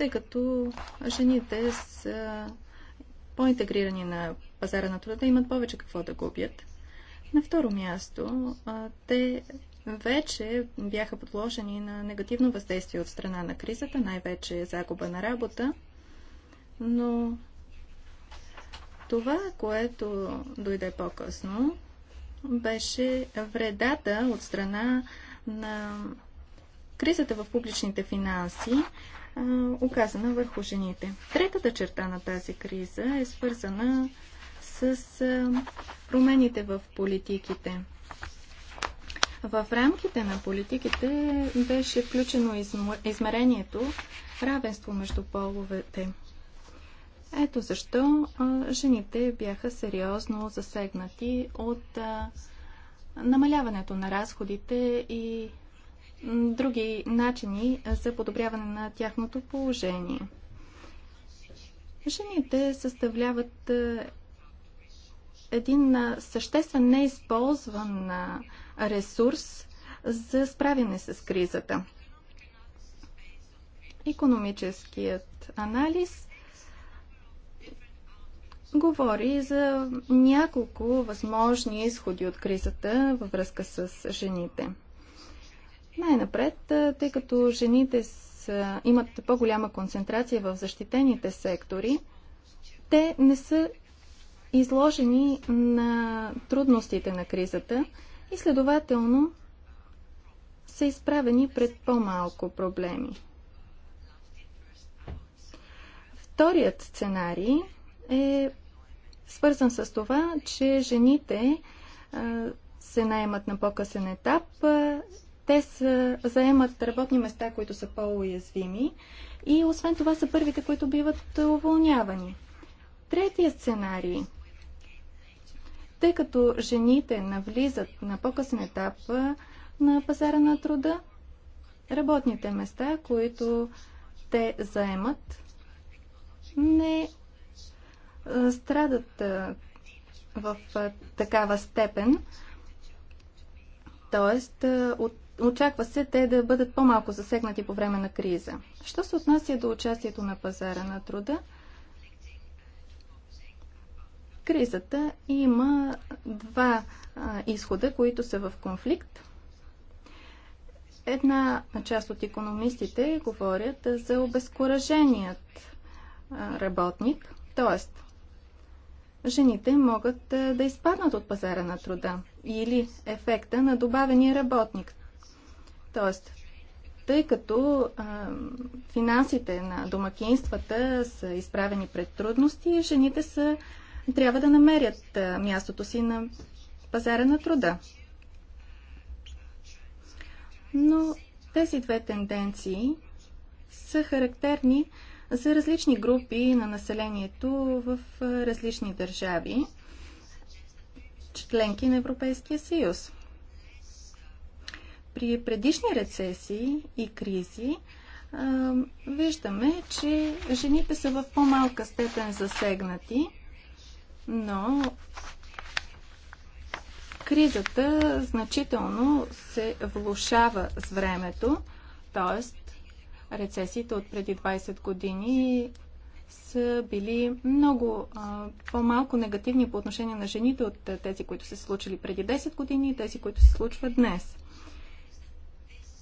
тъй като жените са по-интегрирани на пазара на труда, имат повече какво да губят. На второ място, те вече бяха подложени на негативно въздействие от страна на кризата, най-вече загуба на работа, но това, което дойде по-късно, беше вредата от страна на кризата в публичните финанси оказана върху жените. Третата черта на тази криза е свързана с промените в политиките. В рамките на политиките беше включено измерението равенство между половете. Ето защо жените бяха сериозно засегнати от намаляването на разходите и други начини за подобряване на тяхното положение. Жените съставляват един съществен неизползван ресурс за справяне с кризата. Економическият анализ говори за няколко възможни изходи от кризата във връзка с жените. Най-напред, тъй като жените са, имат по-голяма концентрация в защитените сектори, те не са изложени на трудностите на кризата и следователно са изправени пред по-малко проблеми. Вторият сценарий е свързан с това, че жените се наемат на по-късен етап те са, заемат работни места, които са по-уязвими и освен това са първите, които биват уволнявани. Третия сценарий тъй като жените навлизат на по-късен етап на пазара на труда, работните места, които те заемат, не страдат в такава степен, т.е. от очаква се те да бъдат по-малко засегнати по време на криза. Що се отнася до участието на пазара на труда? Кризата има два изхода, които са в конфликт. Една част от економистите говорят за обезкураженият работник, т.е. жените могат да изпаднат от пазара на труда или ефекта на добавения работник, Тоест, тъй като а, финансите на домакинствата са изправени пред трудности, жените са, трябва да намерят а, мястото си на пазара на труда. Но тези две тенденции са характерни за различни групи на населението в различни държави, членки на Европейския съюз. При предишни рецесии и кризи виждаме, че жените са в по-малка степен засегнати, но кризата значително се влушава с времето, т.е. рецесиите от преди 20 години са били много по-малко негативни по отношение на жените от тези, които са се случили преди 10 години и тези, които се случват днес.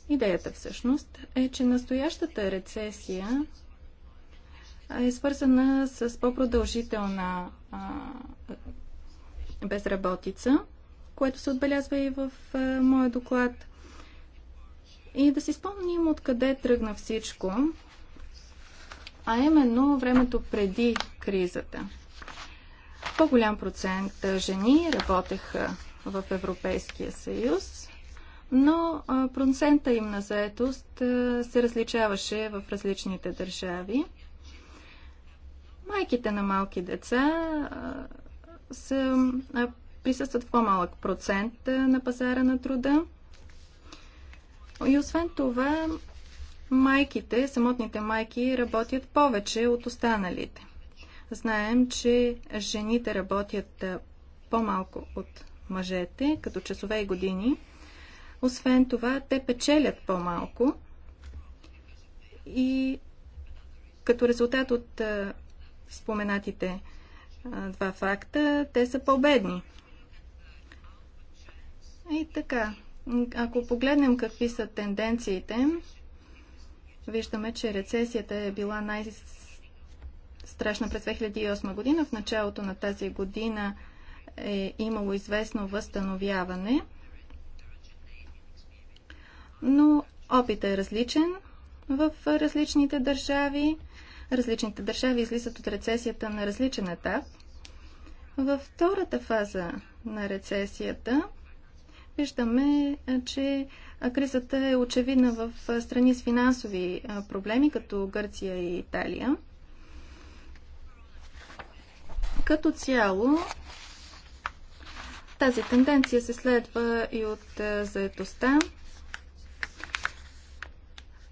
Идеята всъщност е, че настоящата рецесия е свързана с по-продължителна безработица, което се отбелязва и в а, моя доклад. И да си спомним откъде тръгна всичко, а именно времето преди кризата. По-голям процент жени работеха в Европейския съюз но процента им на заетост се различаваше в различните държави. Майките на малки деца са, присъстват в по-малък процент на пазара на труда. И освен това, майките, самотните майки работят повече от останалите. Знаем, че жените работят по-малко от мъжете, като часове и години. Освен това, те печелят по-малко и като резултат от споменатите два факта, те са по-бедни. И така, ако погледнем какви са тенденциите, виждаме, че рецесията е била най-страшна през 2008 година. В началото на тази година е имало известно възстановяване – но опитът е различен в различните държави. Различните държави излизат от рецесията на различен етап. Във втората фаза на рецесията виждаме, че кризата е очевидна в страни с финансови проблеми, като Гърция и Италия. Като цяло, тази тенденция се следва и от заетостта.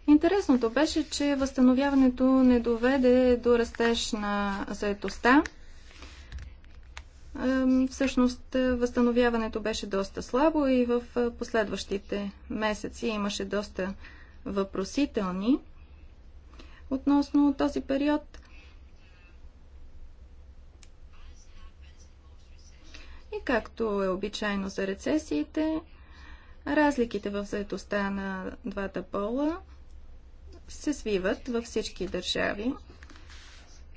Интересното беше, че възстановяването не доведе до растеж на заетостта. Всъщност възстановяването беше доста слабо и в последващите месеци имаше доста въпросителни относно този период. И както е обичайно за рецесиите, разликите в заетостта на двата пола – се свиват във всички държави.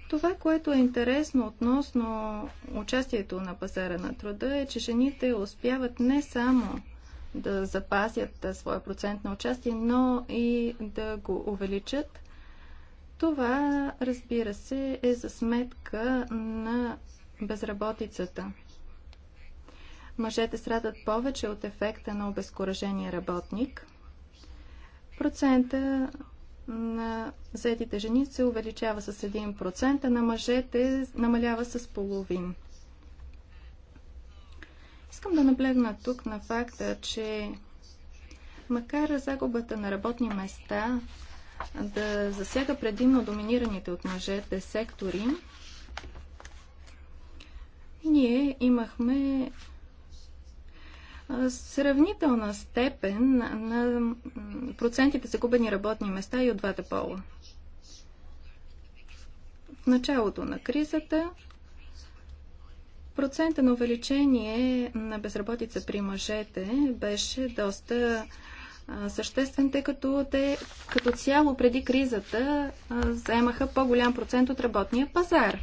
Това, което е интересно относно участието на пазара на труда е, че жените успяват не само да запазят своя процент на участие, но и да го увеличат. Това, разбира се, е за сметка на безработицата. Мъжете страдат повече от ефекта на обезкуражения работник. Процента на заетите жени се увеличава с 1%, а на мъжете намалява с половин. Искам да наблегна тук на факта, че макар загубата на работни места да засяга предимно доминираните от мъжете сектори, ние имахме сравнителна степен на процентите загубени работни места и от двата пола. В началото на кризата процента на увеличение на безработица при мъжете беше доста съществен, тъй като те като цяло преди кризата заемаха по-голям процент от работния пазар.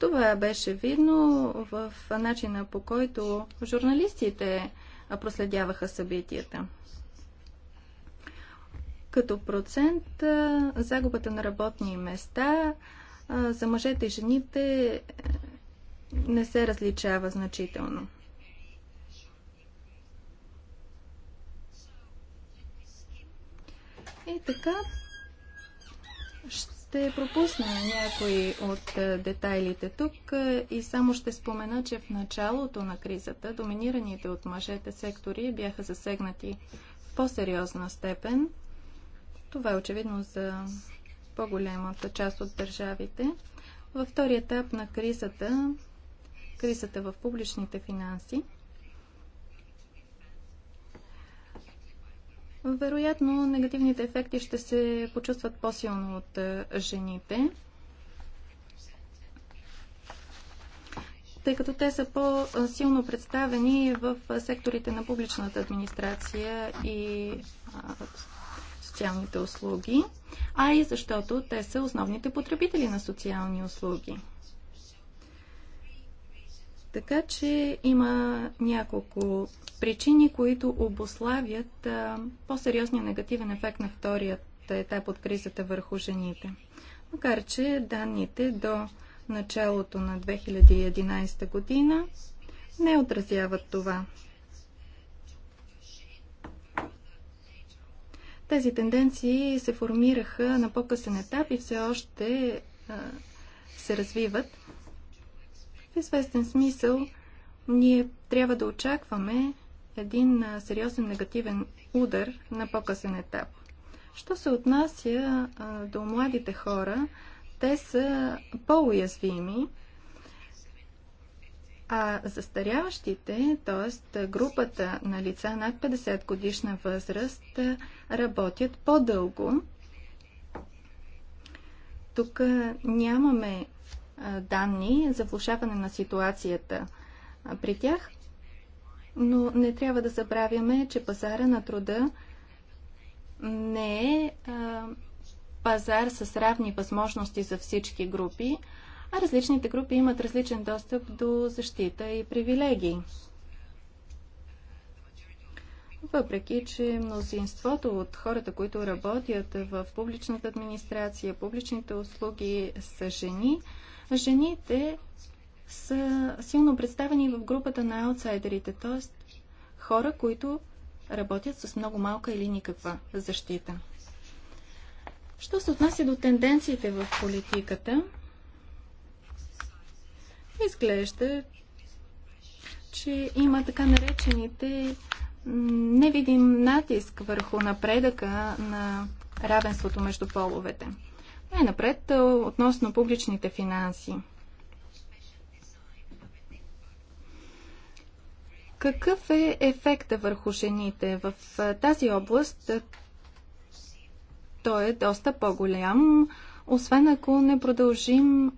Това беше видно в начина по който журналистите проследяваха събитията. Като процент загубата на работни места за мъжете и жените е, не се различава значително. И така, ще ще пропусна някои от е, детайлите тук е, и само ще спомена, че в началото на кризата доминираните от мъжете сектори бяха засегнати в по-сериозна степен. Това е очевидно за по-голямата част от държавите. Във втори етап на кризата, кризата в публичните финанси, Вероятно, негативните ефекти ще се почувстват по-силно от е, жените, тъй като те са по-силно представени в е, секторите на публичната администрация и социалните услуги, а и защото те са основните потребители на социални услуги. Така че има няколко причини, които обославят по-сериозния негативен ефект на вторият етап от кризата върху жените. Макар, че данните до началото на 2011 година не отразяват това. Тези тенденции се формираха на по-късен етап и все още а, се развиват. В известен смисъл ние трябва да очакваме един сериозен негативен удар на по-късен етап. Що се отнася до младите хора, те са по-уязвими, а застаряващите, т.е. групата на лица над 50 годишна възраст, работят по-дълго. Тук нямаме данни за влушаване на ситуацията при тях, но не трябва да забравяме, че пазара на труда не е пазар с равни възможности за всички групи, а различните групи имат различен достъп до защита и привилегии. Въпреки, че мнозинството от хората, които работят в публичната администрация, публичните услуги са жени, Жените са силно представени в групата на аутсайдерите, т.е. хора, които работят с много малка или никаква защита. Що се отнася до тенденциите в политиката, изглежда, че има така наречените невидим натиск върху напредъка на равенството между половете. Най-напред относно публичните финанси. Какъв е ефекта върху жените? В тази област той е доста по-голям, освен ако не продължим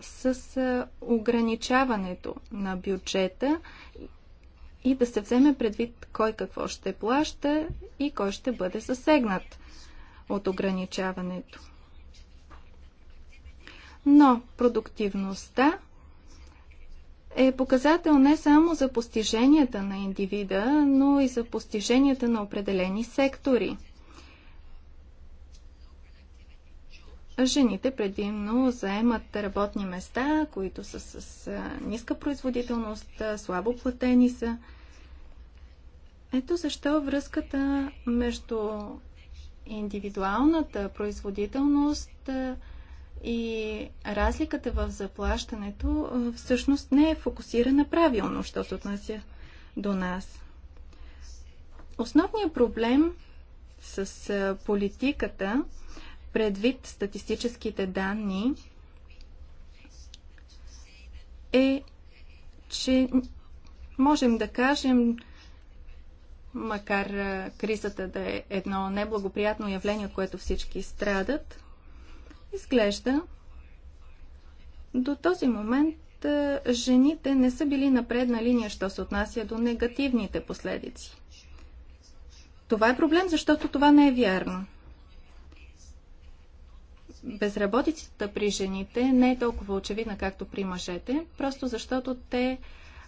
с ограничаването на бюджета и да се вземе предвид кой какво ще плаща и кой ще бъде засегнат от ограничаването но продуктивността е показател не само за постиженията на индивида, но и за постиженията на определени сектори. Жените предимно заемат работни места, които са с ниска производителност, слабо платени са. Ето защо връзката между индивидуалната производителност и разликата в заплащането всъщност не е фокусирана правилно, що се отнася до нас. Основният проблем с политиката, предвид статистическите данни, е, че можем да кажем, макар кризата да е едно неблагоприятно явление, от което всички страдат, Изглежда, до този момент е, жените не са били на предна линия, що се отнася до негативните последици. Това е проблем, защото това не е вярно. Безработицата при жените не е толкова очевидна, както при мъжете, просто защото те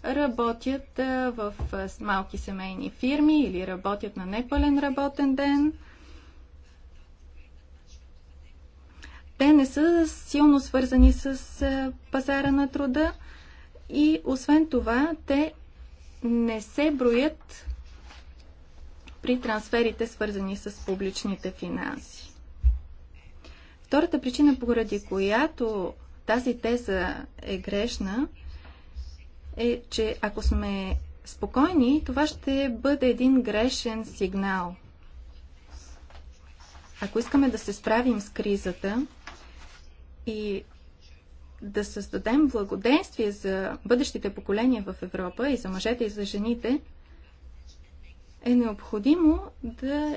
работят е, в е, малки семейни фирми или работят на непълен работен ден – Те не са силно свързани с пазара на труда и освен това те не се броят при трансферите, свързани с публичните финанси. Втората причина, поради която тази теза е грешна, е, че ако сме спокойни, това ще бъде един грешен сигнал. Ако искаме да се справим с кризата, и да създадем благоденствие за бъдещите поколения в Европа и за мъжете и за жените, е необходимо да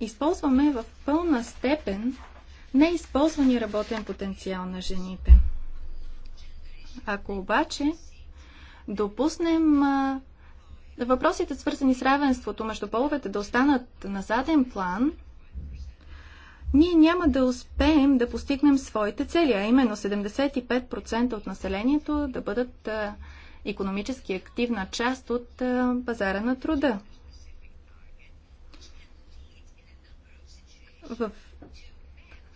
използваме в пълна степен неизползвания работен потенциал на жените. Ако обаче допуснем въпросите, свързани с равенството между половете, да останат на заден план – ние няма да успеем да постигнем своите цели, а именно 75% от населението да бъдат економически активна част от пазара на труда. В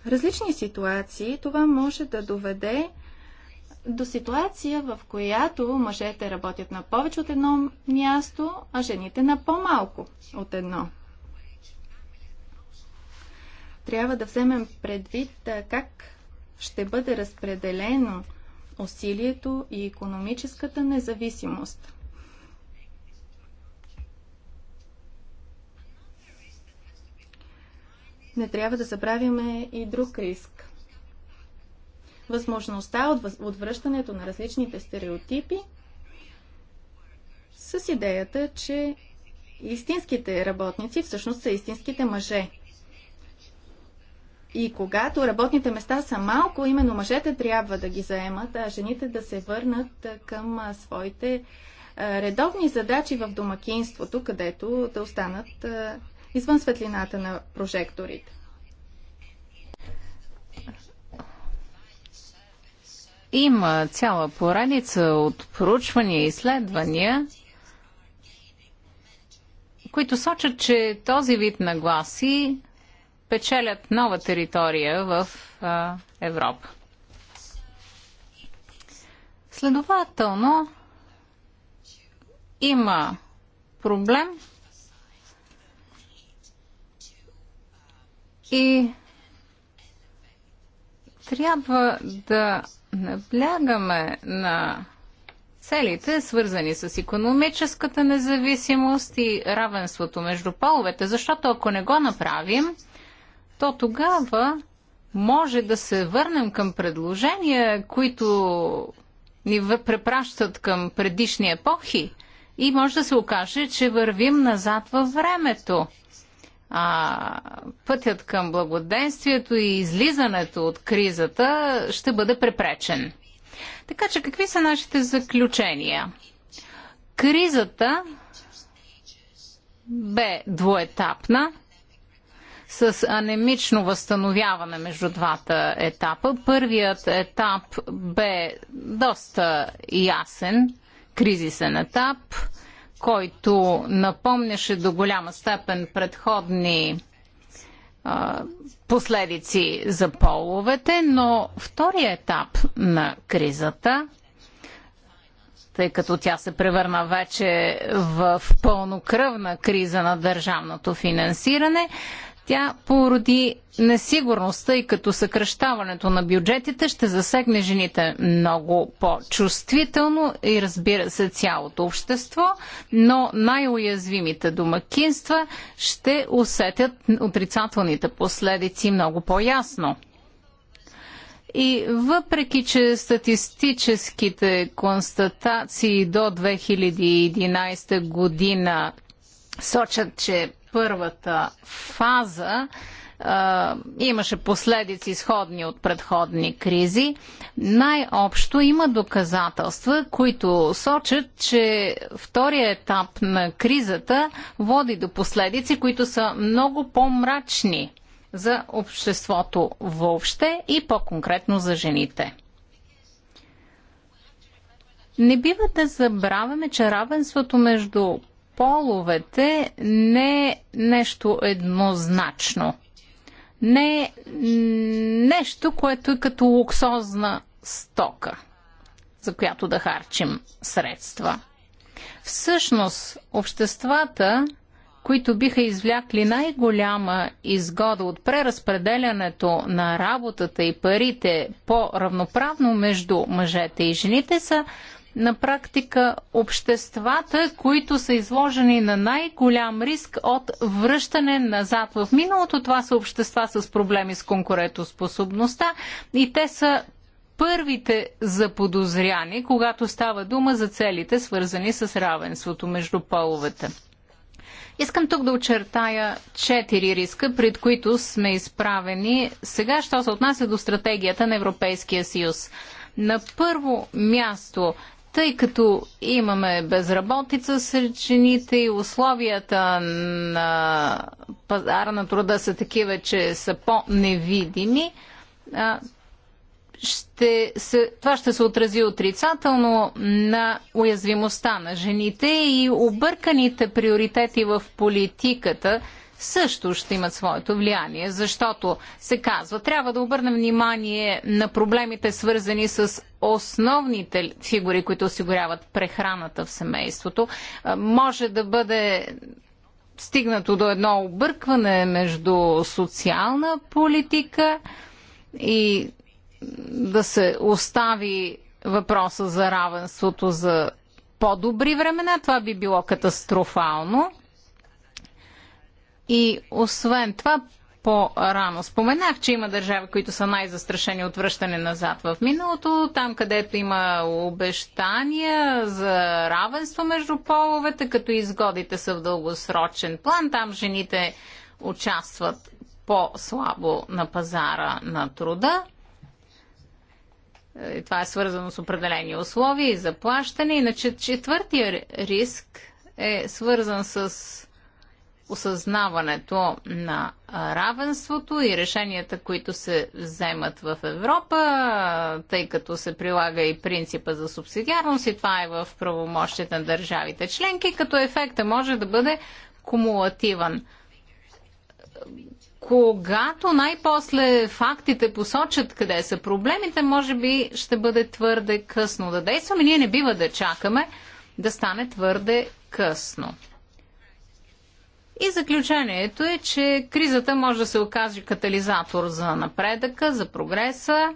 различни ситуации това може да доведе до ситуация, в която мъжете работят на повече от едно място, а жените на по-малко от едно трябва да вземем предвид как ще бъде разпределено усилието и економическата независимост. Не трябва да забравяме и друг риск. Възможността от отвръщането на различните стереотипи с идеята, че истинските работници всъщност са истинските мъже – и когато работните места са малко, именно мъжете трябва да ги заемат, а жените да се върнат към своите редовни задачи в домакинството, където да останат извън светлината на прожекторите. Има цяла поредица от проучвания и изследвания, които сочат, че този вид нагласи печелят нова територия в а, Европа. Следователно, има проблем и трябва да наблягаме на целите, свързани с економическата независимост и равенството между половете, защото ако не го направим, то тогава може да се върнем към предложения, които ни препращат към предишни епохи и може да се окаже, че вървим назад във времето. А пътят към благоденствието и излизането от кризата ще бъде препречен. Така че какви са нашите заключения? Кризата бе двоетапна – с анемично възстановяване между двата етапа. Първият етап бе доста ясен, кризисен етап, който напомняше до голяма степен предходни последици за половете, но втория етап на кризата тъй като тя се превърна вече в пълнокръвна криза на държавното финансиране, тя породи несигурността и като съкръщаването на бюджетите ще засегне жените много по-чувствително и разбира се цялото общество, но най-уязвимите домакинства ще усетят отрицателните последици много по-ясно. И въпреки, че статистическите констатации до 2011 година сочат, че първата фаза имаше последици изходни от предходни кризи. Най-общо има доказателства, които сочат, че втория етап на кризата води до последици, които са много по-мрачни за обществото въобще и по-конкретно за жените. Не бива да забравяме, че равенството между половете не е нещо еднозначно. Не е нещо, което е като луксозна стока, за която да харчим средства. Всъщност, обществата, които биха извлякли най-голяма изгода от преразпределянето на работата и парите по-равноправно между мъжете и жените, са на практика обществата, които са изложени на най-голям риск от връщане назад в миналото. Това са общества с проблеми с конкурентоспособността и те са първите заподозряни, когато става дума за целите, свързани с равенството между половете. Искам тук да очертая четири риска, пред които сме изправени сега, що се отнася до стратегията на Европейския съюз. На първо място тъй като имаме безработица сред жените и условията на пазара на труда са такива, че са по-невидими, ще се, това ще се отрази отрицателно на уязвимостта на жените и обърканите приоритети в политиката – също ще имат своето влияние, защото се казва, трябва да обърнем внимание на проблемите свързани с основните фигури, които осигуряват прехраната в семейството. Може да бъде стигнато до едно объркване между социална политика и да се остави въпроса за равенството за по-добри времена. Това би било катастрофално. И освен това, по-рано споменах, че има държави, които са най-застрашени от връщане назад в миналото, там където има обещания за равенство между половете, като изгодите са в дългосрочен план, там жените участват по-слабо на пазара на труда. Това е свързано с определени условия и заплащане. Иначе четвъртия риск е свързан с осъзнаването на равенството и решенията, които се вземат в Европа, тъй като се прилага и принципа за субсидиарност и това е в правомощите на държавите членки, като ефекта може да бъде кумулативен. Когато най-после фактите посочат къде са проблемите, може би ще бъде твърде късно да действаме. Ние не бива да чакаме да стане твърде късно. И заключението е, че кризата може да се окаже катализатор за напредъка, за прогреса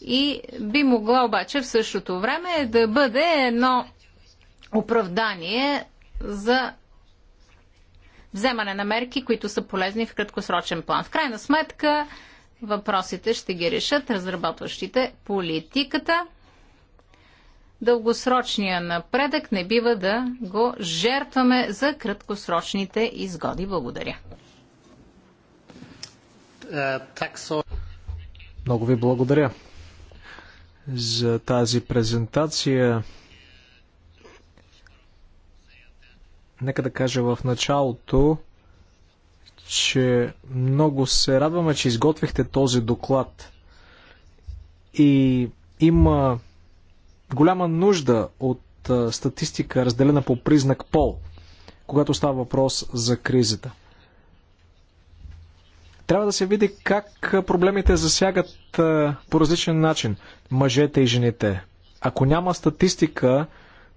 и би могла обаче в същото време да бъде едно оправдание за вземане на мерки, които са полезни в краткосрочен план. В крайна сметка въпросите ще ги решат разработващите политиката дългосрочния напредък не бива да го жертваме за краткосрочните изгоди. Благодаря. Много ви благодаря за тази презентация. Нека да кажа в началото, че много се радваме, че изготвихте този доклад. И има голяма нужда от статистика, разделена по признак пол, когато става въпрос за кризата. Трябва да се види как проблемите засягат по различен начин мъжете и жените. Ако няма статистика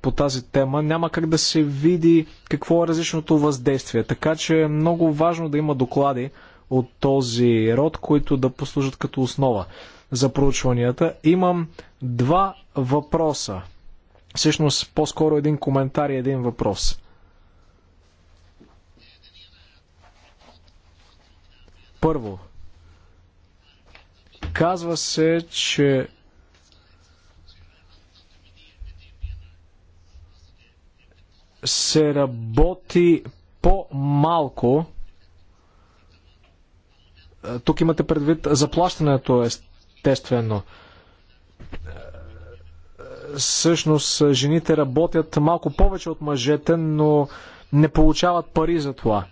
по тази тема, няма как да се види какво е различното въздействие. Така че е много важно да има доклади от този род, които да послужат като основа за проучванията. Имам два въпроса. Всъщност, по-скоро един коментар и един въпрос. Първо, казва се, че се работи по-малко. Тук имате предвид заплащането, естествено. Всъщност, жените работят малко повече от мъжете, но не получават пари за това.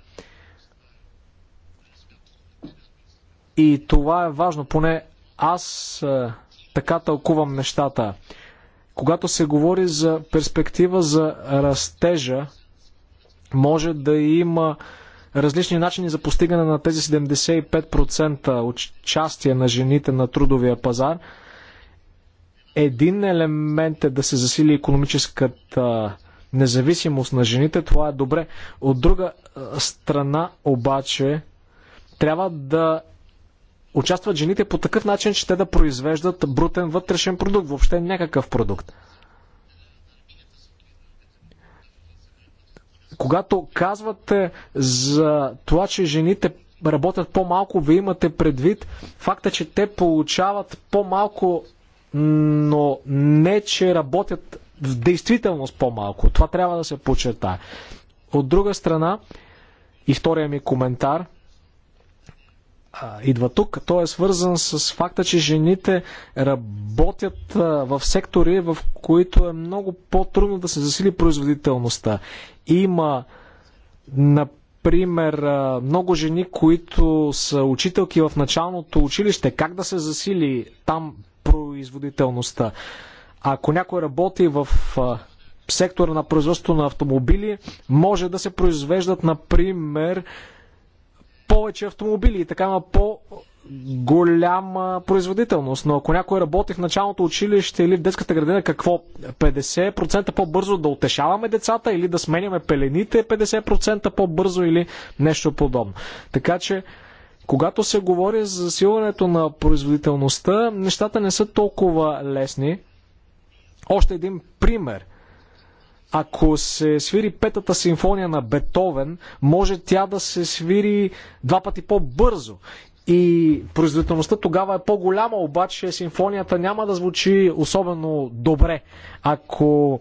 И това е важно, поне аз е, така тълкувам нещата. Когато се говори за перспектива за растежа, може да има различни начини за постигане на тези 75% участие на жените на трудовия пазар. Един елемент е да се засили економическата независимост на жените, това е добре. От друга страна обаче трябва да участват жените по такъв начин, че те да произвеждат брутен вътрешен продукт, въобще някакъв продукт. Когато казвате за това, че жените работят по-малко, вие имате предвид факта, че те получават по-малко, но не, че работят в действителност по-малко. Това трябва да се почерта. От друга страна, и втория ми коментар а, идва тук. Той е свързан с факта, че жените работят а, в сектори, в които е много по-трудно да се засили производителността. Има, например, много жени, които са учителки в началното училище. Как да се засили там производителността? Ако някой работи в сектора на производство на автомобили, може да се произвеждат, например, повече автомобили и така има по голяма производителност. Но ако някой работи в началното училище или в детската градина, какво? 50% по-бързо да утешаваме децата или да сменяме пелените 50% по-бързо или нещо подобно. Така че, когато се говори за засилването на производителността, нещата не са толкова лесни. Още един пример. Ако се свири петата симфония на Бетовен, може тя да се свири два пъти по-бързо и производителността тогава е по-голяма, обаче симфонията няма да звучи особено добре, ако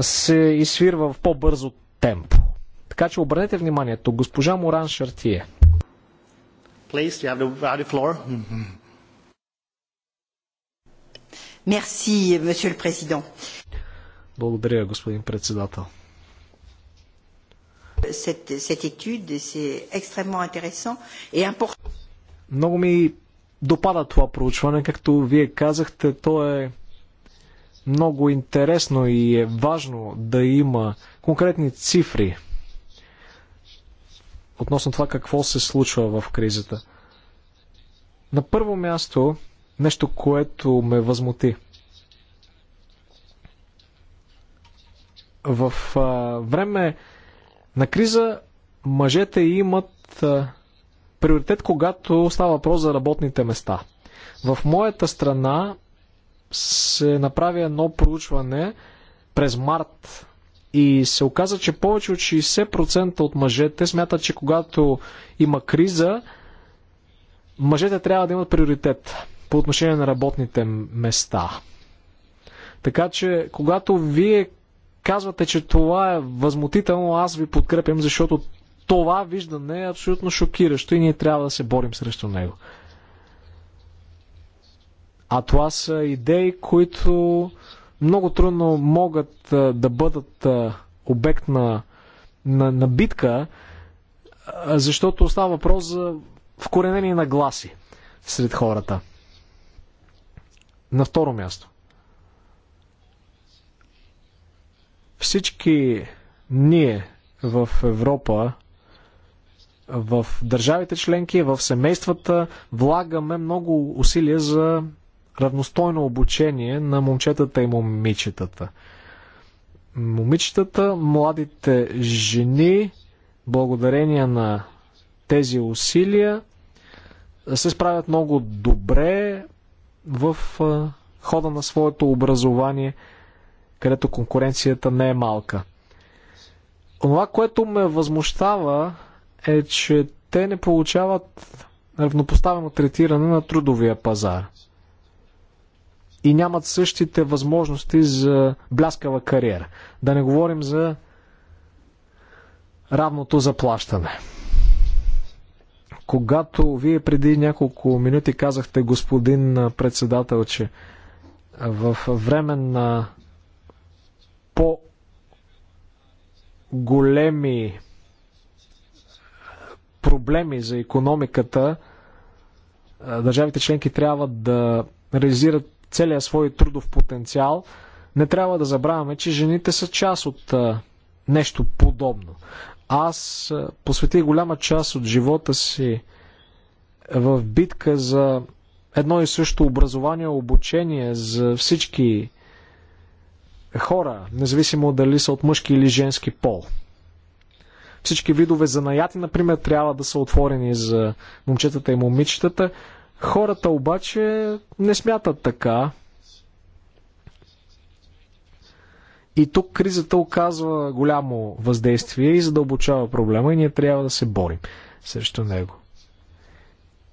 се изсвирва в по-бързо темпо. Така че обърнете вниманието. Госпожа Моран Шартие. Please, you have the, the floor. Mm-hmm. Merci, monsieur le président. Благодаря, господин председател cette, cette étude et c'est extrêmement intéressant et important. Много ми допада това проучване, както вие казахте, то е много интересно и е важно да има конкретни цифри относно това какво се случва в кризата. На първо място, нещо, което ме възмути. В а, време на криза мъжете имат приоритет, когато става въпрос за работните места. В моята страна се направи едно проучване през март и се оказа, че повече от 60% от мъжете смятат, че когато има криза, мъжете трябва да имат приоритет по отношение на работните места. Така че, когато вие казвате, че това е възмутително, аз ви подкрепям, защото това виждане е абсолютно шокиращо и ние трябва да се борим срещу него. А това са идеи, които много трудно могат да бъдат обект на, на, на битка, защото става въпрос за вкоренени нагласи сред хората. На второ място. Всички ние в Европа, в държавите членки, в семействата влагаме много усилия за равностойно обучение на момчетата и момичетата. Момичетата, младите жени, благодарение на тези усилия, се справят много добре в хода на своето образование – където конкуренцията не е малка. Онова, което ме възмущава е, че те не получават равнопоставено третиране на трудовия пазар и нямат същите възможности за бляскава кариера. Да не говорим за равното заплащане. Когато вие преди няколко минути казахте, господин председател, че в време на големи проблеми за економиката, държавите членки трябва да реализират целия свой трудов потенциал, не трябва да забравяме, че жените са част от нещо подобно. Аз посветих голяма част от живота си в битка за едно и също образование, обучение за всички хора, независимо дали са от мъжки или женски пол. Всички видове занаяти, например, трябва да са отворени за момчетата и момичетата. Хората обаче не смятат така. И тук кризата оказва голямо въздействие и задълбочава проблема и ние трябва да се борим срещу него.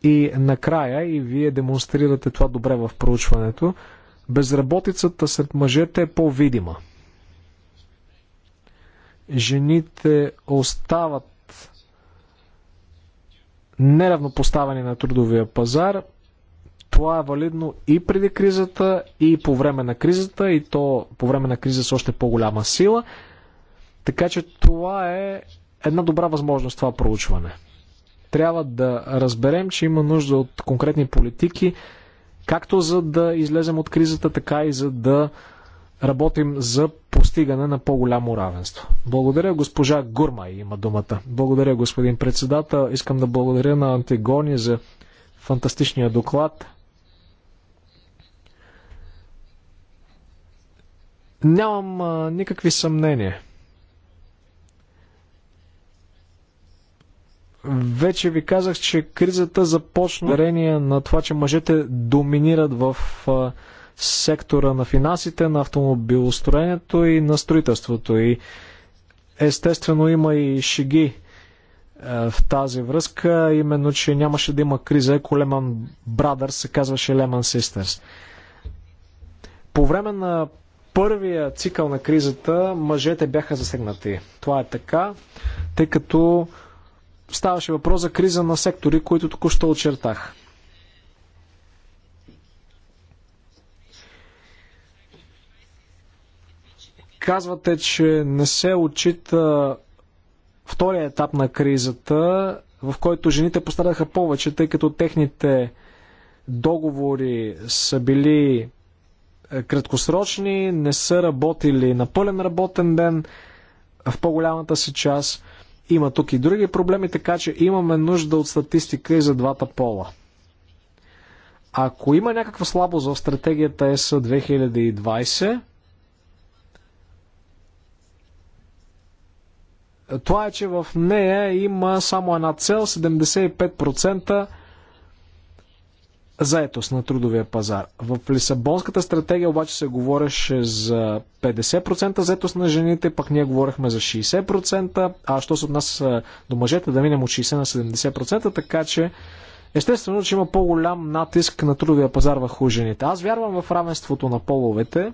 И накрая, и вие демонстрирате това добре в проучването, Безработицата сред мъжете е по-видима. Жените остават неравнопоставени на трудовия пазар. Това е валидно и преди кризата, и по време на кризата, и то по време на криза с още по-голяма сила. Така че това е една добра възможност, това проучване. Трябва да разберем, че има нужда от конкретни политики, Както за да излезем от кризата, така и за да работим за постигане на по-голямо равенство. Благодаря госпожа Гурма има думата. Благодаря господин председател. Искам да благодаря на Антигони за фантастичния доклад. Нямам а, никакви съмнения. Вече ви казах, че кризата започна дарение на това, че мъжете доминират в сектора на финансите, на автомобилостроението и на строителството. И естествено има и шиги в тази връзка, именно, че нямаше да има криза, ако Леман Brothers се казваше Леман Sisters. По време на първия цикъл на кризата мъжете бяха засегнати. Това е така, тъй като Ставаше въпрос за криза на сектори, които току-що очертах. Казвате, че не се отчита втория етап на кризата, в който жените пострадаха повече, тъй като техните договори са били е, краткосрочни, не са работили на пълен работен ден в по-голямата си част. Има тук и други проблеми, така че имаме нужда от статистика и за двата пола. Ако има някаква слабост в стратегията ЕС 2020, това е, че в нея има само една цел 75% заетост на трудовия пазар. В Лисабонската стратегия обаче се говореше за 50% заетост на жените, пък ние говорихме за 60%, а що се отнася до мъжете, да минем от 60 на 70%, така че естествено, че има по-голям натиск на трудовия пазар върху жените. Аз вярвам в равенството на половете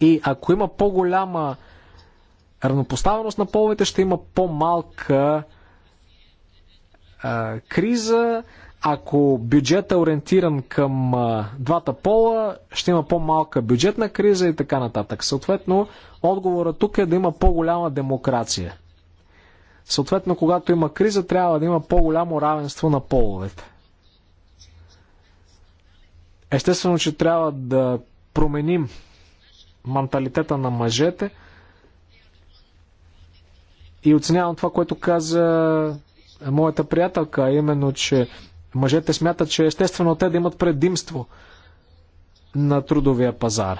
и ако има по-голяма равнопоставеност на половете, ще има по-малка криза, ако бюджет е ориентиран към двата пола, ще има по-малка бюджетна криза и така нататък. Съответно, отговорът тук е да има по-голяма демокрация. Съответно, когато има криза, трябва да има по-голямо равенство на половете. Естествено, че трябва да променим менталитета на мъжете и оценявам това, което каза моята приятелка, именно, че Мъжете смятат, че е естествено те да имат предимство на трудовия пазар.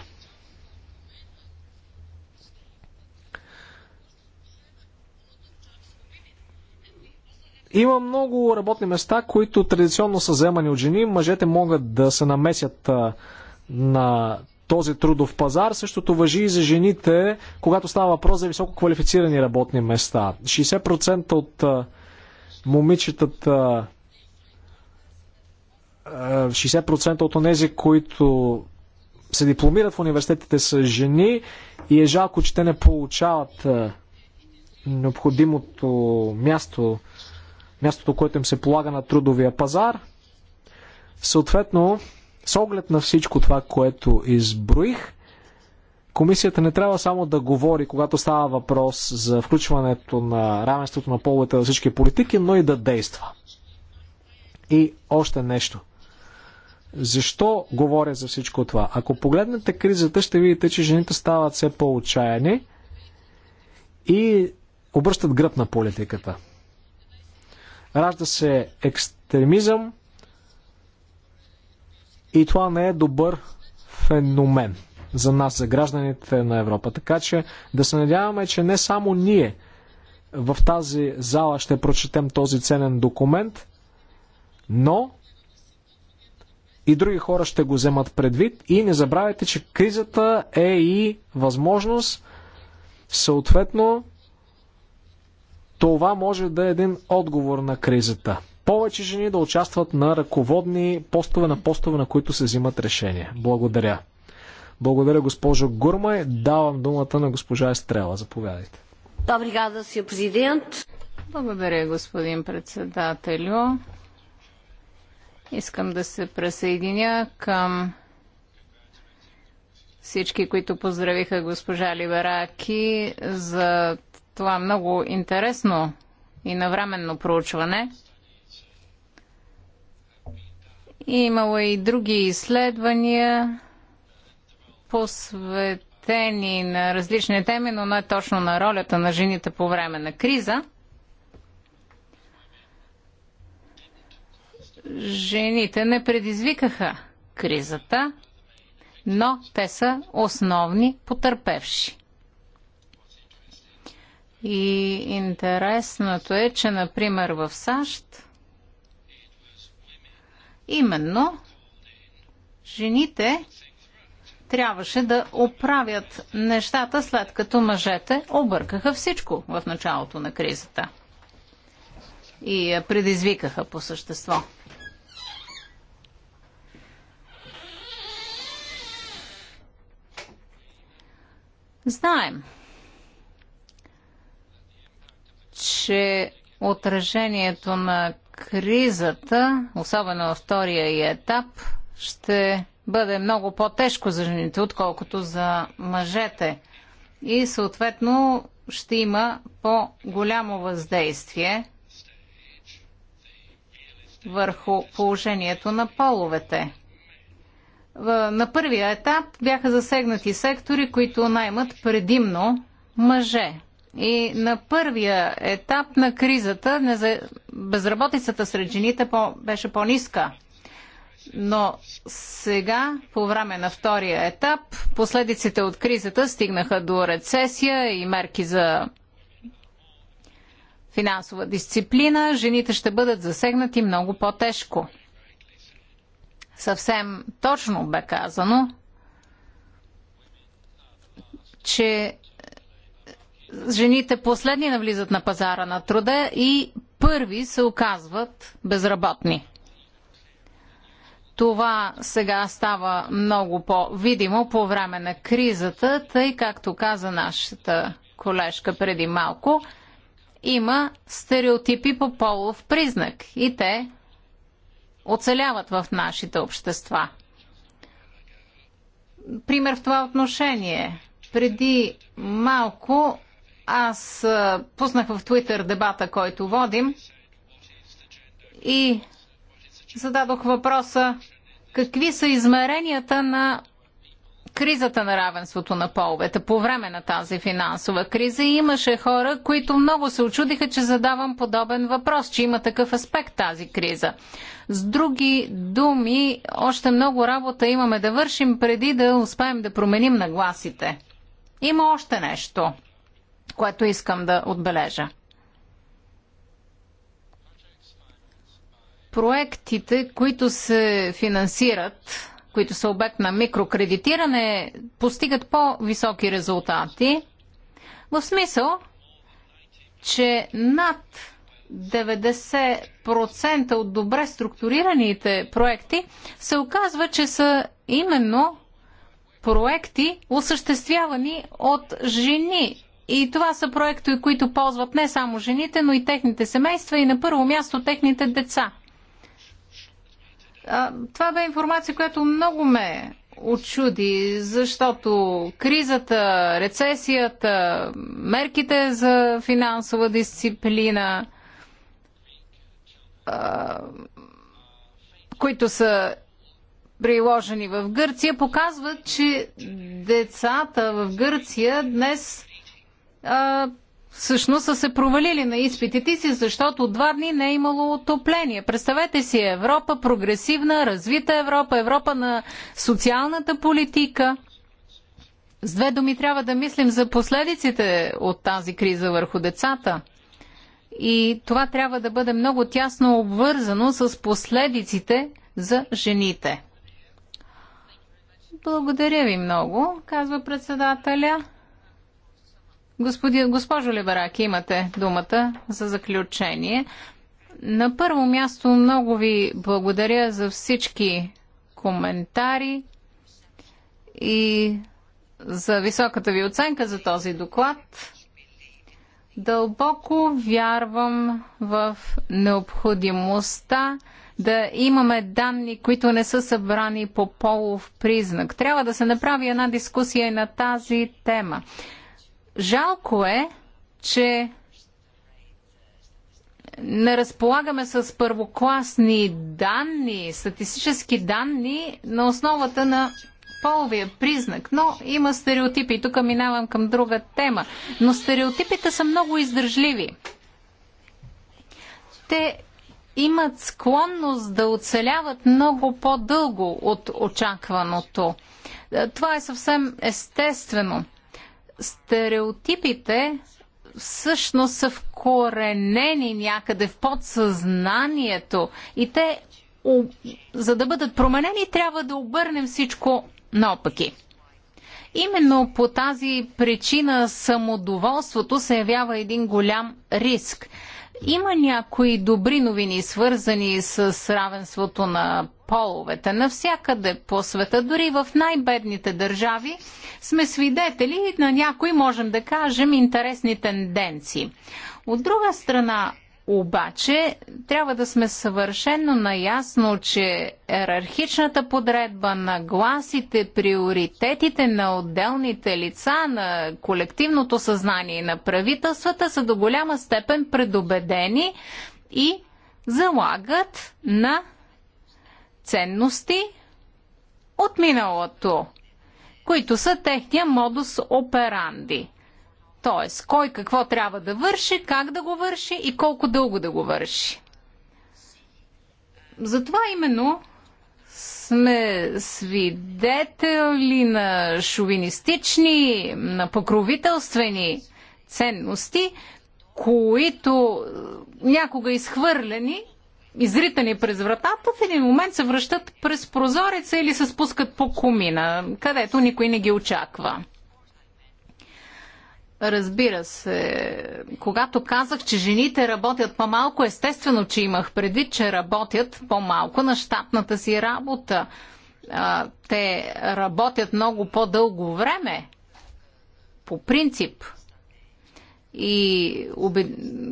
Има много работни места, които традиционно са вземани от жени. Мъжете могат да се намесят на този трудов пазар. Същото въжи и за жените, когато става въпрос за високо квалифицирани работни места. 60% от момичетата 60% от тези, които се дипломират в университетите са жени и е жалко, че те не получават необходимото място, мястото, което им се полага на трудовия пазар. Съответно, с оглед на всичко това, което изброих, комисията не трябва само да говори, когато става въпрос за включването на равенството на половете във всички политики, но и да действа. И още нещо – защо говоря за всичко това? Ако погледнете кризата, ще видите, че жените стават все по-отчаяни и обръщат гръб на политиката. Ражда се екстремизъм и това не е добър феномен за нас, за гражданите на Европа. Така че да се надяваме, че не само ние в тази зала ще прочетем този ценен документ, но и други хора ще го вземат предвид. И не забравяйте, че кризата е и възможност. Съответно, това може да е един отговор на кризата. Повече жени да участват на ръководни постове, на постове, на които се взимат решения. Благодаря. Благодаря, госпожо Гурмай. Давам думата на госпожа Естрела. Заповядайте. Добре, президент. Благодаря, господин председателю. Искам да се присъединя към всички, които поздравиха госпожа Либераки за това много интересно и навременно проучване. И имало и други изследвания, посветени на различни теми, но не точно на ролята на жените по време на криза – жените не предизвикаха кризата, но те са основни потърпевши. И интересното е, че, например, в САЩ именно жените трябваше да оправят нещата след като мъжете объркаха всичко в началото на кризата и я предизвикаха по същество. Знаем, че отражението на кризата, особено във втория и етап, ще бъде много по-тежко за жените, отколкото за мъжете. И съответно ще има по-голямо въздействие върху положението на половете на първия етап бяха засегнати сектори, които наймат предимно мъже. И на първия етап на кризата безработицата сред жените беше по-ниска. Но сега, по време на втория етап, последиците от кризата стигнаха до рецесия и мерки за финансова дисциплина. Жените ще бъдат засегнати много по-тежко съвсем точно бе казано, че е, жените последни навлизат на пазара на труда и първи се оказват безработни. Това сега става много по-видимо по време на кризата, тъй както каза нашата колежка преди малко, има стереотипи по полов признак и те оцеляват в нашите общества. Пример в това отношение. Преди малко аз пуснах в Твитър дебата, който водим и зададох въпроса какви са измеренията на кризата на равенството на половете, по време на тази финансова криза имаше хора, които много се очудиха, че задавам подобен въпрос, че има такъв аспект тази криза. С други думи, още много работа имаме да вършим преди да успеем да променим нагласите. Има още нещо, което искам да отбележа. Проектите, които се финансират които са обект на микрокредитиране, постигат по-високи резултати, в смисъл, че над 90% от добре структурираните проекти се оказва, че са именно проекти, осъществявани от жени. И това са проекти, които ползват не само жените, но и техните семейства и на първо място техните деца това бе информация, която много ме очуди, защото кризата, рецесията, мерките за финансова дисциплина, които са приложени в Гърция, показват, че децата в Гърция днес всъщност са се провалили на изпитите си, защото два дни не е имало отопление. Представете си Европа, прогресивна, развита Европа, Европа на социалната политика. С две думи трябва да мислим за последиците от тази криза върху децата. И това трябва да бъде много тясно обвързано с последиците за жените. Благодаря ви много, казва председателя. Господин, госпожо Либерак, имате думата за заключение. На първо място много ви благодаря за всички коментари и за високата ви оценка за този доклад. Дълбоко вярвам в необходимостта да имаме данни, които не са събрани по полов признак. Трябва да се направи една дискусия и на тази тема. Жалко е, че не разполагаме с първокласни данни, статистически данни на основата на половия признак, но има стереотипи. тук минавам към друга тема. Но стереотипите са много издържливи. Те имат склонност да оцеляват много по-дълго от очакваното. Е, това е съвсем естествено стереотипите всъщност са вкоренени някъде в подсъзнанието и те, за да бъдат променени, трябва да обърнем всичко наопаки. Именно по тази причина самодоволството се явява един голям риск. Има някои добри новини, свързани с равенството на половете. Навсякъде по света, дори в най-бедните държави, сме свидетели на някои, можем да кажем, интересни тенденции. От друга страна, обаче трябва да сме съвършено наясно, че ерархичната подредба на гласите, приоритетите на отделните лица, на колективното съзнание и на правителствата са до голяма степен предубедени и залагат на ценности от миналото, които са техния модус операнди. Т.е. кой какво трябва да върши, как да го върши и колко дълго да го върши. Затова именно сме свидетели на шовинистични, на покровителствени ценности, които някога изхвърлени изритани през вратата, в един момент се връщат през прозореца или се спускат по кумина, където никой не ги очаква. Разбира се, когато казах, че жените работят по-малко, естествено, че имах предвид, че работят по-малко на щатната си работа. те работят много по-дълго време, по принцип – и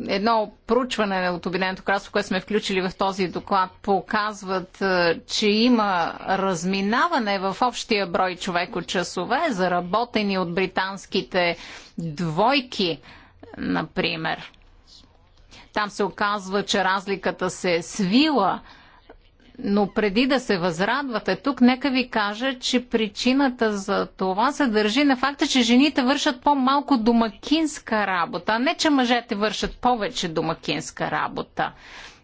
едно проучване от Обединеното кралство, което сме включили в този доклад, показват, е, че има разминаване в общия брой човеко-часове, заработени от британските двойки, например. Там се оказва, че разликата се е свила – но преди да се възрадвате тук, нека ви кажа, че причината за това се държи на факта, че жените вършат по-малко домакинска работа, а не че мъжете вършат повече домакинска работа.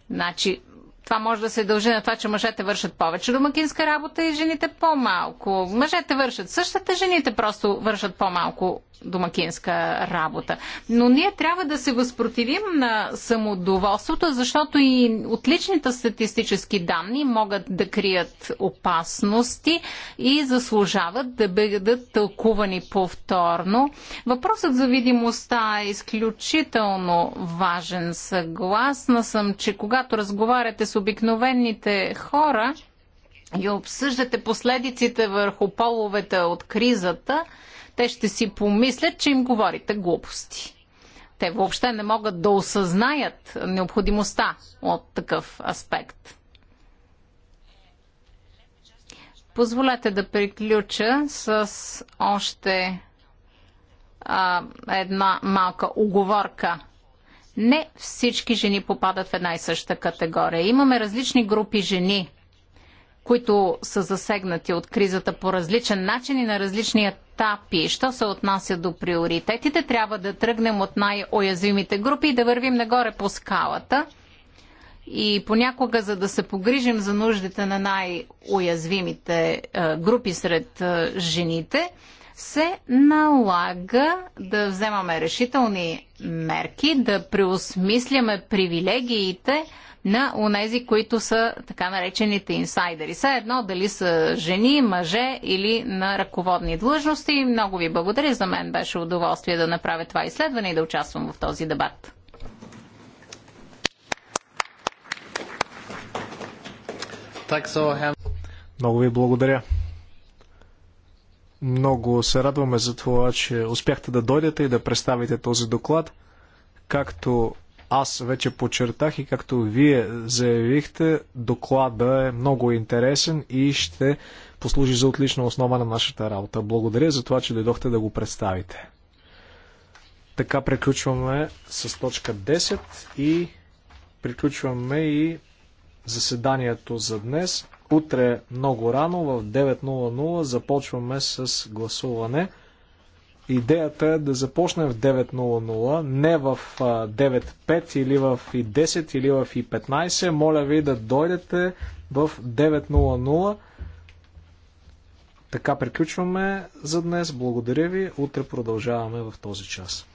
Значи, това може да се дължи на това, че мъжете вършат повече домакинска работа и жените по-малко. Мъжете вършат същата, жените просто вършат по-малко домакинска работа. Но ние трябва да се възпротивим на самодоволството, защото и отличните статистически данни могат да крият опасности и заслужават да бъдат тълкувани повторно. Въпросът за видимостта е изключително важен. Съгласна съм, че когато разговаряте с с обикновените хора и обсъждате последиците върху половете от кризата, те ще си помислят, че им говорите глупости. Те въобще не могат да осъзнаят необходимостта от такъв аспект. Позволете да приключа с още а, една малка оговорка не всички жени попадат в една и съща категория. Имаме различни групи жени, които са засегнати от кризата по различен начин и на различни етапи. Що се отнася до приоритетите, трябва да тръгнем от най-уязвимите групи и да вървим нагоре по скалата. И понякога, за да се погрижим за нуждите на най-уязвимите е, групи сред е, жените, се налага да вземаме решителни мерки, да преосмисляме привилегиите на онези, които са така наречените инсайдери. Все едно дали са жени, мъже или на ръководни длъжности. Много ви благодаря. За мен беше удоволствие да направя това изследване и да участвам в този дебат. Много ви благодаря. Много се радваме за това, че успяхте да дойдете и да представите този доклад. Както аз вече подчертах и както вие заявихте, докладът е много интересен и ще послужи за отлична основа на нашата работа. Благодаря за това, че дойдохте да го представите. Така приключваме с точка 10 и приключваме и заседанието за днес. Утре много рано в 9.00 започваме с гласуване. Идеята е да започнем в 9.00, не в 9.5 или в 10 или в 15. Моля ви да дойдете в 9.00. Така приключваме за днес. Благодаря ви. Утре продължаваме в този час.